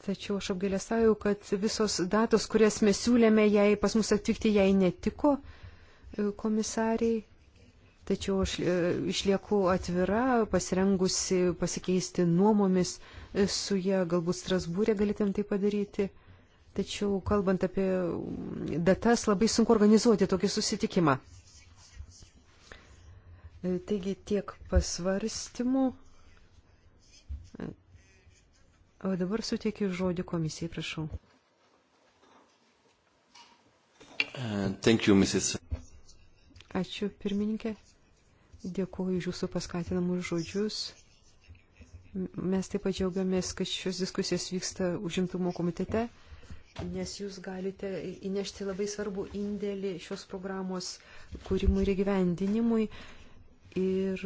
Tačiau aš apgailėsauju, kad visos datos, kurias mes siūlėme jai pas mus atvykti, jai netiko e, komisariai. Tačiau aš e, išlieku atvira, pasirengusi pasikeisti nuomomis e, su jie, galbūt Strasbūrė galėtum tai padaryti. Tačiau kalbant apie mm, datas, labai sunku organizuoti tokį susitikimą. Taigi tiek pasvarstymų. O dabar suteikiu žodį komisijai, prašau. Uh, thank you, Mrs. Ačiū, pirmininkė. Dėkuoju už jūsų paskatinamus žodžius. Mes taip pat džiaugiamės, kad šios diskusijos vyksta užimtumo komitete, nes jūs galite įnešti labai svarbu indėlį šios programos kūrimui ir gyvendinimui. Uh, ir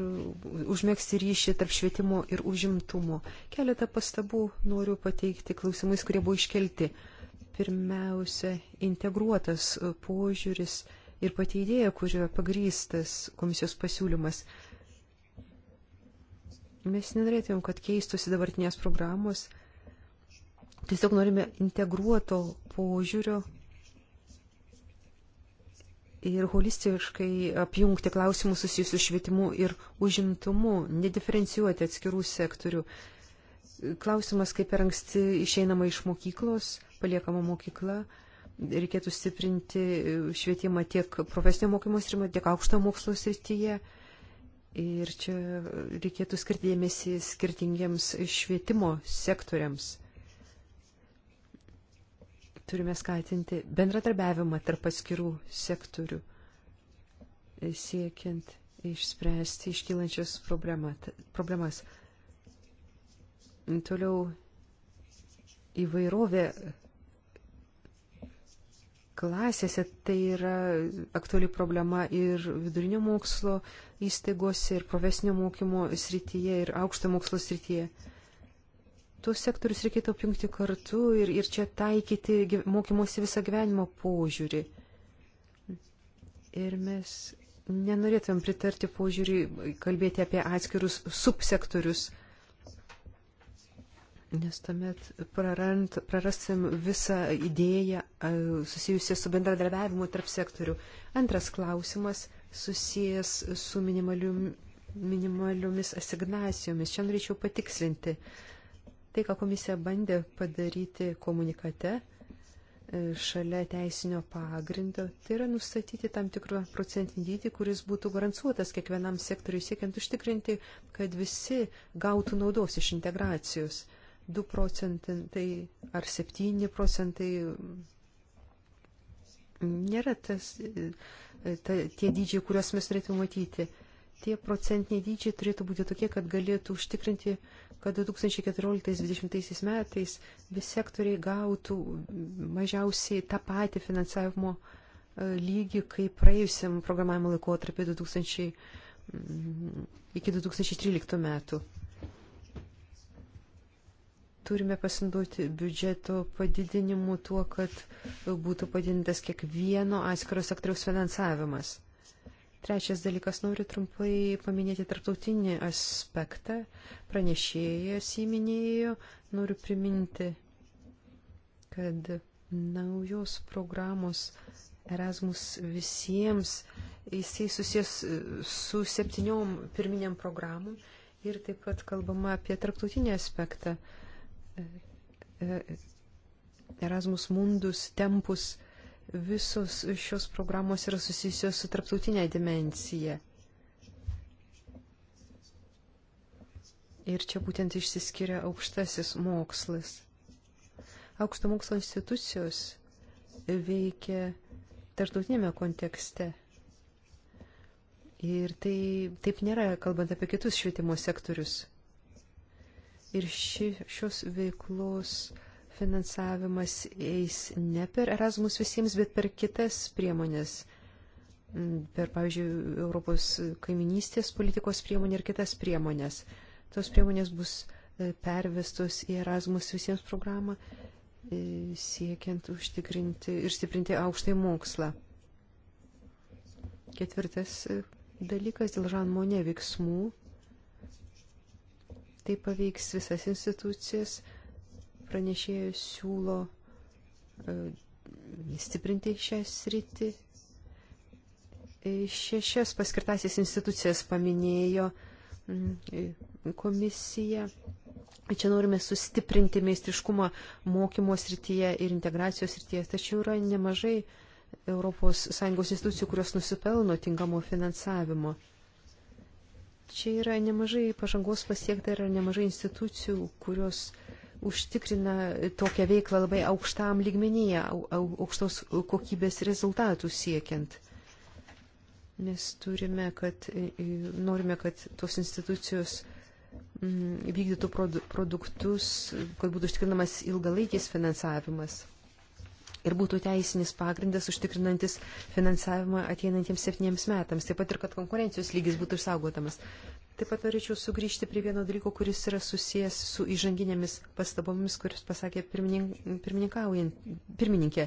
užmėgsti ryšį tarp švietimo ir užimtumo. Keletą pastabų noriu pateikti klausimais, kurie buvo iškelti. Pirmiausia, integruotas požiūris ir pati idėja, kurio pagrystas komisijos pasiūlymas. Mes nenorėtumėm, kad keistųsi dabartinės programos. Tiesiog norime integruoto požiūrio ir holistiškai apjungti klausimus susijusius švietimu ir užimtumu, nediferencijuoti atskirų sektorių. Klausimas, kaip per anksti išeinama iš mokyklos, paliekama mokykla, reikėtų stiprinti švietimą tiek profesinio mokymo srityje, tiek aukšto mokslo srityje. Ir čia reikėtų skirti dėmesį skirtingiems švietimo sektoriams. Turime skatinti bendradarbiavimą tarp atskirų sektorių, e, siekiant išspręsti iškylančias problemas. Toliau įvairovė klasėse tai yra aktuali problema ir vidurinio mokslo įstaigos, ir profesinio mokymo srityje, ir aukšto mokslo srityje tuos sektorius reikėtų apjungti kartu ir, ir čia taikyti mokymosi visą gyvenimo požiūrį. Ir mes nenorėtumėm pritarti požiūrį kalbėti apie atskirus subsektorius, nes tuomet prarant, prarasim visą idėją susijusią su bendradarbiavimu tarp sektorių. Antras klausimas susijęs su minimaliu, minimaliomis asignacijomis. Čia norėčiau patikslinti. Uh, Tai, ką komisija bandė padaryti komunikate e, šalia teisinio pagrindo, tai yra nustatyti tam tikrą procentinį dydį, kuris būtų garantuotas kiekvienam sektoriui siekiant užtikrinti, kad visi gautų naudos iš integracijos. 2 procentai ar 7 procentai mm, nėra tas, e, ta, tie dydžiai, kuriuos mes norėtume matyti. Tie procentiniai dydžiai turėtų būti tokie, kad galėtų užtikrinti uh, kad 2014-2020 metais visi sektoriai gautų mažiausiai tą patį finansavimo e, lygį, kaip praėjusiam programavimo laikotarpį 2000, mm, iki 2013 metų. Turime pasinaudoti biudžeto padidinimu tuo, kad būtų padidintas kiekvieno atskiros sektoriaus finansavimas. Trečias dalykas, noriu trumpai paminėti tarptautinį aspektą. Pranešėjas įminėjo, noriu priminti, kad naujos programos Erasmus visiems, jisai susijęs su septyniom pirminiam programom ir taip pat kalbama apie tarptautinį aspektą. E, e, Erasmus mundus, tempus visos šios programos yra susijusios su tarptautinė dimencija. Ir čia būtent išsiskiria aukštasis mokslas. Aukšto mokslo institucijos veikia tarptautinėme kontekste. Ir tai taip nėra, kalbant apie kitus švietimo sektorius. Ir ši, šios veiklos uh, finansavimas eis ne per Erasmus visiems, bet per kitas priemonės. Mm, per, pavyzdžiui, Europos kaiminystės politikos priemonę ir kitas priemonės. Tos priemonės bus e, pervestos į Erasmus visiems programą, e, siekiant užtikrinti ir stiprinti aukštąjį mokslą. Ketvirtas e, dalykas dėl žanmonė veiksmų. Tai paveiks visas institucijas, pranešėjai siūlo e, stiprinti šią sritį. E, šešias paskirtasis institucijas paminėjo mm, e, komisija. Čia norime sustiprinti meistriškumą mokymo srityje ir integracijos srityje, tačiau yra nemažai ES institucijų, kurios nusipelno tinkamo finansavimo. Čia yra nemažai pažangos pasiekta ir nemažai institucijų, kurios užtikrina tokią veiklą labai aukštam lygmenyje, aukštos kokybės rezultatų siekiant. Nes turime, kad, norime, kad tos institucijos mm, vykdytų produktus, kad būtų užtikrinamas ilgalaikis finansavimas ir būtų teisinis pagrindas užtikrinantis finansavimą ateinantiems septyniems metams, taip pat ir kad konkurencijos lygis būtų išsaugotamas. Taip pat norėčiau sugrįžti prie vieno dalyko, kuris yra susijęs su įžanginėmis pastabomis, kuris pasakė pirmininkė.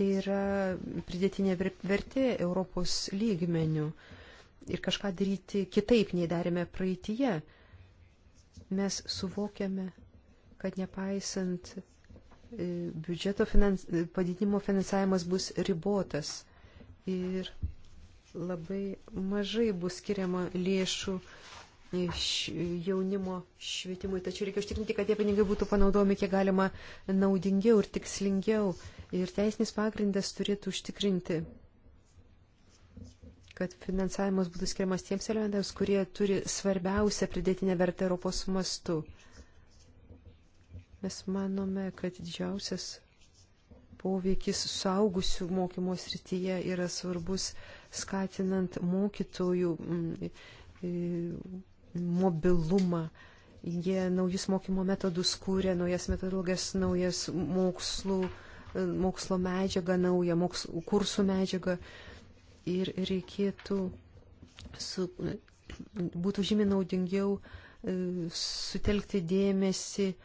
Tai yra pridėtinė vertė Europos lygmenių ir kažką daryti kitaip, nei darėme praeitie. Mes suvokiame, kad nepaisant e, biudžeto finans, padidinimo finansavimas bus ribotas ir labai mažai bus skiriama lėšų jaunimo švietimui, tačiau reikia užtikrinti, kad tie pinigai būtų panaudojami kiek galima naudingiau ir tikslingiau. Ir teisinis pagrindas turėtų užtikrinti, kad finansavimas būtų skiriamas tiems elementams, kurie turi svarbiausią pridėtinę vertę Europos mastu. Mes manome, kad didžiausias poveikis saugusių mokymo srityje yra svarbus uh, skatinant mokytojų mm, mobilumą. Jie naujus mokymo metodus kūrė, naujas metodologijas, naujas mokslų, e, mokslo medžiagą, naują mokslo, kursų medžiagą. Ir reikėtų, su, būtų žymiai naudingiau e, sutelkti dėmesį e,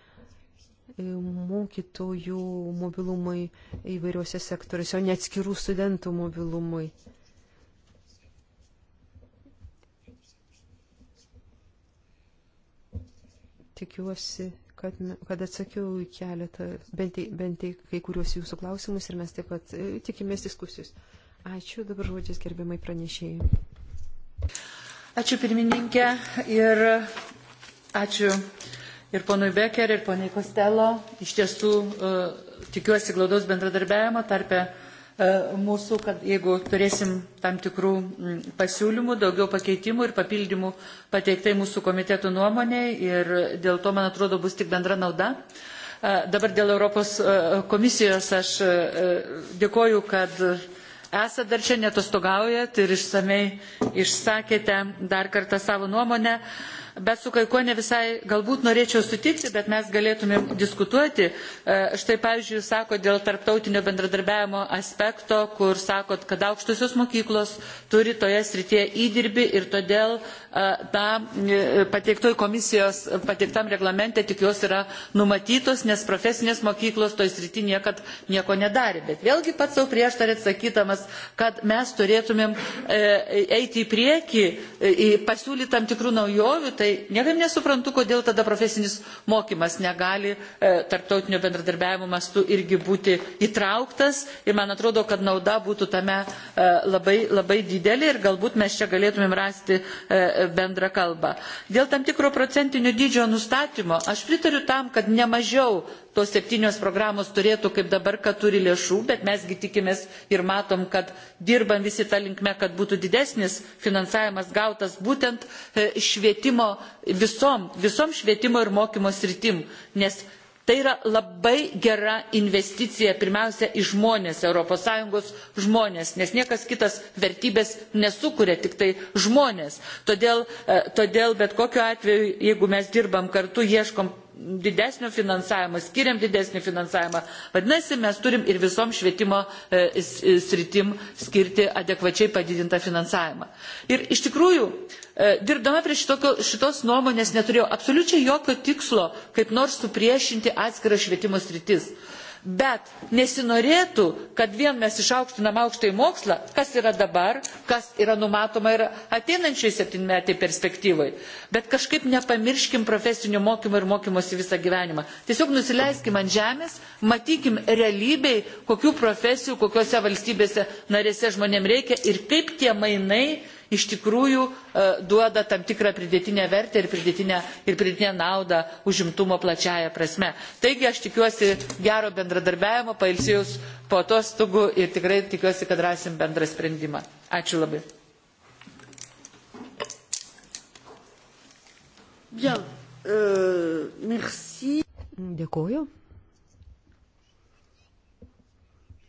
mokytojų mobilumui įvairiuose sektoriuose, o ne atskirų studentų mobilumui. tikiuosi, kad, kad atsakiau į keletą, bent, bent kai kuriuos jūsų klausimus ir mes taip pat e, tikimės diskusijus. Ačiū, dabar žodžius gerbiamai pranešėjai. Ačiū pirmininkė ir ačiū ir ponui Becker, ir poniai Kostelo. Iš tiesų e, tikiuosi glaudaus bendradarbiavimo tarpę E, mūsų, kad jeigu turėsim tam tikrų pasiūlymų, daugiau pakeitimų ir papildymų pateiktai mūsų komitetų nuomonė ir dėl to, man atrodo, bus tik bendra nauda. E, dabar dėl Europos e, komisijos aš dėkoju, kad esat dar čia netostogaujat ir išsamei išsakėte dar kartą savo nuomonę bet su kai kuo ne visai galbūt norėčiau sutikti, bet mes galėtume diskutuoti. E, štai, pavyzdžiui, jūs sako dėl tarptautinio bendradarbiavimo aspekto, kur sakot, kad aukštusios mokyklos turi toje srityje įdirbi ir todėl ta e, pateiktoj komisijos pateiktam reglamente tik jos yra numatytos, nes profesinės mokyklos toj srity niekad nieko nedarė. Bet vėlgi pats savo prieštarėt sakydamas, kad mes turėtumėm e, eiti į priekį, e, pasiūlyti tam tikrų naujovių, tai niekam nesuprantu, kodėl tada profesinis mokymas negali tarptautinio bendradarbiavimo mastu irgi būti įtrauktas. Ir man atrodo, kad nauda būtų tame labai, labai didelė ir galbūt mes čia galėtumėm rasti bendrą kalbą. Dėl tam tikro procentinio dydžio nustatymo aš pritariu tam, kad nemažiau tos septynios programos turėtų kaip dabar, kad turi lėšų, bet mesgi tikimės ir matom, kad dirbam visi tą linkme, kad būtų didesnis finansavimas gautas būtent e, švietimo visom, visom švietimo ir mokymo sritim, nes tai yra labai gera investicija pirmiausia į žmonės europos sąjungos žmonės nes niekas kitas vertybės nesukuria tik tai žmonės todėl, e, todėl bet kokiu atveju jeigu mes dirbam kartu ieškom didesnio finansavimo, skiriam didesnį finansavimą. Vadinasi, mes turim ir visom švietimo e, e, sritim skirti adekvačiai padidintą finansavimą. Ir iš tikrųjų, e, dirbdama prie šitokio, šitos nuomonės neturėjau absoliučiai jokio tikslo kaip nors supriešinti atskiras švietimo sritis bet nesinorėtų, kad vien mes išaukštinam aukštąjį mokslą, kas yra dabar, kas yra numatoma ir ateinančiai septynmetį perspektyvai, bet kažkaip nepamirškim profesinio mokymo ir mokymosi visą gyvenimą. Tiesiog nusileiskim ant žemės, matykim realybei, kokių profesijų, kokiuose valstybėse narėse žmonėm reikia ir kaip tie mainai iš tikrųjų e, duoda tam tikrą pridėtinę vertę ir pridėtinę, ir pridėtinę naudą užimtumo plačiaja prasme. Taigi aš tikiuosi gero bendradarbiavimo, pailsėjus po atostogų ir tikrai tikiuosi, kad rasim bendrą sprendimą. Ačiū labai. Bien, euh, merci. Dėkuoju.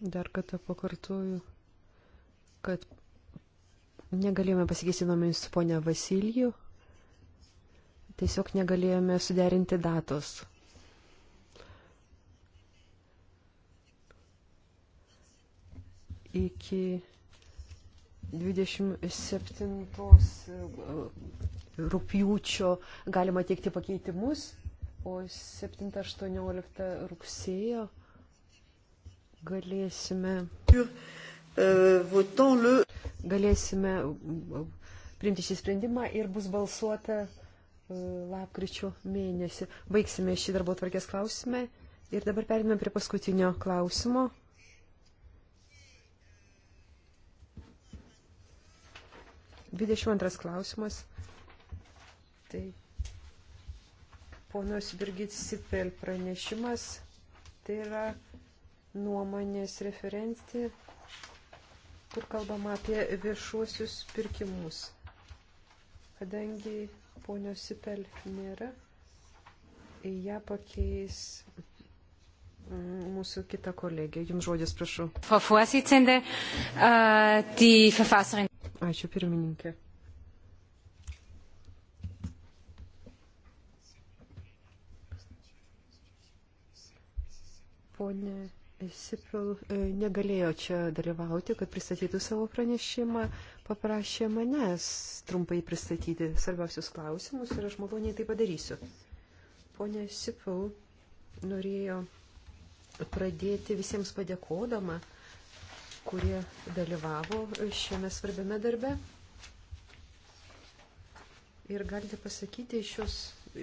Dar kartą pakartoju, kad Negalėjome pasikeisti nuomonėmis su ponia Vasilijų. Tiesiog negalėjome suderinti datos. Iki 27 rūpjūčio galima teikti pakeitimus, o 7-18 rugsėjo galėsime. Pure E, Galėsime e, priimti šį sprendimą ir bus balsuota e, lapkričio mėnesį. Baigsime šį darbo tvarkės klausimą ir dabar perėmėm prie paskutinio klausimo. Dvidešimt antras klausimas. Tai ponos Birgit Sipel pranešimas. Tai yra nuomonės referenti kur kalbama apie viešuosius pirkimus. Kadangi ponios Sipel nėra, ją pakeis mm, mūsų kita kolegė. Jums žodis, prašau. Äh, Ačiū, pirmininkė. Pone Sipil e, negalėjo čia dalyvauti, kad pristatytų savo pranešimą, paprašė manęs trumpai pristatyti svarbiausius klausimus ir aš maloniai tai padarysiu. Pone Sipil norėjo pradėti visiems padėkodama, kurie dalyvavo šiame svarbiame darbe. Ir galite pasakyti, iš šios,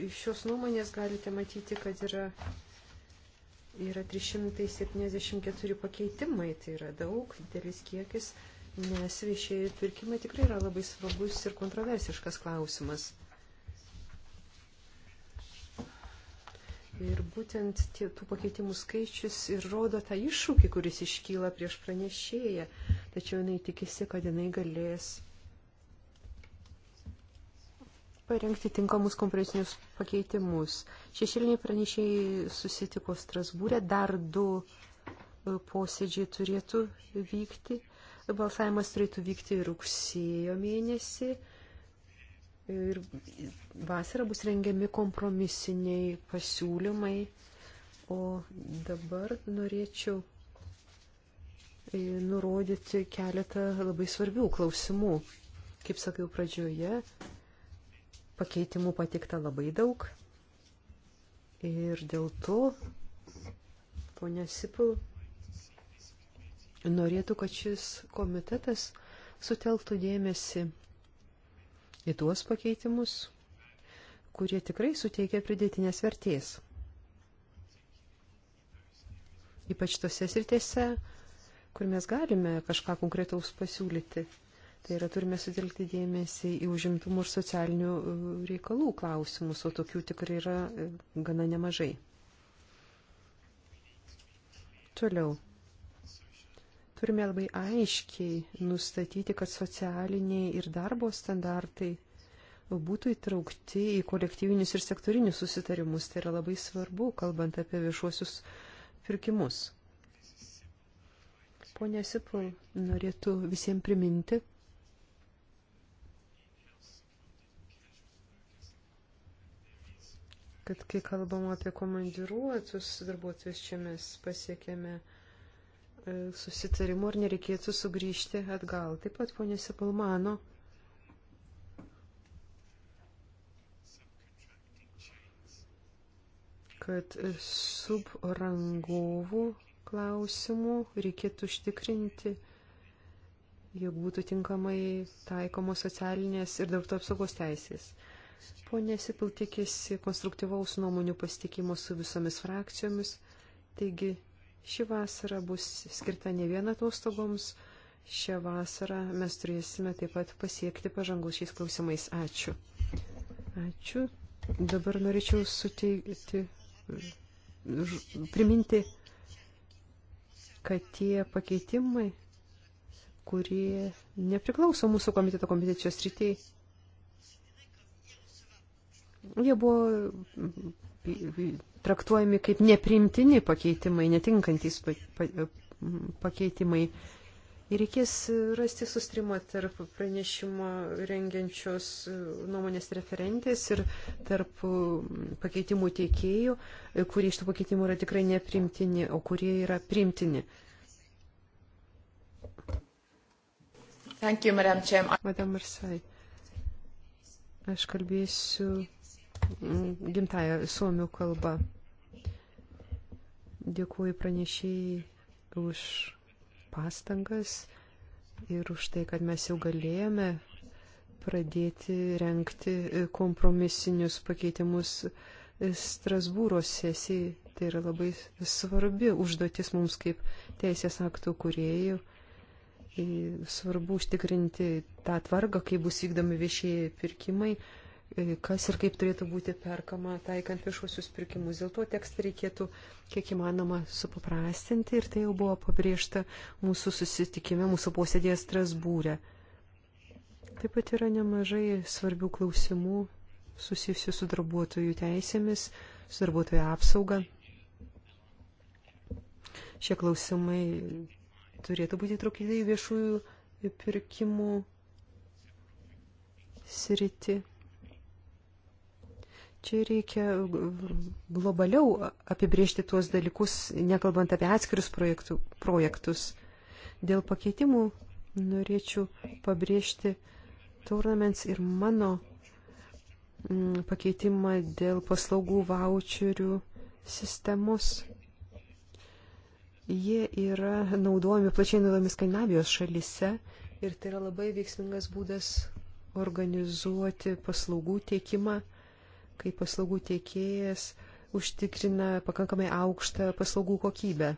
iš šios nuomonės galite matyti, kad yra yra 374 pakeitimai, tai yra daug, didelis kiekis, nes viešieji pirkimai tikrai yra labai svarbus ir kontroversiškas klausimas. Ir būtent tie, tų pakeitimų skaičius ir rodo tą iššūkį, kuris iškyla prieš pranešėją. Tačiau jinai tikisi, kad jinai galės parengti tinkamus kompresinius pakeitimus. Šešėliniai pranešėjai susitiko Strasbūrė, dar du e, posėdžiai turėtų vykti. Balsavimas turėtų vykti rugsėjo mėnesį. Ir vasarą bus rengiami kompromisiniai pasiūlymai. O dabar norėčiau e, nurodyti keletą labai svarbių klausimų. Kaip sakiau pradžioje, Pakeitimų patikta labai daug. Ir dėl to ponia Sipil norėtų, kad šis komitetas sutelktų dėmesį į tuos pakeitimus, kurie tikrai suteikia pridėtinės vertės. Ypač tose sritėse, kur mes galime kažką konkretaus pasiūlyti. Tai yra turime sutelkti dėmesį į užimtumų ir socialinių e, reikalų klausimus, o tokių tikrai yra e, gana nemažai. Toliau. Turime labai aiškiai nustatyti, kad socialiniai ir darbo standartai būtų įtraukti į kolektyvinius ir sektorinius susitarimus. Tai yra labai svarbu, kalbant apie viešuosius pirkimus. Pone Sipul norėtų visiems priminti, kad kai kalbam apie komandiruotus darbuotojus, čia mes pasiekėme e, susitarimu, ar nereikėtų sugrįžti atgal. Taip pat, ponė Sepalmano, kad subrangovų klausimų reikėtų užtikrinti, jog būtų tinkamai taikomos socialinės ir darbto apsaugos teisės. Pone Sipil tikėsi konstruktyvaus nuomonių pasitikimo su visomis frakcijomis, taigi ši vasara bus skirta ne vien atostogoms, šią vasarą mes turėsime taip pat pasiekti pažangus šiais klausimais. Ačiū. Ačiū. Dabar norėčiau suteikti, priminti, kad tie pakeitimai, kurie nepriklauso mūsų komiteto kompetencijos rytėjai, Jie buvo traktuojami kaip neprimtini pakeitimai, netinkantys pakeitimai. Ir reikės rasti sustrimą tarp pranešimo rengiančios nuomonės referentės ir tarp pakeitimų tiekėjų, kurie iš tų pakeitimų yra tikrai neprimtini, o kurie yra primtini. Thank you, Madam Chair. Madam Marsai, aš kalbėsiu gimtaja suomių kalba. Dėkuoju pranešėjai už pastangas ir už tai, kad mes jau galėjome pradėti renkti kompromisinius pakeitimus Strasbūro sesijai. Tai yra labai svarbi užduotis mums kaip teisės aktų kuriejų. Svarbu užtikrinti tą tvarką, kai bus vykdomi viešieji pirkimai E, kas ir kaip turėtų būti perkama taikant viešuosius pirkimus. Dėl to tekstą reikėtų kiek įmanoma supaprastinti ir tai jau buvo pabrėžta mūsų susitikime, mūsų posėdėje Strasbūrė. Taip pat yra nemažai svarbių klausimų susijusių su darbuotojų teisėmis, su darbuotojų apsauga. Šie klausimai turėtų būti traukyti į viešųjų pirkimų sritį. Čia reikia globaliau apibriežti tuos dalykus, nekalbant apie atskirius projektų, projektus. Dėl pakeitimų norėčiau pabrėžti tournaments ir mano mm, pakeitimą dėl paslaugų voucherių sistemos. Jie yra naudojami, plačiai naudojami Skandinavijos šalise ir tai yra labai veiksmingas būdas organizuoti paslaugų tiekimą kai paslaugų tiekėjas užtikrina pakankamai aukštą paslaugų kokybę.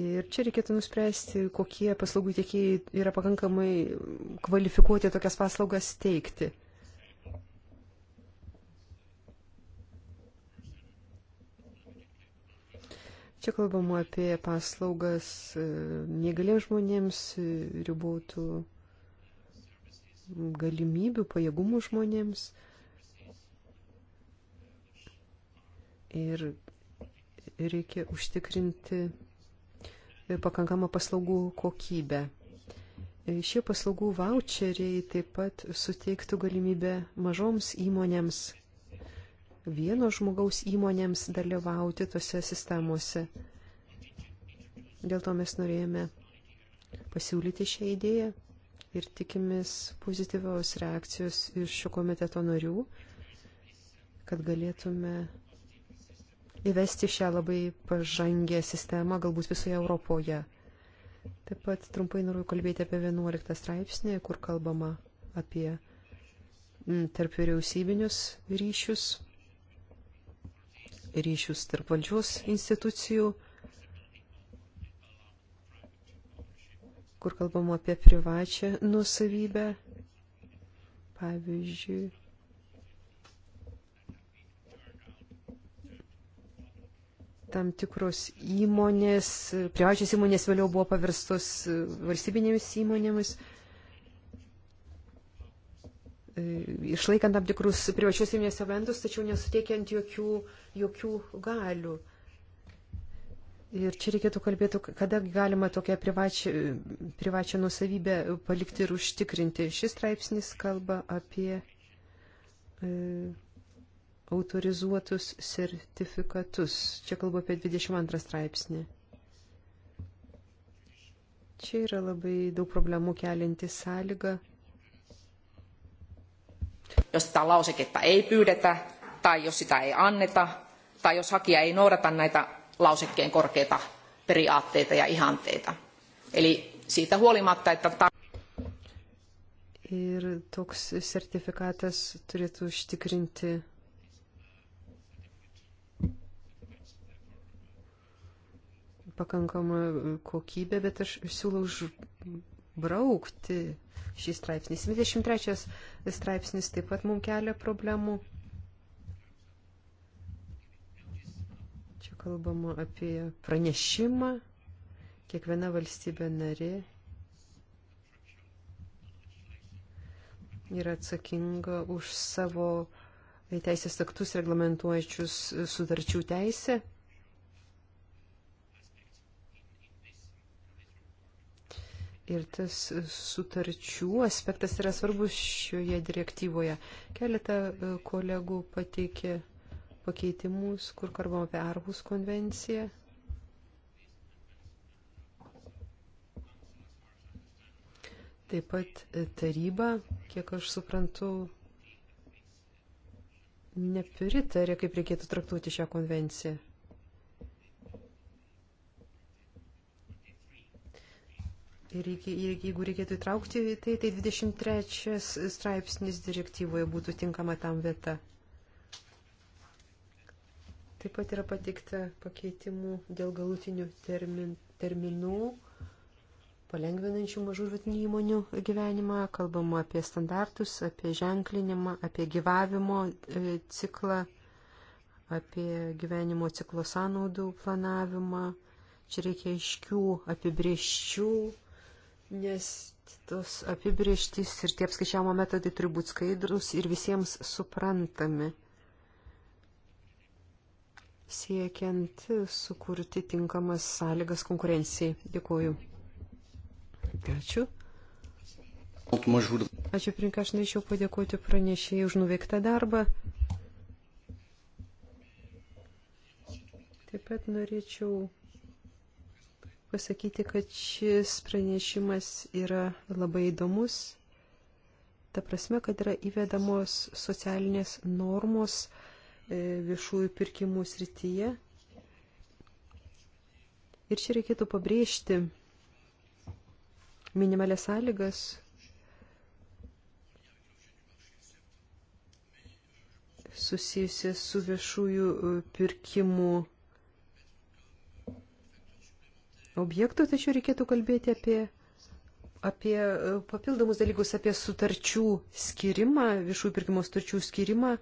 Ir čia reikėtų nuspręsti, kokie paslaugų tiekėjai yra pakankamai kvalifikuoti tokias paslaugas teikti. Čia kalbama apie paslaugas e, negaliems žmonėms e, ribotų galimybių, pajėgumų žmonėms. Ir reikia užtikrinti pakankamą paslaugų kokybę. Šie paslaugų voucheriai taip pat suteiktų galimybę mažoms įmonėms, vieno žmogaus įmonėms dalyvauti tose sistemose. Dėl to mes norėjome pasiūlyti šią idėją ir tikimės pozityvios reakcijos iš šio komiteto narių, kad galėtume įvesti šią labai pažangę sistemą, galbūt visoje Europoje. Taip pat trumpai noriu kalbėti apie 11 straipsnį, kur kalbama apie mm, tarp vyriausybinius ryšius, ryšius tarp valdžios institucijų kur kalbam apie privačią nusavybę. Pavyzdžiui, tam tikros įmonės, privačios įmonės vėliau buvo paverstos valstybinėmis įmonėmis, e, išlaikant tam tikrus privačios įmonės eventus, tačiau nesuteikiant jokių, jokių galių. Ir čia reikėtų kalbėti, kada galima tokią privačią, privačią nusavybę palikti ir užtikrinti. Šis straipsnis kalba apie e, autorizuotus sertifikatus. Čia kalba apie 22 straipsnį. Čia yra labai daug problemų kelinti sąlygą. Jos sitä lauseketta ei pyydetä, tai jos sitä ei anneta, tai jos hakija ei noudata näitä lausekkeen korkeita periaatteita ja ihanteita. Eli siitä huolimatta, että Ir toks sertifikatas turėtų užtikrinti pakankamą kokybę, bet aš siūlau užbraukti šį straipsnį. 73 straipsnis taip pat mums kelia problemų. kalbama apie pranešimą, kiekviena valstybė narė yra atsakinga už savo teisės aktus reglamentuojančius sutarčių teisę. Ir tas sutarčių aspektas yra svarbus šioje direktyvoje. Keletą e, kolegų pateikė pakeitimus, kur kalbam apie Arhus konvenciją. Taip pat e, taryba, kiek aš suprantu, nepritarė, kaip reikėtų traktuoti šią konvenciją. Ir reikia, jeigu reikėtų įtraukti, tai, tai 23 straipsnis direktyvoje būtų tinkama tam vieta. Taip pat yra pateikta pakeitimų dėl galutinių termin, terminų, palengvinančių mažų ir vidutinių įmonių gyvenimą, kalbama apie standartus, apie ženklinimą, apie gyvavimo e, ciklą, apie gyvenimo ciklo sąnaudų planavimą. Čia reikia aiškių apibrieščių, nes tos apibrieštys ir tie apskaičiavimo metodai turi būti skaidrus ir visiems suprantami siekiant sukurti tinkamas sąlygas konkurencijai. Dėkuoju. Ačiū. Ačiū, Prinka, aš norėčiau padėkoti pranešėjai už nuveiktą darbą. Taip pat norėčiau pasakyti, kad šis pranešimas yra labai įdomus. Ta prasme, kad yra įvedamos socialinės normos, uh, E, viešųjų pirkimų srityje. Ir čia reikėtų pabrėžti minimalės sąlygas, susijusi su viešųjų e, pirkimų objektų, tačiau reikėtų kalbėti apie, apie e, papildomus dalykus, apie sutarčių skirimą, viešųjų pirkimo sutarčių skirimą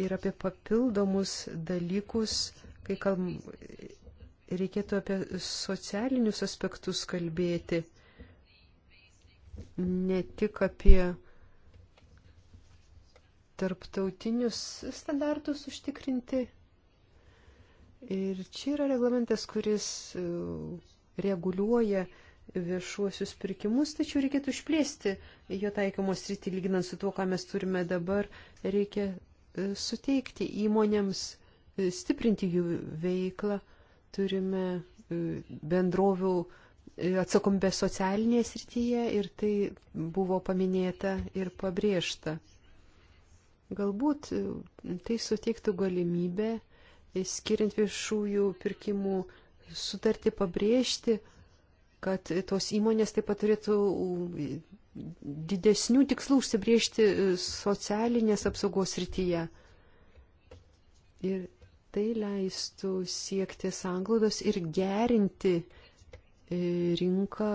ir apie papildomus dalykus, kai kalbam, reikėtų apie socialinius aspektus kalbėti, ne tik apie tarptautinius standartus užtikrinti. Ir čia yra reglamentas, kuris uh, reguliuoja viešuosius pirkimus, tačiau reikėtų išplėsti jo taikymo sritį, lyginant su tuo, ką mes turime dabar, reikia E, suteikti įmonėms, e, stiprinti jų veiklą, turime e, bendrovių atsakomybę socialinėje srityje ir tai buvo paminėta ir pabrėžta. Galbūt tai suteiktų galimybę, skiriant viešųjų pirkimų sutartį, pabrėžti, kad tos įmonės taip pat turėtų didesnių tikslų užsibriežti socialinės apsaugos rytyje. Ir tai leistų siekti sanglaudos ir gerinti e, rinką,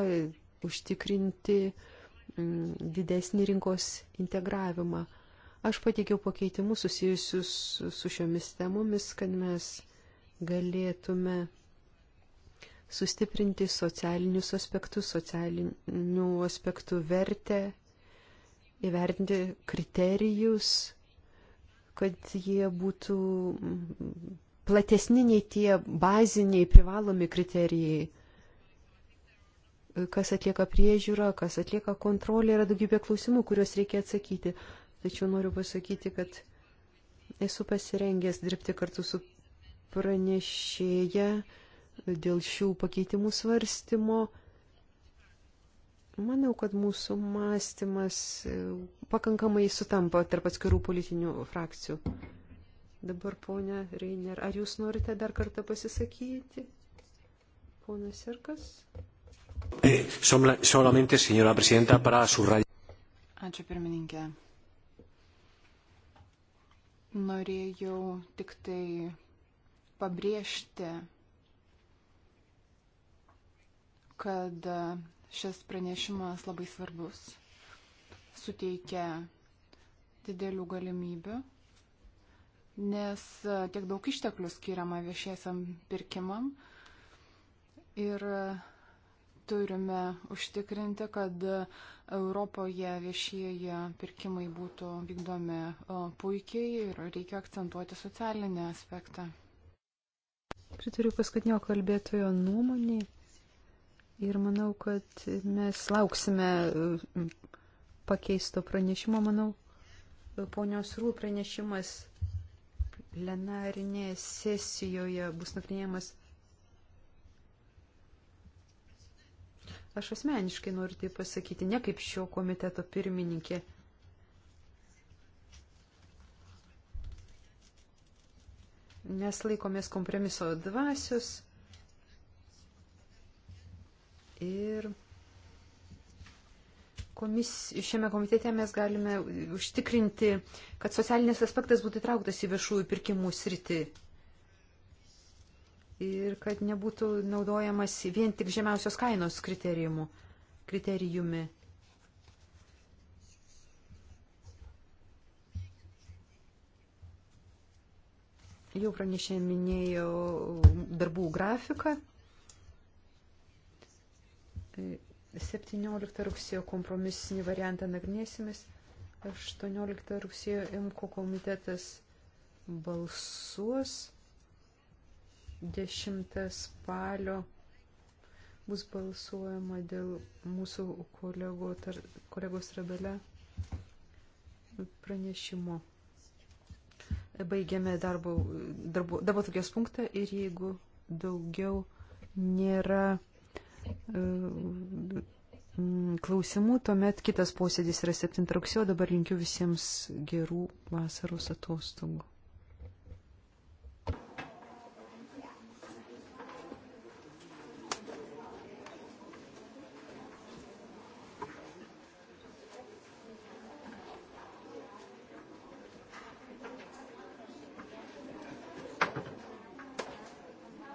užtikrinti mm, didesnį rinkos integravimą. Aš pateikiau pakeitimus susijusius su šiomis temomis, kad mes galėtume sustiprinti socialinius aspektus, socialinių aspektų vertę, įvertinti kriterijus, kad jie būtų platesni nei tie baziniai privalomi kriterijai, kas atlieka priežiūrą, kas atlieka kontrolę, yra daugybė klausimų, kuriuos reikia atsakyti. Tačiau noriu pasakyti, kad esu pasirengęs dirbti kartu su pranešėja dėl šių pakeitimų svarstymo. Manau, kad mūsų mąstymas e, pakankamai sutampa tarp atskirų politinių frakcijų. Dabar, ponia Reiner, ar jūs norite dar kartą pasisakyti? Ponas Irkas. Eh, solamente, señora presidenta, para subrayar. Ačiū pirmininkė. Norėjau tik tai pabrėžti kad e, šis pranešimas labai svarbus, suteikia didelių galimybių, nes e, tiek daug išteklių skiriama viešiesiam pirkimam ir e, turime užtikrinti, kad Europoje viešieji pirkimai būtų vykdomi puikiai ir reikia akcentuoti socialinį aspektą. Pritariu paskutinio kalbėtojo nuomonį, Ir manau, kad mes lauksime e, pakeisto pranešimo, manau, ponios Rūl pranešimas plenarinėje sesijoje bus nagrinėjamas. Aš asmeniškai noriu tai pasakyti, ne kaip šio komiteto pirmininkė. Mes laikomės kompromiso dvasios Ir komis, šiame komitete mes galime užtikrinti, kad socialinis aspektas būtų įtrauktas į viešųjų pirkimų sritį. Ir kad nebūtų naudojamas vien tik žemiausios kainos kriterijumi. Jau pranešė minėjo darbų grafiką. 17 tai rugsėjo kompromisinį variantą nagrinėsimės, 18 rugsėjo MKO komitetas balsuos, 10 spalio bus balsuojama dėl mūsų kolego, tar, kolegos Rabelė pranešimo. Baigiame darbo, darbo, darbo tokios punktą ir jeigu daugiau nėra Ehm, klausimų, tuomet kitas posėdis yra 7 rugsėjo, dabar linkiu visiems gerų vasaros atostogų.